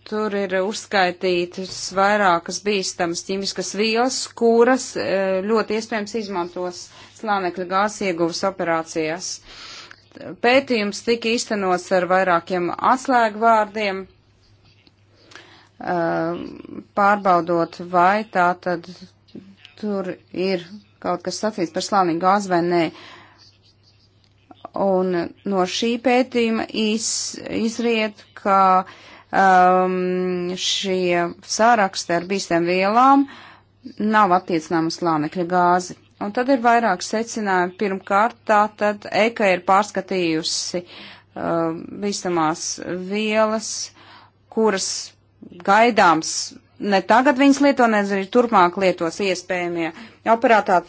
tur ir uzskaitītas vairākas bīstamas ķīmiskas vielas, kuras e, ļoti iespējams izmantos slānekļa gāzes ieguvas operācijās. Pētījums tika iztenots ar vairākiem atslēgvārdiem Um, pārbaudot, vai tā tad tur ir kaut kas sacīts par slānīgu gāzi vai nē. Un no šī pētījuma iz, izriet, ka um, šie sāraksti ar bīstam vielām nav attiecināma slānekļa gāzi. Un tad ir vairāk secinājumu. Pirmkārt, tā tad EKA ir pārskatījusi uh, bīstamās vielas, kuras gaidāms ne tagad viņas lieto, ne arī turpmāk lietos iespējamie. Operātā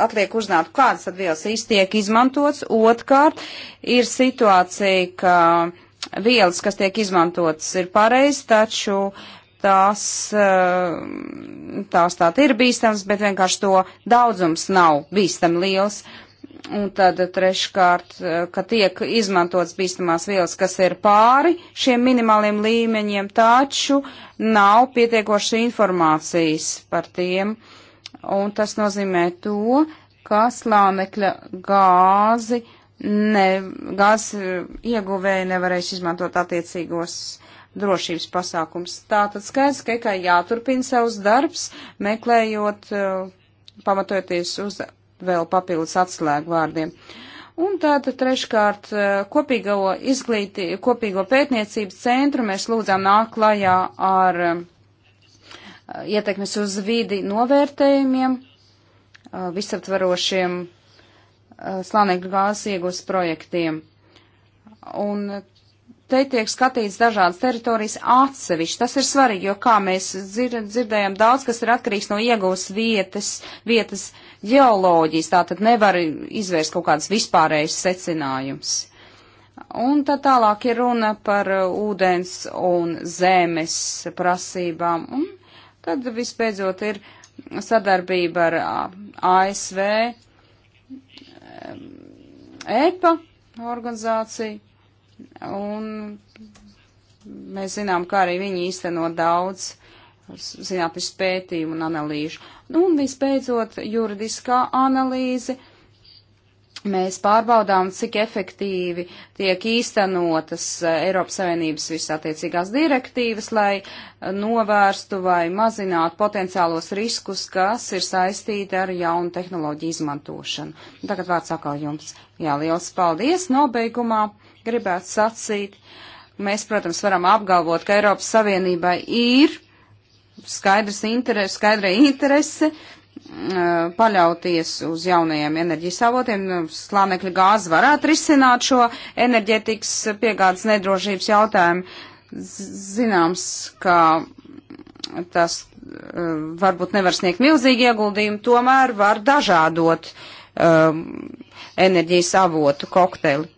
atliek uzzināt, kādas tad vielas iztiek izmantots. Otkārt ir situācija, ka vielas, kas tiek izmantotas, ir pareizas, taču tās, eh, tās tā ir bīstams, bet vienkārši to daudzums nav bīstam liels. Uh, Un tad treškārt, eh, ka tiek izmantots bīstamās vielas, kas ir pāri šiem minimāliem līmeņiem, taču nav pietiekošas informācijas par tiem. Un tas nozīmē to, ka slānekļa gāzi, ne, gāzi eh, ieguvēji nevarēs izmantot attiecīgos drošības pasākums. Tātad skaidrs, ka tikai jāturpina savus darbs, meklējot, eh, pamatojoties uz vēl papildus atslēgu vārdiem. Un tad treškārt eh, kopīgo izglīti, kopīgo pētniecības centru mēs lūdzām nāk klajā ar eh, ietekmes uz vidi novērtējumiem, eh, visaptvarošiem slānekļu gāzes iegūs projektiem. Un te tiek skatīts dažādas teritorijas atsevišķi. Tas ir svarīgi, jo kā mēs dzir dzirdējam, daudz kas ir atkarīgs no iegūs vietas, vietas uh, ģeoloģijas, tātad nevar izvērst kaut kādas vispārējas secinājumus. Un tad tālāk ir runa par ūdens un zemes prasībām, un tad vispēdzot ir sadarbība ar ASV EPA organizāciju, un mēs zinām, kā arī viņi īsteno daudz zinātnisku pētījumu un analīžu. Nu, un visbeidzot, juridiskā analīze. Mēs pārbaudām, cik efektīvi tiek īstenotas eh, Eiropas Savienības visattiecīgās direktīvas, lai eh, novērstu vai mazinātu potenciālos riskus, kas ir saistīti ar jaunu tehnoloģiju izmantošanu. Tagad vārds atkal jums. Jā, liels paldies. Nobeigumā gribētu sacīt. Mēs, protams, varam apgalvot, ka Eiropas Savienībai ir skaidrs interes, skaidra interese mm, paļauties uz jaunajiem enerģijas avotiem. Nu, slānekļa gāze varētu risināt šo enerģetikas piegādes nedrošības jautājumu. Zināms, ka tas varbūt nevar sniegt milzīgi ieguldījumu, tomēr var dažādot um, enerģijas avotu kokteili.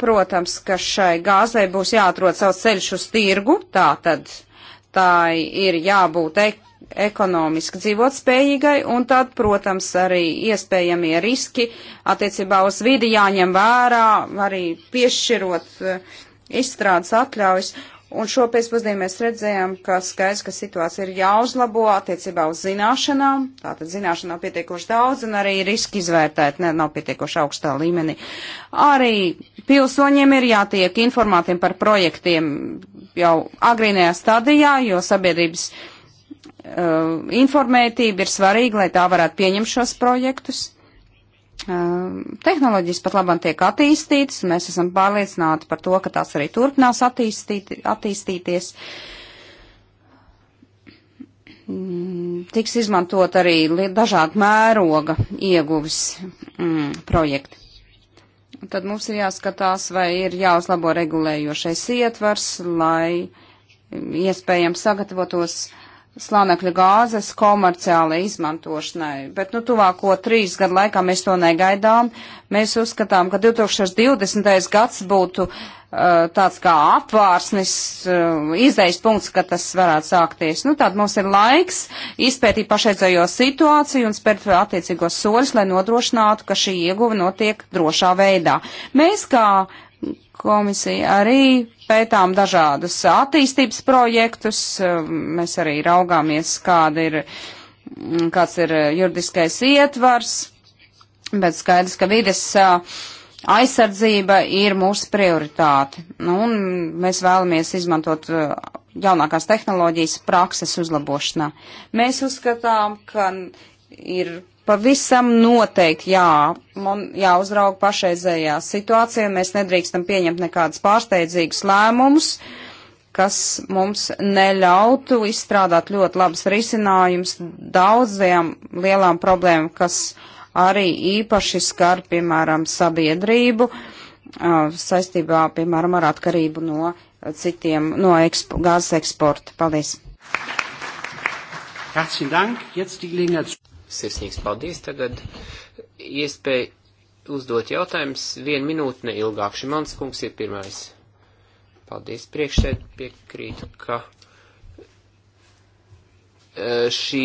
Protams, ka šai gāzei būs jāatrod savs ceļš uz tirgu, tā tad uh, tai ir jābūt ek ekonomiski dzīvot spējīgai, un tad, protams, arī iespējamie riski attiecībā uz vidi jāņem vērā, arī piešķirot uh, izstrādes atļaujas. Un šo pēcpusdienu mēs redzējām, ka skaidrs, ka situācija ir jāuzlabo attiecībā uz zināšanām. Tātad zināšana nav pietiekoši daudz un arī riski izvērtēt ne, nav pietiekoši augstā līmenī. Arī pilsoņiem ir jātiek informātiem par projektiem jau agrīnajā stadijā, jo sabiedrības uh, informētība ir svarīga, lai tā varētu pieņemt šos projektus. Ehm, tehnoloģijas pat labam tiek attīstītas, un mēs esam pārliecināti par to, ka tās arī turpinās attīstīt, attīstīties. Mm, tiks izmantot arī dažādu mēroga ieguvis mm, projekti. Tad mums ir jāskatās, vai ir jāuzlabo regulējošais ietvars, lai mm, iespējams sagatavotos uh, slānekļa gāzes komerciālai izmantošanai, bet nu tuvāko trīs gadu laikā mēs to negaidām. Mēs uzskatām, ka 2020. gads būtu uh, tāds kā apvārsnis, uh, izdejas punkts, ka tas varētu sākties. Nu tad mums ir laiks izpētīt pašreizējo situāciju un spērt attiecīgos soļus, lai nodrošinātu, ka šī ieguva notiek drošā veidā. Mēs kā komisija arī pētām dažādus attīstības projektus. Um, mēs arī raugāmies, kāda ir, mm, kāds ir juridiskais ietvars, bet skaidrs, ka vides uh, aizsardzība ir mūsu prioritāte. Nu, un mēs vēlamies izmantot uh, jaunākās tehnoloģijas prakses uzlabošanā. Mēs uzskatām, ka ir pavisam noteikti jā, man jāuzrauga pašreizējā situācija. Mēs nedrīkstam pieņemt nekādus pārsteidzīgus lēmumus, kas mums neļautu izstrādāt ļoti labs risinājums daudzajām lielām problēmām, kas arī īpaši skar, piemēram, sabiedrību saistībā, piemēram, ar atkarību no citiem, no ekspo, gāzes eksporta. Paldies! Herzlichen Dank. Jetzt die Gelegenheit. Sirsnīgs paldies. Tagad iespēja uzdot jautājumus. Vienu minūti neilgāk. Šimans kungs ir pirmais. Paldies priekšsēd. Piekrītu, ka e, šī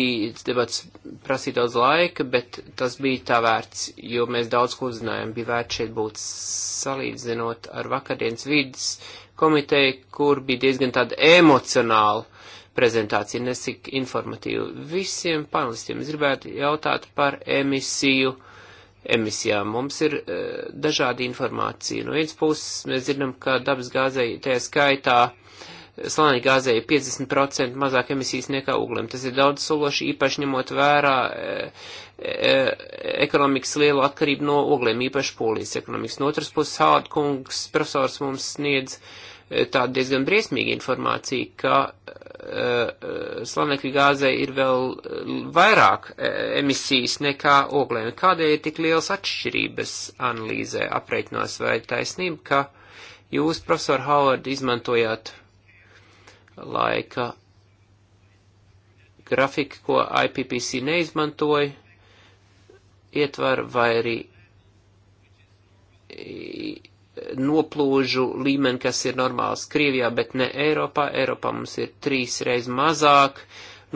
debats prasīja daudz laika, bet tas bija tā vērts, jo mēs daudz ko uzzinājām. Bija vērts šeit būt salīdzinot ar vakardienas vidas komiteju, kur bija diezgan tāda emocionāla prezentācija nesik informatīva. Visiem panelistiem es gribētu jautāt par emisiju. Emisijām mums ir uh, dažādi informācija. No vienas puses mēs dzirdam, ka dabas gāzei tajā skaitā slānī gāzei ir 50% mazāk emisijas nekā uglim. Tas ir daudz sološi, īpaši ņemot vērā e, e, ekonomikas lielu atkarību no ugliem, īpaši polijas ekonomikas. No otras puses, Hāda kungs, profesors mums sniedz e, tādu diezgan briesmīgu informāciju, ka Eh, slānekļa gāzē ir vēl eh, vairāk eh, emisijas nekā oglēm. Kādēļ ir tik liels atšķirības analīzē aprēķinās vai taisnība, ka jūs, profesor Howard, izmantojāt laika grafiku, ko IPPC neizmantoja, ietver vai arī noplūžu līmeni, kas ir normāls Krievijā, bet ne Eiropā. Eiropā mums ir trīs reiz mazāk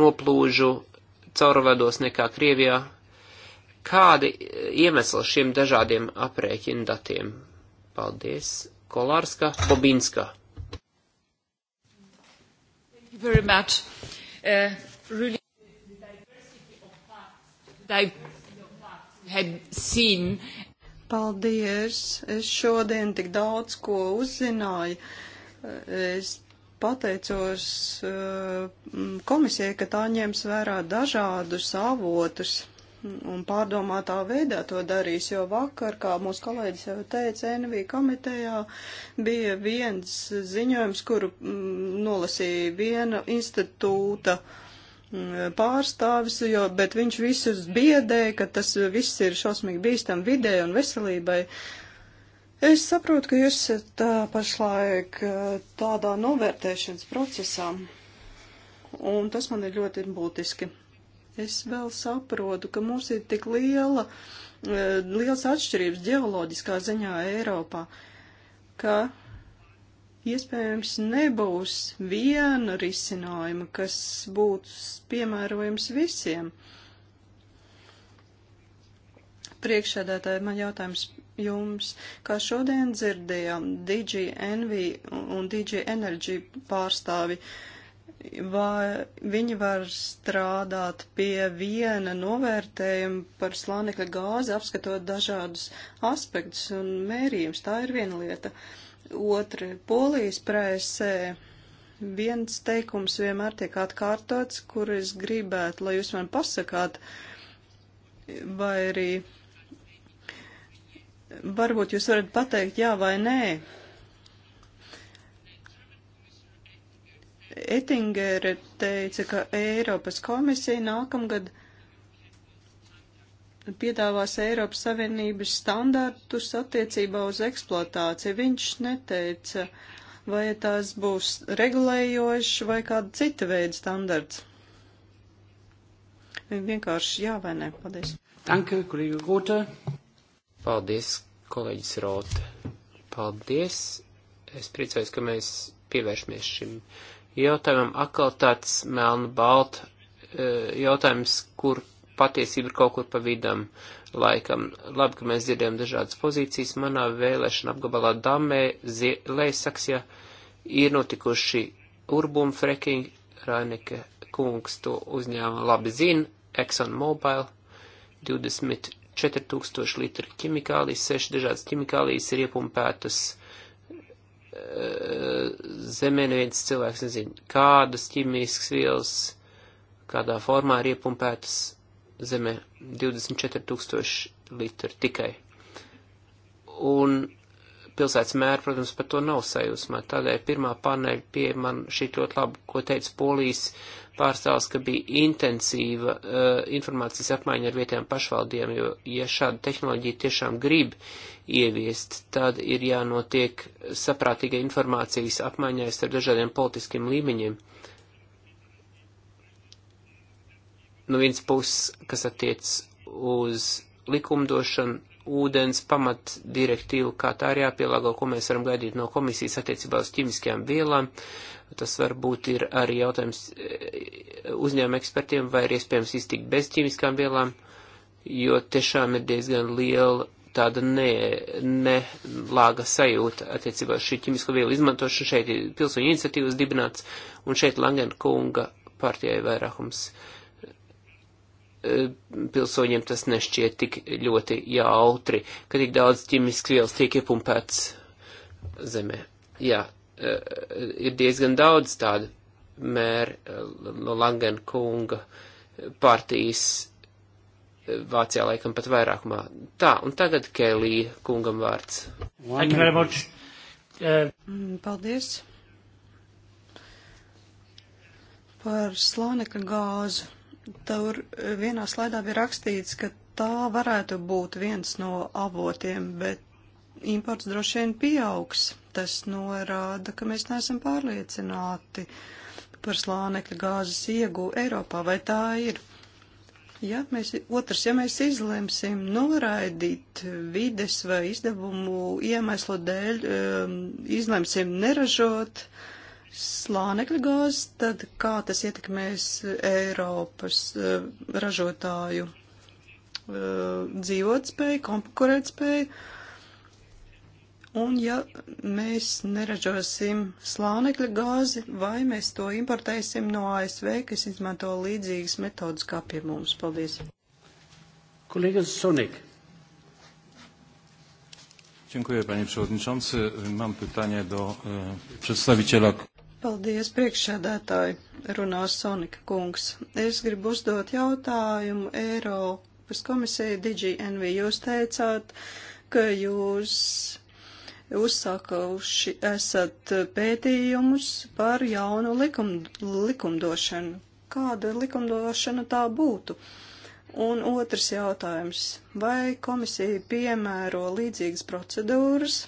noplūžu caurvedos nekā Krievijā. Kādi iemesli šiem dažādiem aprēķinu datiem? Paldies, Kolārska, Bobinska. Very much. Uh, really had seen Paldies! Es šodien tik daudz ko uzzināju. Es pateicos eh, komisijai, ka tā ņems vērā dažādus avotus un pārdomātā veidā to darīs, jo vakar, kā mūsu kolēģis jau teica, NV komitejā bija viens ziņojums, kuru nolasīja viena institūta uh, pārstāvis, jo, bet viņš visus biedē, ka tas viss ir šausmīgi bīstam vidē un veselībai. Es saprotu, ka jūs esat pašlaik tādā novērtēšanas procesā, un tas man ir ļoti būtiski. Es vēl saprotu, ka mums ir tik liela, liels atšķirības ģeoloģiskā ziņā Eiropā, ka iespējams nebūs viena risinājuma, kas būtu piemērojams visiem. Priekšsēdētāji, man jautājums jums, kā šodien dzirdējām DJ Envy un DJ Energy pārstāvi, vai viņi var strādāt pie viena novērtējuma par slānekļa gāzi, apskatot dažādus aspektus un mērījumus, tā ir viena lieta. Uh, Otri polijas prēsē viens teikums vienmēr tiek atkārtots, kur es gribētu, lai jūs man pasakāt, vai arī varbūt jūs varat pateikt jā vai nē. Ettingere teica, ka Eiropas komisija nākamgad piedāvās Eiropas Savienības standartus attiecībā uz eksploatāciju. Viņš neteica, vai tās būs regulējoši vai kāda cita veida standarts. Vienkārši jā vai nē. Paldies. Danke, kolēģi Grote. Paldies, kolēģis Rote. Paldies. Es priecājos, ka mēs pievēršamies šim jautājumam. Atkal tāds melna balta eh, jautājums, kur patiesība ir kaut kur pa vidam laikam. Labi, ka mēs dzirdējam dažādas pozīcijas. Manā vēlēšana apgabalā Damē, Lēsaksja ir notikuši urbuma freking, Rainike kungs to uzņēma labi zina, Exxon Mobile 24 tūkstoši litru ķimikālijas, 6 dažādas ķimikālijas ir iepumpētas eh, zemē neviens cilvēks nezina, kādas ķīmiskas vielas, kādā formā ir iepumpētas zemē 24 tūkstoši litru tikai. Un pilsētas mēra, protams, par to nav sajūsmā. Tādēļ pirmā paneļa pie man šī ļoti labi, ko teica polijas pārstāvs, ka bija intensīva uh, informācijas apmaiņa ar vietējām pašvaldiem, jo, ja šādu tehnoloģiju tiešām grib ieviest, tad ir jānotiek saprātīga informācijas apmaiņai starp dažādiem politiskiem līmeņiem. Uh, no nu vienas puses, kas attiec uz likumdošanu, ūdens pamat direktīvu, kā tā ir jāpielāgo, ko mēs varam gaidīt no komisijas attiecībā uz ķimiskajām vielām. Tas varbūt ir arī jautājums e, uzņēmuma ekspertiem, vai ir iespējams iztikt bez ķimiskām vielām, jo tiešām ir diezgan liela tāda nelāga ne sajūta attiecībā uz šī ķimisko vielu izmantošanu. Šeit ir pilsoņu iniciatīvas dibināts, un šeit Langenkunga partijai vairākums. Uh, Eh, pilsoņiem tas nešķiet tik ļoti jautri, ka tik daudz ķimisks vielas tiek iepumpēts zemē. Jā, eh, ir diezgan daudz tādu mēru eh, Langen kunga partijas Vācijā laikam pat vairākumā. Tā, un tagad Kēlī kungam vārds. Mm, paldies par slānekļa gāzu Tur e, vienā slaidā bija rakstīts, ka tā varētu būt viens no avotiem, bet imports droši vien pieaugs. Tas norāda, ka mēs neesam pārliecināti par slānekļa gāzes iegūvu Eiropā, vai tā ir. Ja mēs, otrs, ja mēs izlemsim noraidīt vides vai izdevumu iemeslu dēļ, um, izlemsim neražot, uh, slānekļa gāzes, tad kā tas ietekmēs eh, Eiropas eh, ražotāju eh, dzīvotspēju, konkurētspēju? Un ja mēs neražosim slānekļa gāzi, vai mēs to importēsim no ASV, kas izmanto līdzīgas metodas kā pie mums? Paldies. Kolēģis Sonik. Dziękuję panie przewodniczący. Mam pytanie do y, e, przedstawiciela Paldies, priekšsēdētāji, runā Sonika kungs. Es gribu uzdot jautājumu Eiropas komisijai DigiNV. Jūs teicāt, ka jūs uzsākuši esat pētījumus par jaunu likum, likumdošanu. Kāda likumdošana tā būtu? Un otrs jautājums. Vai komisija piemēro līdzīgas procedūras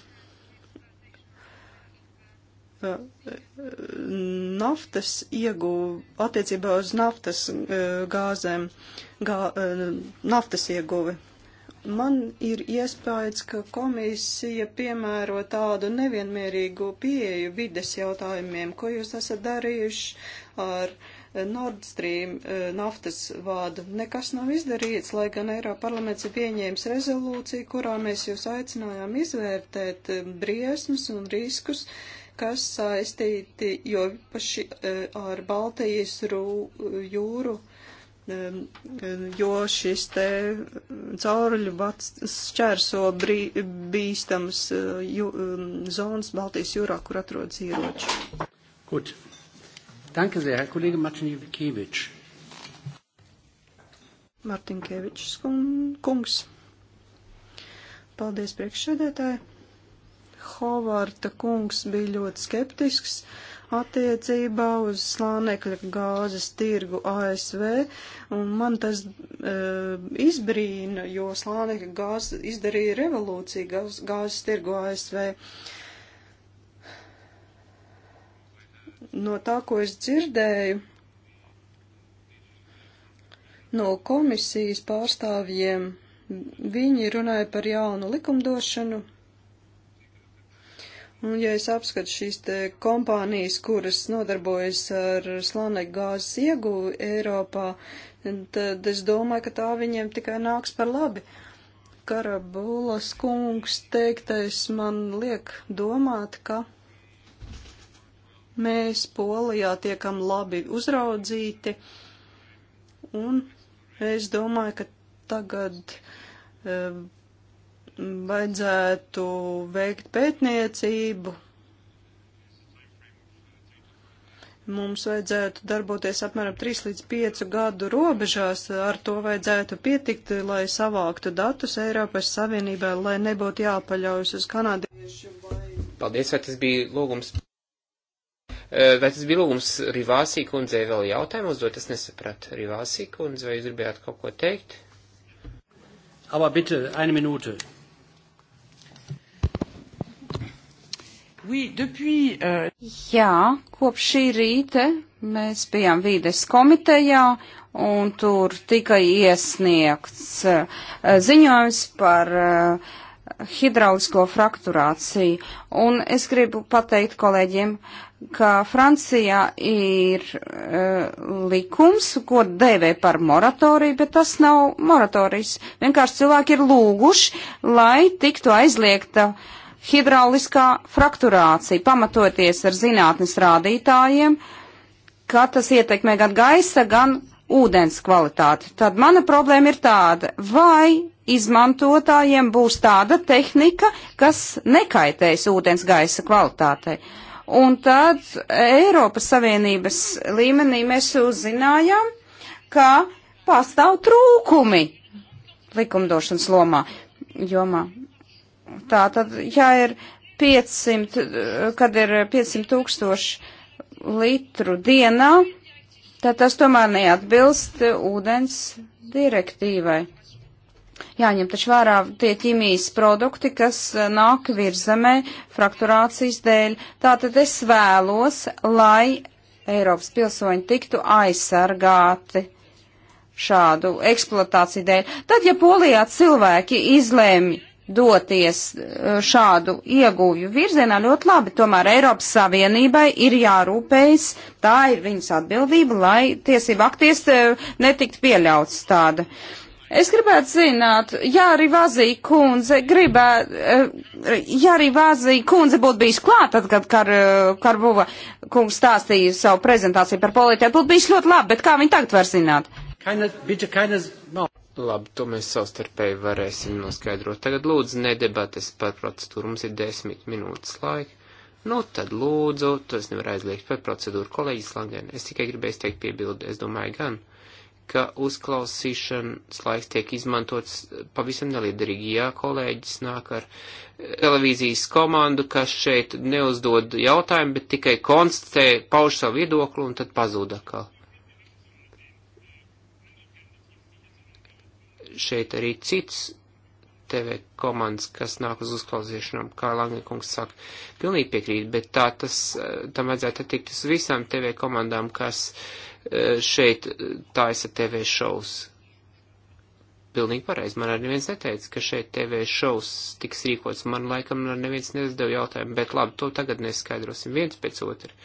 Uh, naftas ieguvu attiecībā uz naftas uh, gāzēm, gā, uh, naftas ieguvi. Man ir iespējas, ka komisija piemēro tādu nevienmierīgu pieeju vides jautājumiem, ko jūs esat darījuši ar Nord Stream naftas vādu. Nekas nav izdarīts, lai gan Eiropa parlaments ir pieņēmis rezolūciju, kurā mēs jūs aicinājām izvērtēt briesmas un riskus, uh, kas saistīti jo paši e, ar Baltijas rū, jūru, e, e, jo šis te cauruļu vats šķērso brī, bīstams jū, zonas Baltijas jūrā, kur atrodas ieroči. Gut. Danke sehr, Herr Kollege Martinkevičs. Martinkevičs kungs. Paldies priekšsēdētāji. Hovarta kungs bija ļoti skeptisks attiecībā uz slānekļa gāzes tirgu ASV, un man tas e, izbrīna, jo slānekļa gāze izdarīja revolūciju gāz, gāzes tirgu ASV. No tā, ko es dzirdēju no komisijas pārstāvjiem, viņi runāja par jaunu likumdošanu Un, ja es apskatu šīs te kompānijas, kuras nodarbojas ar slānekļa gāzes ieguvi Eiropā, tad es domāju, ka tā viņiem tikai nāks par labi. Karabulas kungs teiktais man liek domāt, ka mēs Polijā tiekam labi uzraudzīti, un es domāju, ka tagad eh, vajadzētu veikt pētniecību. Mums vajadzētu darboties apmēram 3 līdz 5 gadu robežās, ar to vajadzētu pietikt, lai savāktu datus Eiropas Savienībai, lai nebūtu jāpaļaujas uz kanādiešu vai. Paldies, vai tas bija lūgums? Vai tas bija lūgums Rivāsī kundzei vēl jautājumu uzdot? Es nesapratu. Rivāsī kundze, vai jūs gribējāt kaut ko teikt? Aber bitte, eine Minute. Oui, depuis, uh... Jā, kopš šī rīta mēs bijām vīdes komitejā un tur tika iesniegts uh, ziņojums par uh, hidraulisko frakturāciju. Un es gribu pateikt kolēģiem, ka Francijā ir uh, likums, ko dēvē par moratoriju, bet tas nav moratorijas. Vienkārši cilvēki ir lūguši, lai tiktu aizliegta uh, hidrauliskā frakturācija, pamatoties ar zinātnes rādītājiem, ka tas ietekmē gan gaisa, gan ūdens kvalitāti. Tad mana problēma ir tāda, vai izmantotājiem būs tāda tehnika, kas nekaitēs ūdens gaisa kvalitātei. Un tad Eiropas Savienības līmenī mēs uzzinājām, ka pastāv trūkumi likumdošanas lomā, jomā. Tā tad, ja ir 500, kad ir 500 tūkstoši litru dienā, tad tas tomēr neatbilst ūdens direktīvai. Jāņem taču vērā tie ķīmijas produkti, kas nāk virzemē frakturācijas dēļ. Tātad es vēlos, lai Eiropas pilsoņi tiktu aizsargāti šādu eksploatāciju dēļ. Tad, ja polijā cilvēki izlēmi doties eh, šādu ieguvju virzienā ļoti labi, tomēr Eiropas Savienībai ir jārūpējas, tā ir viņas atbildība, lai tiesība akties eh, netikt pieļauts tāda. Es gribētu zināt, ja arī Vazija kundze gribētu, eh, ja arī Vazija kundze būtu bijis klāt, tad, kad kar, Karbuva kungs stāstīja savu prezentāciju par politiku, būtu bijis ļoti labi, bet kā viņi tagad var zināt? Kainas, biča, kainas, no. Labi, to mēs savstarpēji varēsim noskaidrot. Tagad lūdzu nedebates par procedūru. Mums ir desmit minūtes laika. Nu, tad lūdzu, to es nevaru aizliegt par procedūru. Kolēģis Langen, es tikai gribēju teikt piebildi. Es domāju gan, ka uzklausīšanas laiks tiek izmantots pavisam neliederīgi. Jā, kolēģis nāk ar eh, televīzijas komandu, kas šeit neuzdod jautājumu, bet tikai konstatē, pauž savu viedokli un tad pazūd atkal. šeit arī cits TV komandas, kas nāk uz uzklausīšanām, kā Langekungs saka. Pilnīgi piekrīt, bet tā tas, eh, tam vajadzētu attikt uz visām TV komandām, kas eh, šeit taisa TV šovs. Pilnīgi pareizi. Man arī neviens neteica, ka šeit TV šovs tiks rīkots. Man laikam arī neviens nezdeva jautājumu, bet labi, to tagad neskaidrosim viens pēc otru.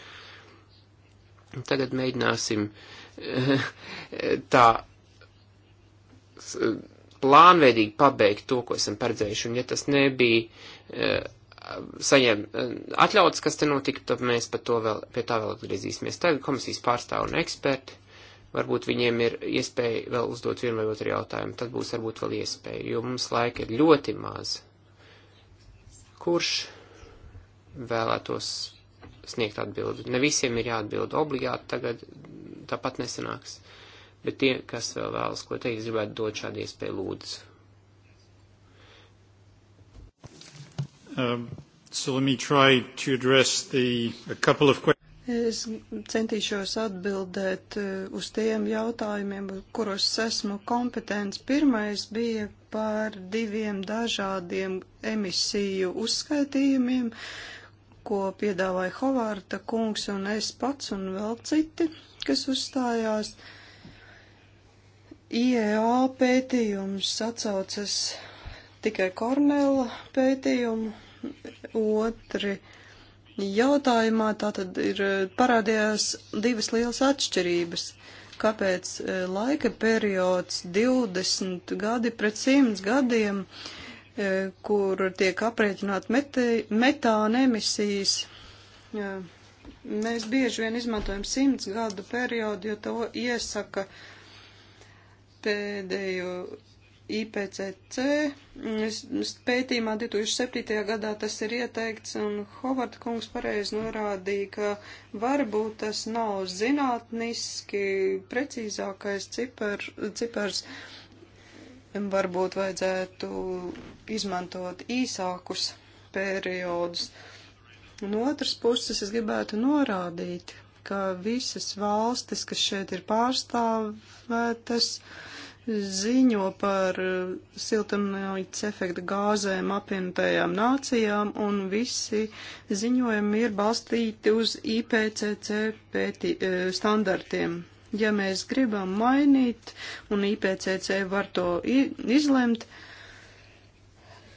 Tagad mēģināsim eh, tā E, plānveidīgi pabeigt to, ko esam paredzējuši, un ja tas nebija e, saņem e, atļauts, kas te notika, tad mēs par to vēl, pie tā vēl atgriezīsimies. Tagad komisijas pārstāv un eksperti, varbūt viņiem ir iespēja vēl uzdot vienu vai otru jautājumu, tad būs varbūt vēl iespēja, jo mums laika ir ļoti maz. Kurš vēlētos sniegt atbildi? Ne visiem ir jāatbild obligāti, tagad tāpat nesanāks. Uh, Bet tie, kas vēl vēlas ko teikt, gribētu dot šādu iespēju lūdzu. Um, so let me try to address the, a couple of questions. Es centīšos atbildēt uh, uz tiem jautājumiem, kuros esmu kompetents. Pirmais bija par diviem dažādiem emisiju uzskaitījumiem, ko piedāvāja Hovārta kungs un es pats un vēl citi, kas uzstājās. Uh, IEA pētījums atsaucas tikai Kornela pētījumu, otri jautājumā tātad ir eh, parādījās divas lielas atšķirības. Kāpēc eh, laika periods 20 gadi pret 100 gadiem, eh, kur tiek aprēķināt metāna emisijas, mēs bieži vien izmantojam 100 gadu periodu, jo to iesaka uh, pēdējo IPCC pētījumā 2007. gadā tas ir ieteikts, un Hovarda kungs pareizi norādīja, ka varbūt tas nav zinātniski precīzākais cipar, cipars. Varbūt vajadzētu izmantot īsākus periodus. No otras puses, es gribētu norādīt, ka visas valstis, kas šeit ir pārstāvētas, uh, ziņo par eh, siltumnīca efekta gāzēm apvienotajām nācijām, un visi ziņojumi ir balstīti uz IPCC pēti, eh, standartiem. Ja mēs gribam mainīt, un IPCC var to izlemt,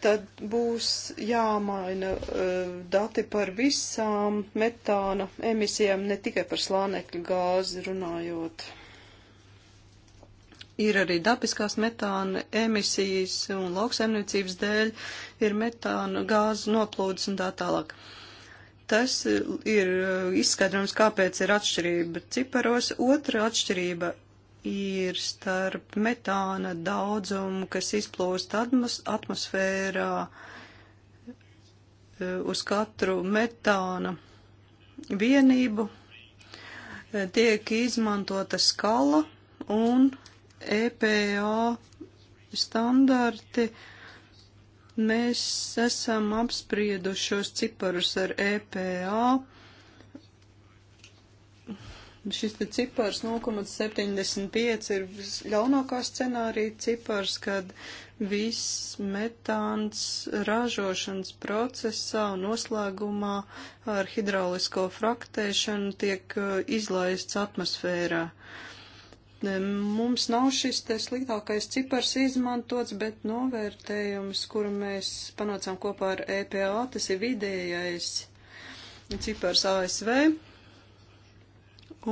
tad būs jāmaina eh, dati par visām metāna emisijām, ne tikai par slānekļa gāzi runājot ir arī dabiskās metāna emisijas un lauksaimniecības dēļ ir metāna gāzes noplūdes un tā tālāk. Tas ir uh, izskaidrojums, kāpēc ir atšķirība ciparos. Otra atšķirība ir starp metāna daudzumu, kas izplūst atmos atmosfērā uh, uz katru metāna vienību. Tiek izmantota skala un EPA standarti. Mēs esam apspriedušos ciparus ar EPA. Šis te cipars 0,75 ir ļaunākā scenārija cipars, kad viss metāns ražošanas procesā un noslēgumā ar hidraulisko fraktēšanu tiek uh, izlaists atmosfērā. Uh, Mums nav šis te sliktākais cipars izmantots, bet novērtējums, kuru mēs panācām kopā ar EPA, tas ir vidējais cipars ASV.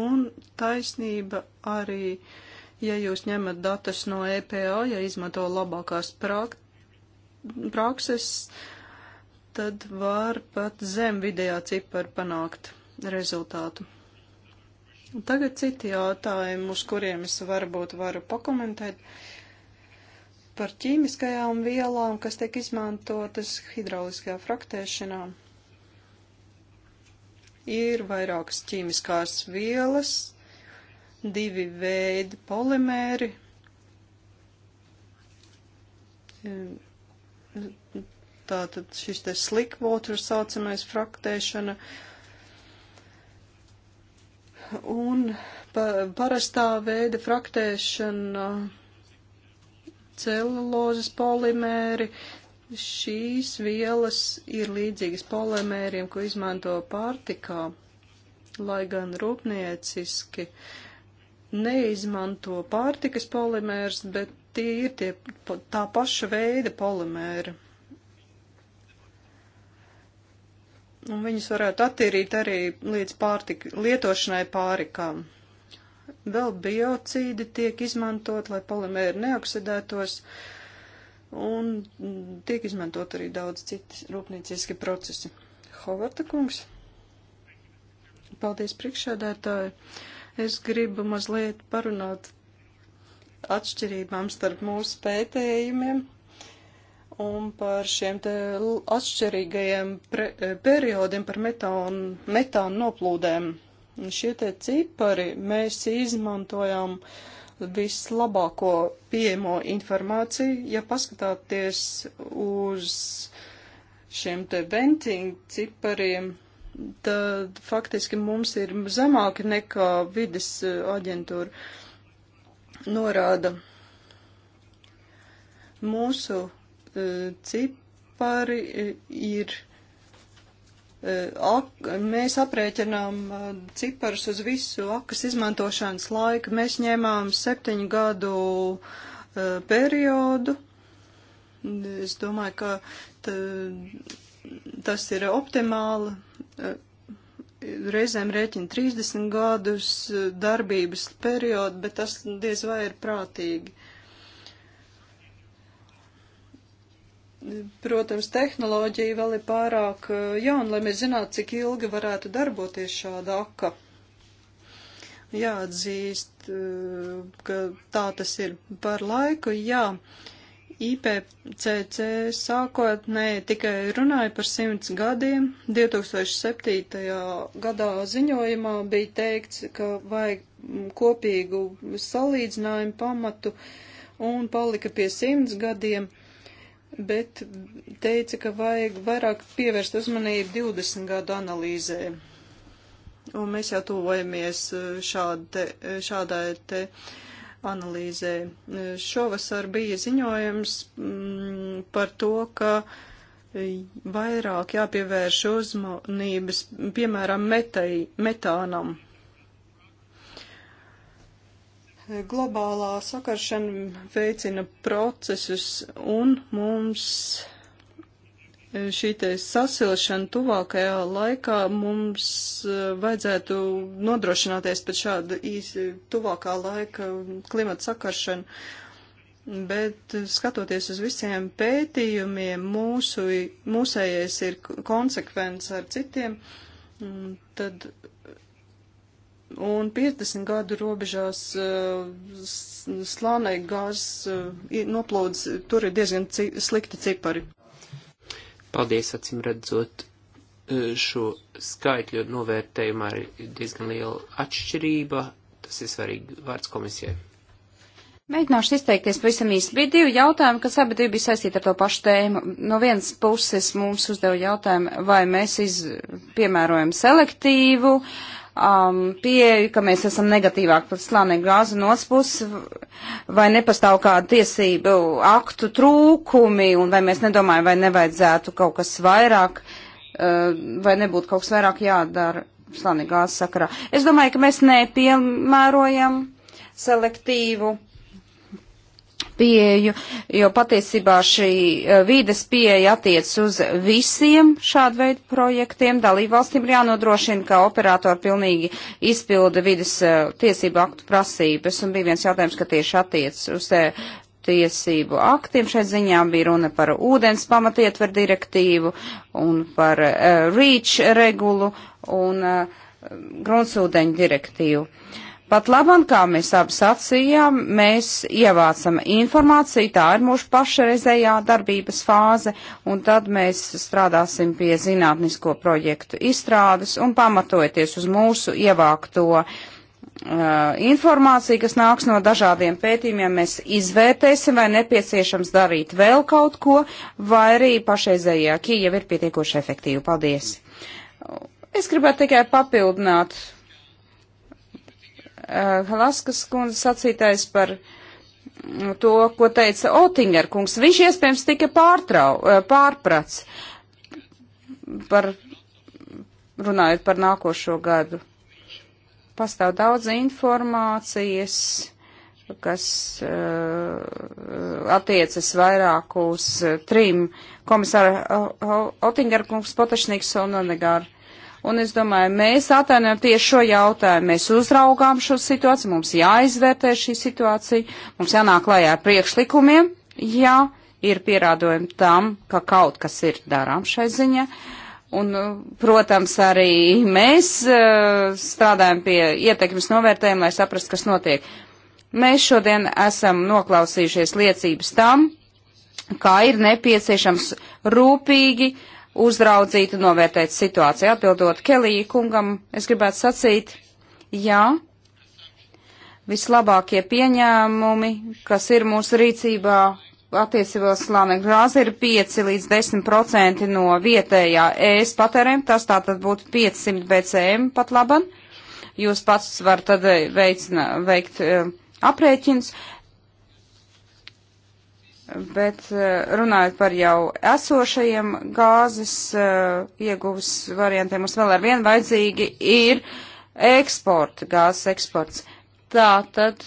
Un taisnība arī, ja jūs ņemat datus no EPA, ja izmanto labākās prak prakses, tad var pat zem vidējā cipara panākt rezultātu. Tagad citi jautājumi, uz kuriem es varbūt varu pakomentēt par ķīmiskajām vielām, kas tiek izmantotas hidrauliskajā fraktēšanā. Ir vairākas ķīmiskās vielas, divi veidi polimēri, tātad šis te slickwater saucamais fraktēšana, uh, un pa, parastā veida fraktēšana, celulozes polimēri, šīs vielas ir līdzīgas polimēriem, ko izmanto pārtikā, lai gan rūpnieciski neizmanto pārtikas polimērs, bet tie ir tie, tā paša veida polimēri. un viņus varētu attīrīt arī līdz pārtika, lietošanai pārikām. Vēl biocīdi tiek izmantot, lai polimēri neoksidētos, un tiek izmantot arī daudz citi rūpnieciski procesi. Hovarta kungs, paldies priekšādētāji, es gribu mazliet parunāt atšķirībām starp mūsu pētējumiem un par šiem te atšķirīgajiem pre, e, periodiem par metānu, metānu noplūdēm. Un šie te cipari mēs izmantojam vislabāko pieejamo informāciju. Ja paskatāties uz šiem te venting cipariem, tad faktiski mums ir zemāki nekā vides e, aģentūra norāda. Mūsu cipari e, ir. E, ak, mēs aprēķinām e, ciparus uz visu akas izmantošanas laiku. Mēs ņēmām septiņu gadu periodu. Es domāju, ka t, tas ir optimāli. Reizēm rēķina 30 gadus darbības periodu, bet tas diez vai ir prātīgi. Protams, tehnoloģija vēl ir pārāk eh, jauna, lai mēs zinātu, cik ilgi varētu darboties šāda aka. Jāatzīst, eh, ka tā tas ir par laiku, jā. IPCC sākotnēji tikai runāja par simts gadiem. 2007. gadā ziņojumā bija teikts, ka vajag mm, kopīgu salīdzinājumu pamatu un palika pie simts gadiem bet teica, ka vajag vairāk pievērst uzmanību 20 gadu analīzē. Un mēs jau tuvojamies eh, šāde, eh, šādai te analīzē. Eh, šovasar bija ziņojums mm, par to, ka vairāk jāpievērš uzmanības, piemēram, metai, metānam. Globālā sakaršana veicina procesus un mums e, šī te sasilšana tuvākajā laikā mums e, vajadzētu nodrošināties pēc šāda īsi e, tuvākā laika klimata sakaršana. Bet skatoties uz visiem pētījumiem, mūsu, mūsējais ir konsekvents ar citiem, tad un 50 gadu robežās eh, slānai gāzes eh, noplūdes, tur ir diezgan ci slikti cipari. Paldies, acīm redzot, eh, šo skaitļu novērtējumā ir diezgan liela atšķirība. Tas ir svarīgi vārds komisijai. Mēģināšu izteikties pavisam īsti. Bija divi jautājumi, kas abi divi bija saistīti ar to pašu tēmu. No vienas puses mums uzdeva jautājumu, vai mēs iz, piemērojam selektīvu uh, um, pieeju, ka mēs esam negatīvāk par slānekļu gāzi no otras puses, vai nepastāv kādu tiesību aktu trūkumi, un vai mēs nedomājam, vai nevajadzētu kaut kas vairāk, uh, vai nebūtu kaut kas vairāk jādara slānekļu gāzes sakarā. Es domāju, ka mēs nepiemērojam selektīvu pieeju, jo patiesībā šī eh, vīdes pieeja attiec uz visiem šādu veidu projektiem. Dalībvalstīm ir jānodrošina, ka operatori pilnīgi izpilda vīdes eh, tiesību aktu prasības, un bija viens jautājums, ka tieši attiec uz tiesību aktiem. Šai ziņā bija runa par ūdens pamatietver direktīvu un par uh, eh, REACH regulu un uh, gruntsūdeņu direktīvu. Uh, Pat labam, kā mēs abi sacījām, mēs ievācam informāciju, tā ir mūsu pašreizējā darbības fāze, un tad mēs strādāsim pie zinātnisko projektu izstrādes un pamatojoties uz mūsu ievākto uh, informāciju, kas nāks no dažādiem pētījumiem, mēs izvērtēsim, vai nepieciešams darīt vēl kaut ko, vai arī pašreizējā Kija ir pietiekoši efektīva. Paldies! Es gribētu tikai papildināt Eh, Halaskas kundze sacītais par mm, to, ko teica Otinger kungs. Viņš iespējams tika pārtrau, eh, pārprats par, runājot par nākošo gadu. Pastāv daudz informācijas, kas uh, attiecas vairāk uz trim komisāru Otinger kungs, Potešniks un Onegāru Un es domāju, mēs atainojam tieši šo jautājumu. Mēs uzraugām šo situāciju, mums jāizvērtē šī situācija, mums jānāk klajā ar priekšlikumiem, ja ir pierādojumi tam, ka kaut kas ir darām šai ziņā. Un, protams, arī mēs eh, strādājam pie ietekmes novērtējuma, lai saprastu, kas notiek. Mēs šodien esam noklausījušies liecības tam, kā ir nepieciešams rūpīgi uh, uzraudzīt un novērtēt situāciju. Atbildot Kelija kungam, es gribētu sacīt, jā, vislabākie pieņēmumi, kas ir mūsu rīcībā attiecībā slāne grāzi, ir 5 līdz 10% no vietējā ēs patērēm, tas tātad būtu 500 BCM pat laban. Jūs pats varat tad veicina, veikt eh, aprēķins bet eh, runājot par jau esošajiem gāzes eh, ieguvas variantiem, mums vēl ar vienu vajadzīgi ir eksporta, gāzes eksports. Tā tad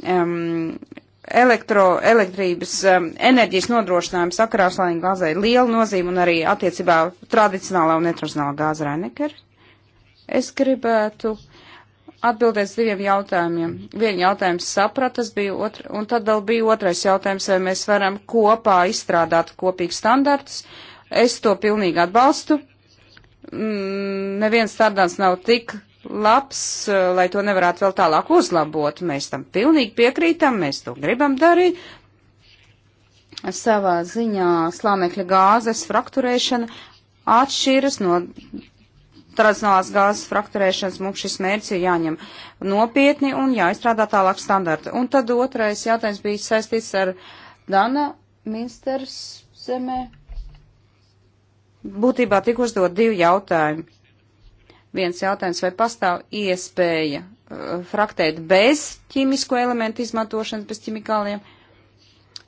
um, elektro, elektrības um, enerģijas nodrošinājums sakarā slāņu gāzē ir liela nozīme un arī attiecībā tradicionālā un netradicionālā gāze Reinekera. Es gribētu uh, atbildēs diviem jautājumiem. Vienu jautājumu sapratu, tas bija otrs, un tad vēl bija otrais jautājums, vai mēs varam kopā izstrādāt kopīgus standartus. Es to pilnīgi atbalstu. Mm, neviens standarts nav tik labs, eh, lai to nevarētu vēl tālāk uzlabot. Mēs tam pilnīgi piekrītam, mēs to gribam darīt. Savā ziņā slānekļa gāzes frakturēšana atšķiras no tradicionālās gāzes frakturēšanas mums šis mērķis ir jāņem nopietni un jāizstrādā tālāk standarti. Un tad otrais jautājums bija saistīts ar Dana Minsters zemē. Būtībā tik uzdot divi jautājumi. Viens jautājums, vai pastāv iespēja uh, fraktēt bez ķīmisko elementu izmantošanas, bez ķimikāliem.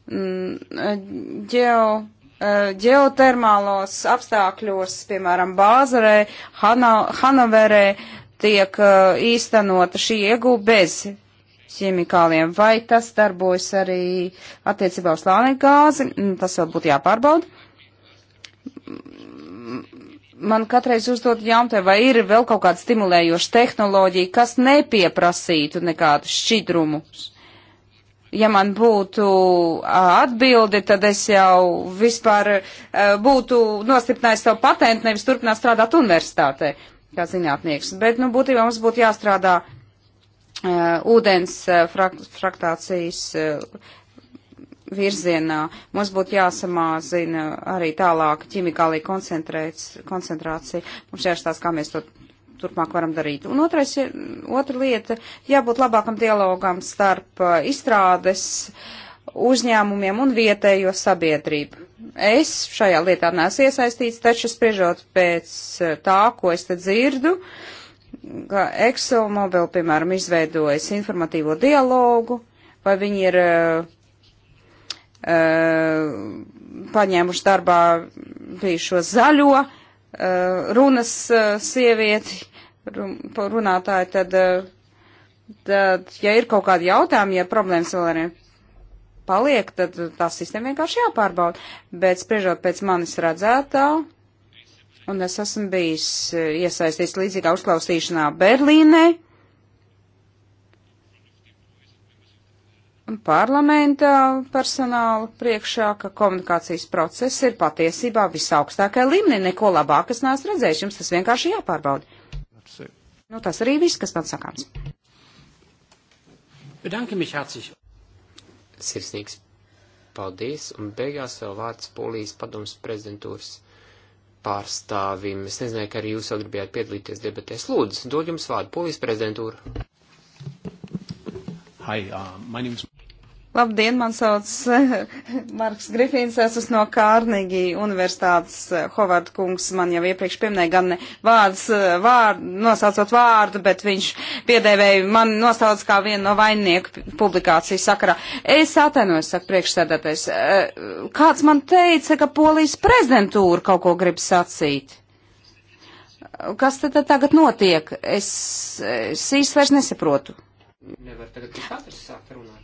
Mm, ģeo Eh, ģeotermālos apstākļos, piemēram, Bāzarē, Hana, Hanaverē, tiek eh, īstenota šī iegūta bez ķimikāliem. Vai tas darbojas arī attiecībā uz slānekļa gāzi? Mm, tas vēl būtu jāpārbauda. Mm, man katreiz uzdot jautājumu, vai ir vēl kaut kāda stimulējoša tehnoloģija, kas nepieprasītu nekādu šķidrumus ja man būtu atbildi, tad es jau vispār būtu nostiprinājis savu patentu, nevis turpināt strādāt universitātē kā zinātnieks. Bet, nu, būtībā mums būtu jāstrādā uh, ūdens frak fraktācijas uh, virzienā. Mums būtu jāsamazina arī tālāk ķimikālī koncentrācija. Mums jāstās, kā mēs to turpmāk varam darīt. Un otrais ir, otra lieta, jābūt labākam dialogam starp uh, izstrādes uzņēmumiem un vietējo sabiedrību. Es šajā lietā neesmu iesaistīts, taču spriežot pēc uh, tā, ko es te dzirdu, ka ExxonMobil, piemēram, izveidojas informatīvo dialogu, vai viņi ir uh, uh paņēmuši darbā bijušo zaļo uh, runas uh, sievieti, runātāji, tad, eh, tad, ja ir kaut kādi jautājumi, ja problēmas vēl arī paliek, tad tā sistēma vienkārši jāpārbauda. Bet spriežot pēc manis redzētā, un es esmu bijis eh, iesaistīts līdzīgā uzklausīšanā Berlīnē, parlamenta personāla priekšā, ka komunikācijas process ir patiesībā visaugstākajā līmenī, neko labākas nāc redzējuši, jums tas vienkārši jāpārbauda. Nu, tas arī viss, kas man sakāms. Bedanke mich herzlich. Sirsnīgs paldies, un beigās vēl vārds Polijas padomas prezidentūras pārstāvim. Es nezināju, ka arī jūs vēl gribējāt piedalīties debatēs. Lūdzu, dod jums vārdu Polijas prezidentūra. Hi, uh, my name is... Labdien, man sauc eh, Marks Grifins, es esmu no Kārnīgi universitātes eh, Hovard kungs, man jau iepriekš pieminēja gan ne eh, vārds, vārd, nosaucot vārdu, bet viņš piedēvēja man nosauc kā vienu no vainnieku publikāciju sakarā. Es atvainojos, saka priekšsēdētais, kāds man teica, ka polijas prezidentūra kaut ko grib sacīt kas tad tagad notiek? Es, es īsti vairs nesaprotu. Nevar tagad pats sākt runāt.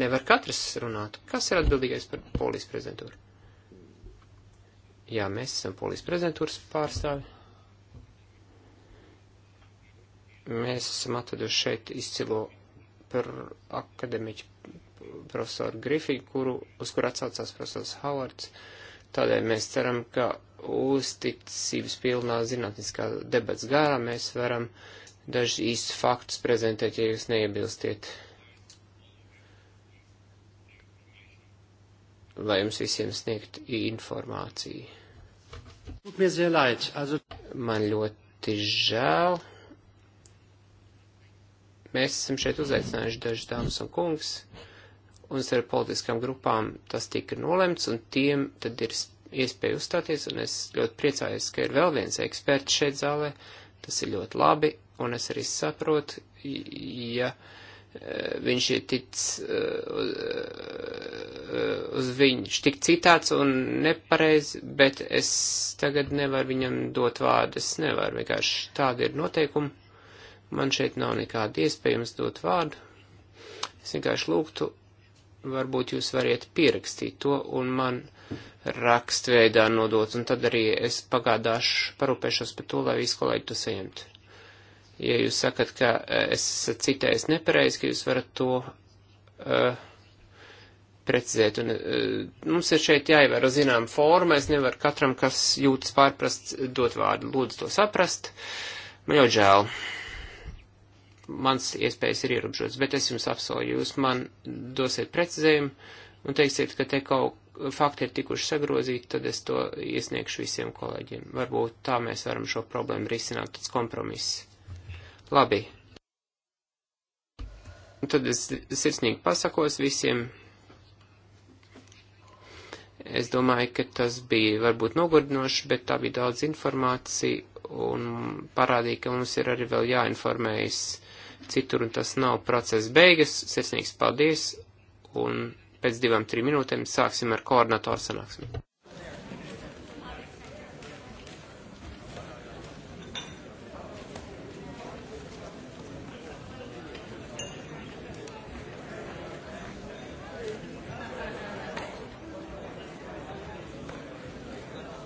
Nevar katrs runāt. Kas ir atbildīgais par polijas prezidentūru? Jā, mēs esam polijas prezidentūras pārstāvi. Mēs esam atveduši šeit izcilo par akademiķu profesoru Grifi, kuru, uz kuru atsaucās profesors Howards. Tādēļ mēs ceram, ka uzticības pilnā zinātniskā debats gārā mēs varam daži īsti faktus prezentēt, ja jūs neiebilstiet. lai jums visiem sniegtu informāciju. Man ļoti žēl. Mēs esam šeit uzaicinājuši dažus dāmas un kungus, un ar politiskām grupām tas tika nolemts, un tiem tad ir iespēja uzstāties, un es ļoti priecājos, ka ir vēl viens eksperts šeit zālē. Tas ir ļoti labi, un es arī saprotu, ja. Uh, viņš ir tic eh, uz viņu tik citāts un nepareiz, bet es tagad nevaru viņam dot vārdu, es nevaru, vienkārši tāda ir noteikuma, man šeit nav nekāda iespējams dot vārdu, es vienkārši lūgtu, varbūt jūs variet pierakstīt to un man rakstveidā nodot, un tad arī es pagādāšu, parūpēšos par to, lai visi kolēģi to saņemtu. Ja jūs sakat, ka e, es citējis nepareizi, ka jūs varat to uh, precizēt. Un, uh, mums ir šeit jāievēro zinām forma, es nevaru katram, kas jūtas pārprast, dot vārdu, lūdzu to saprast. Man jau žēl. Mans iespējas ir ierobežotas, bet es jums apsolu, jūs man dosiet precizējumu un teiksiet, ka te kaut fakti ir tikuši sagrozīti, tad es to iesniegšu visiem kolēģiem. Varbūt tā mēs varam šo problēmu risināt, tas kompromiss. Labi. Un tad es sirsnīgi pasakos visiem. Es domāju, ka tas bija varbūt nogurdinoši, bet tā bija daudz informācija un parādīja, ka mums ir arī vēl jāinformējas citur, un tas nav process beigas. Sirsnīgs paldies, un pēc divām, trim minūtēm sāksim ar koordinatoru sanāksmi.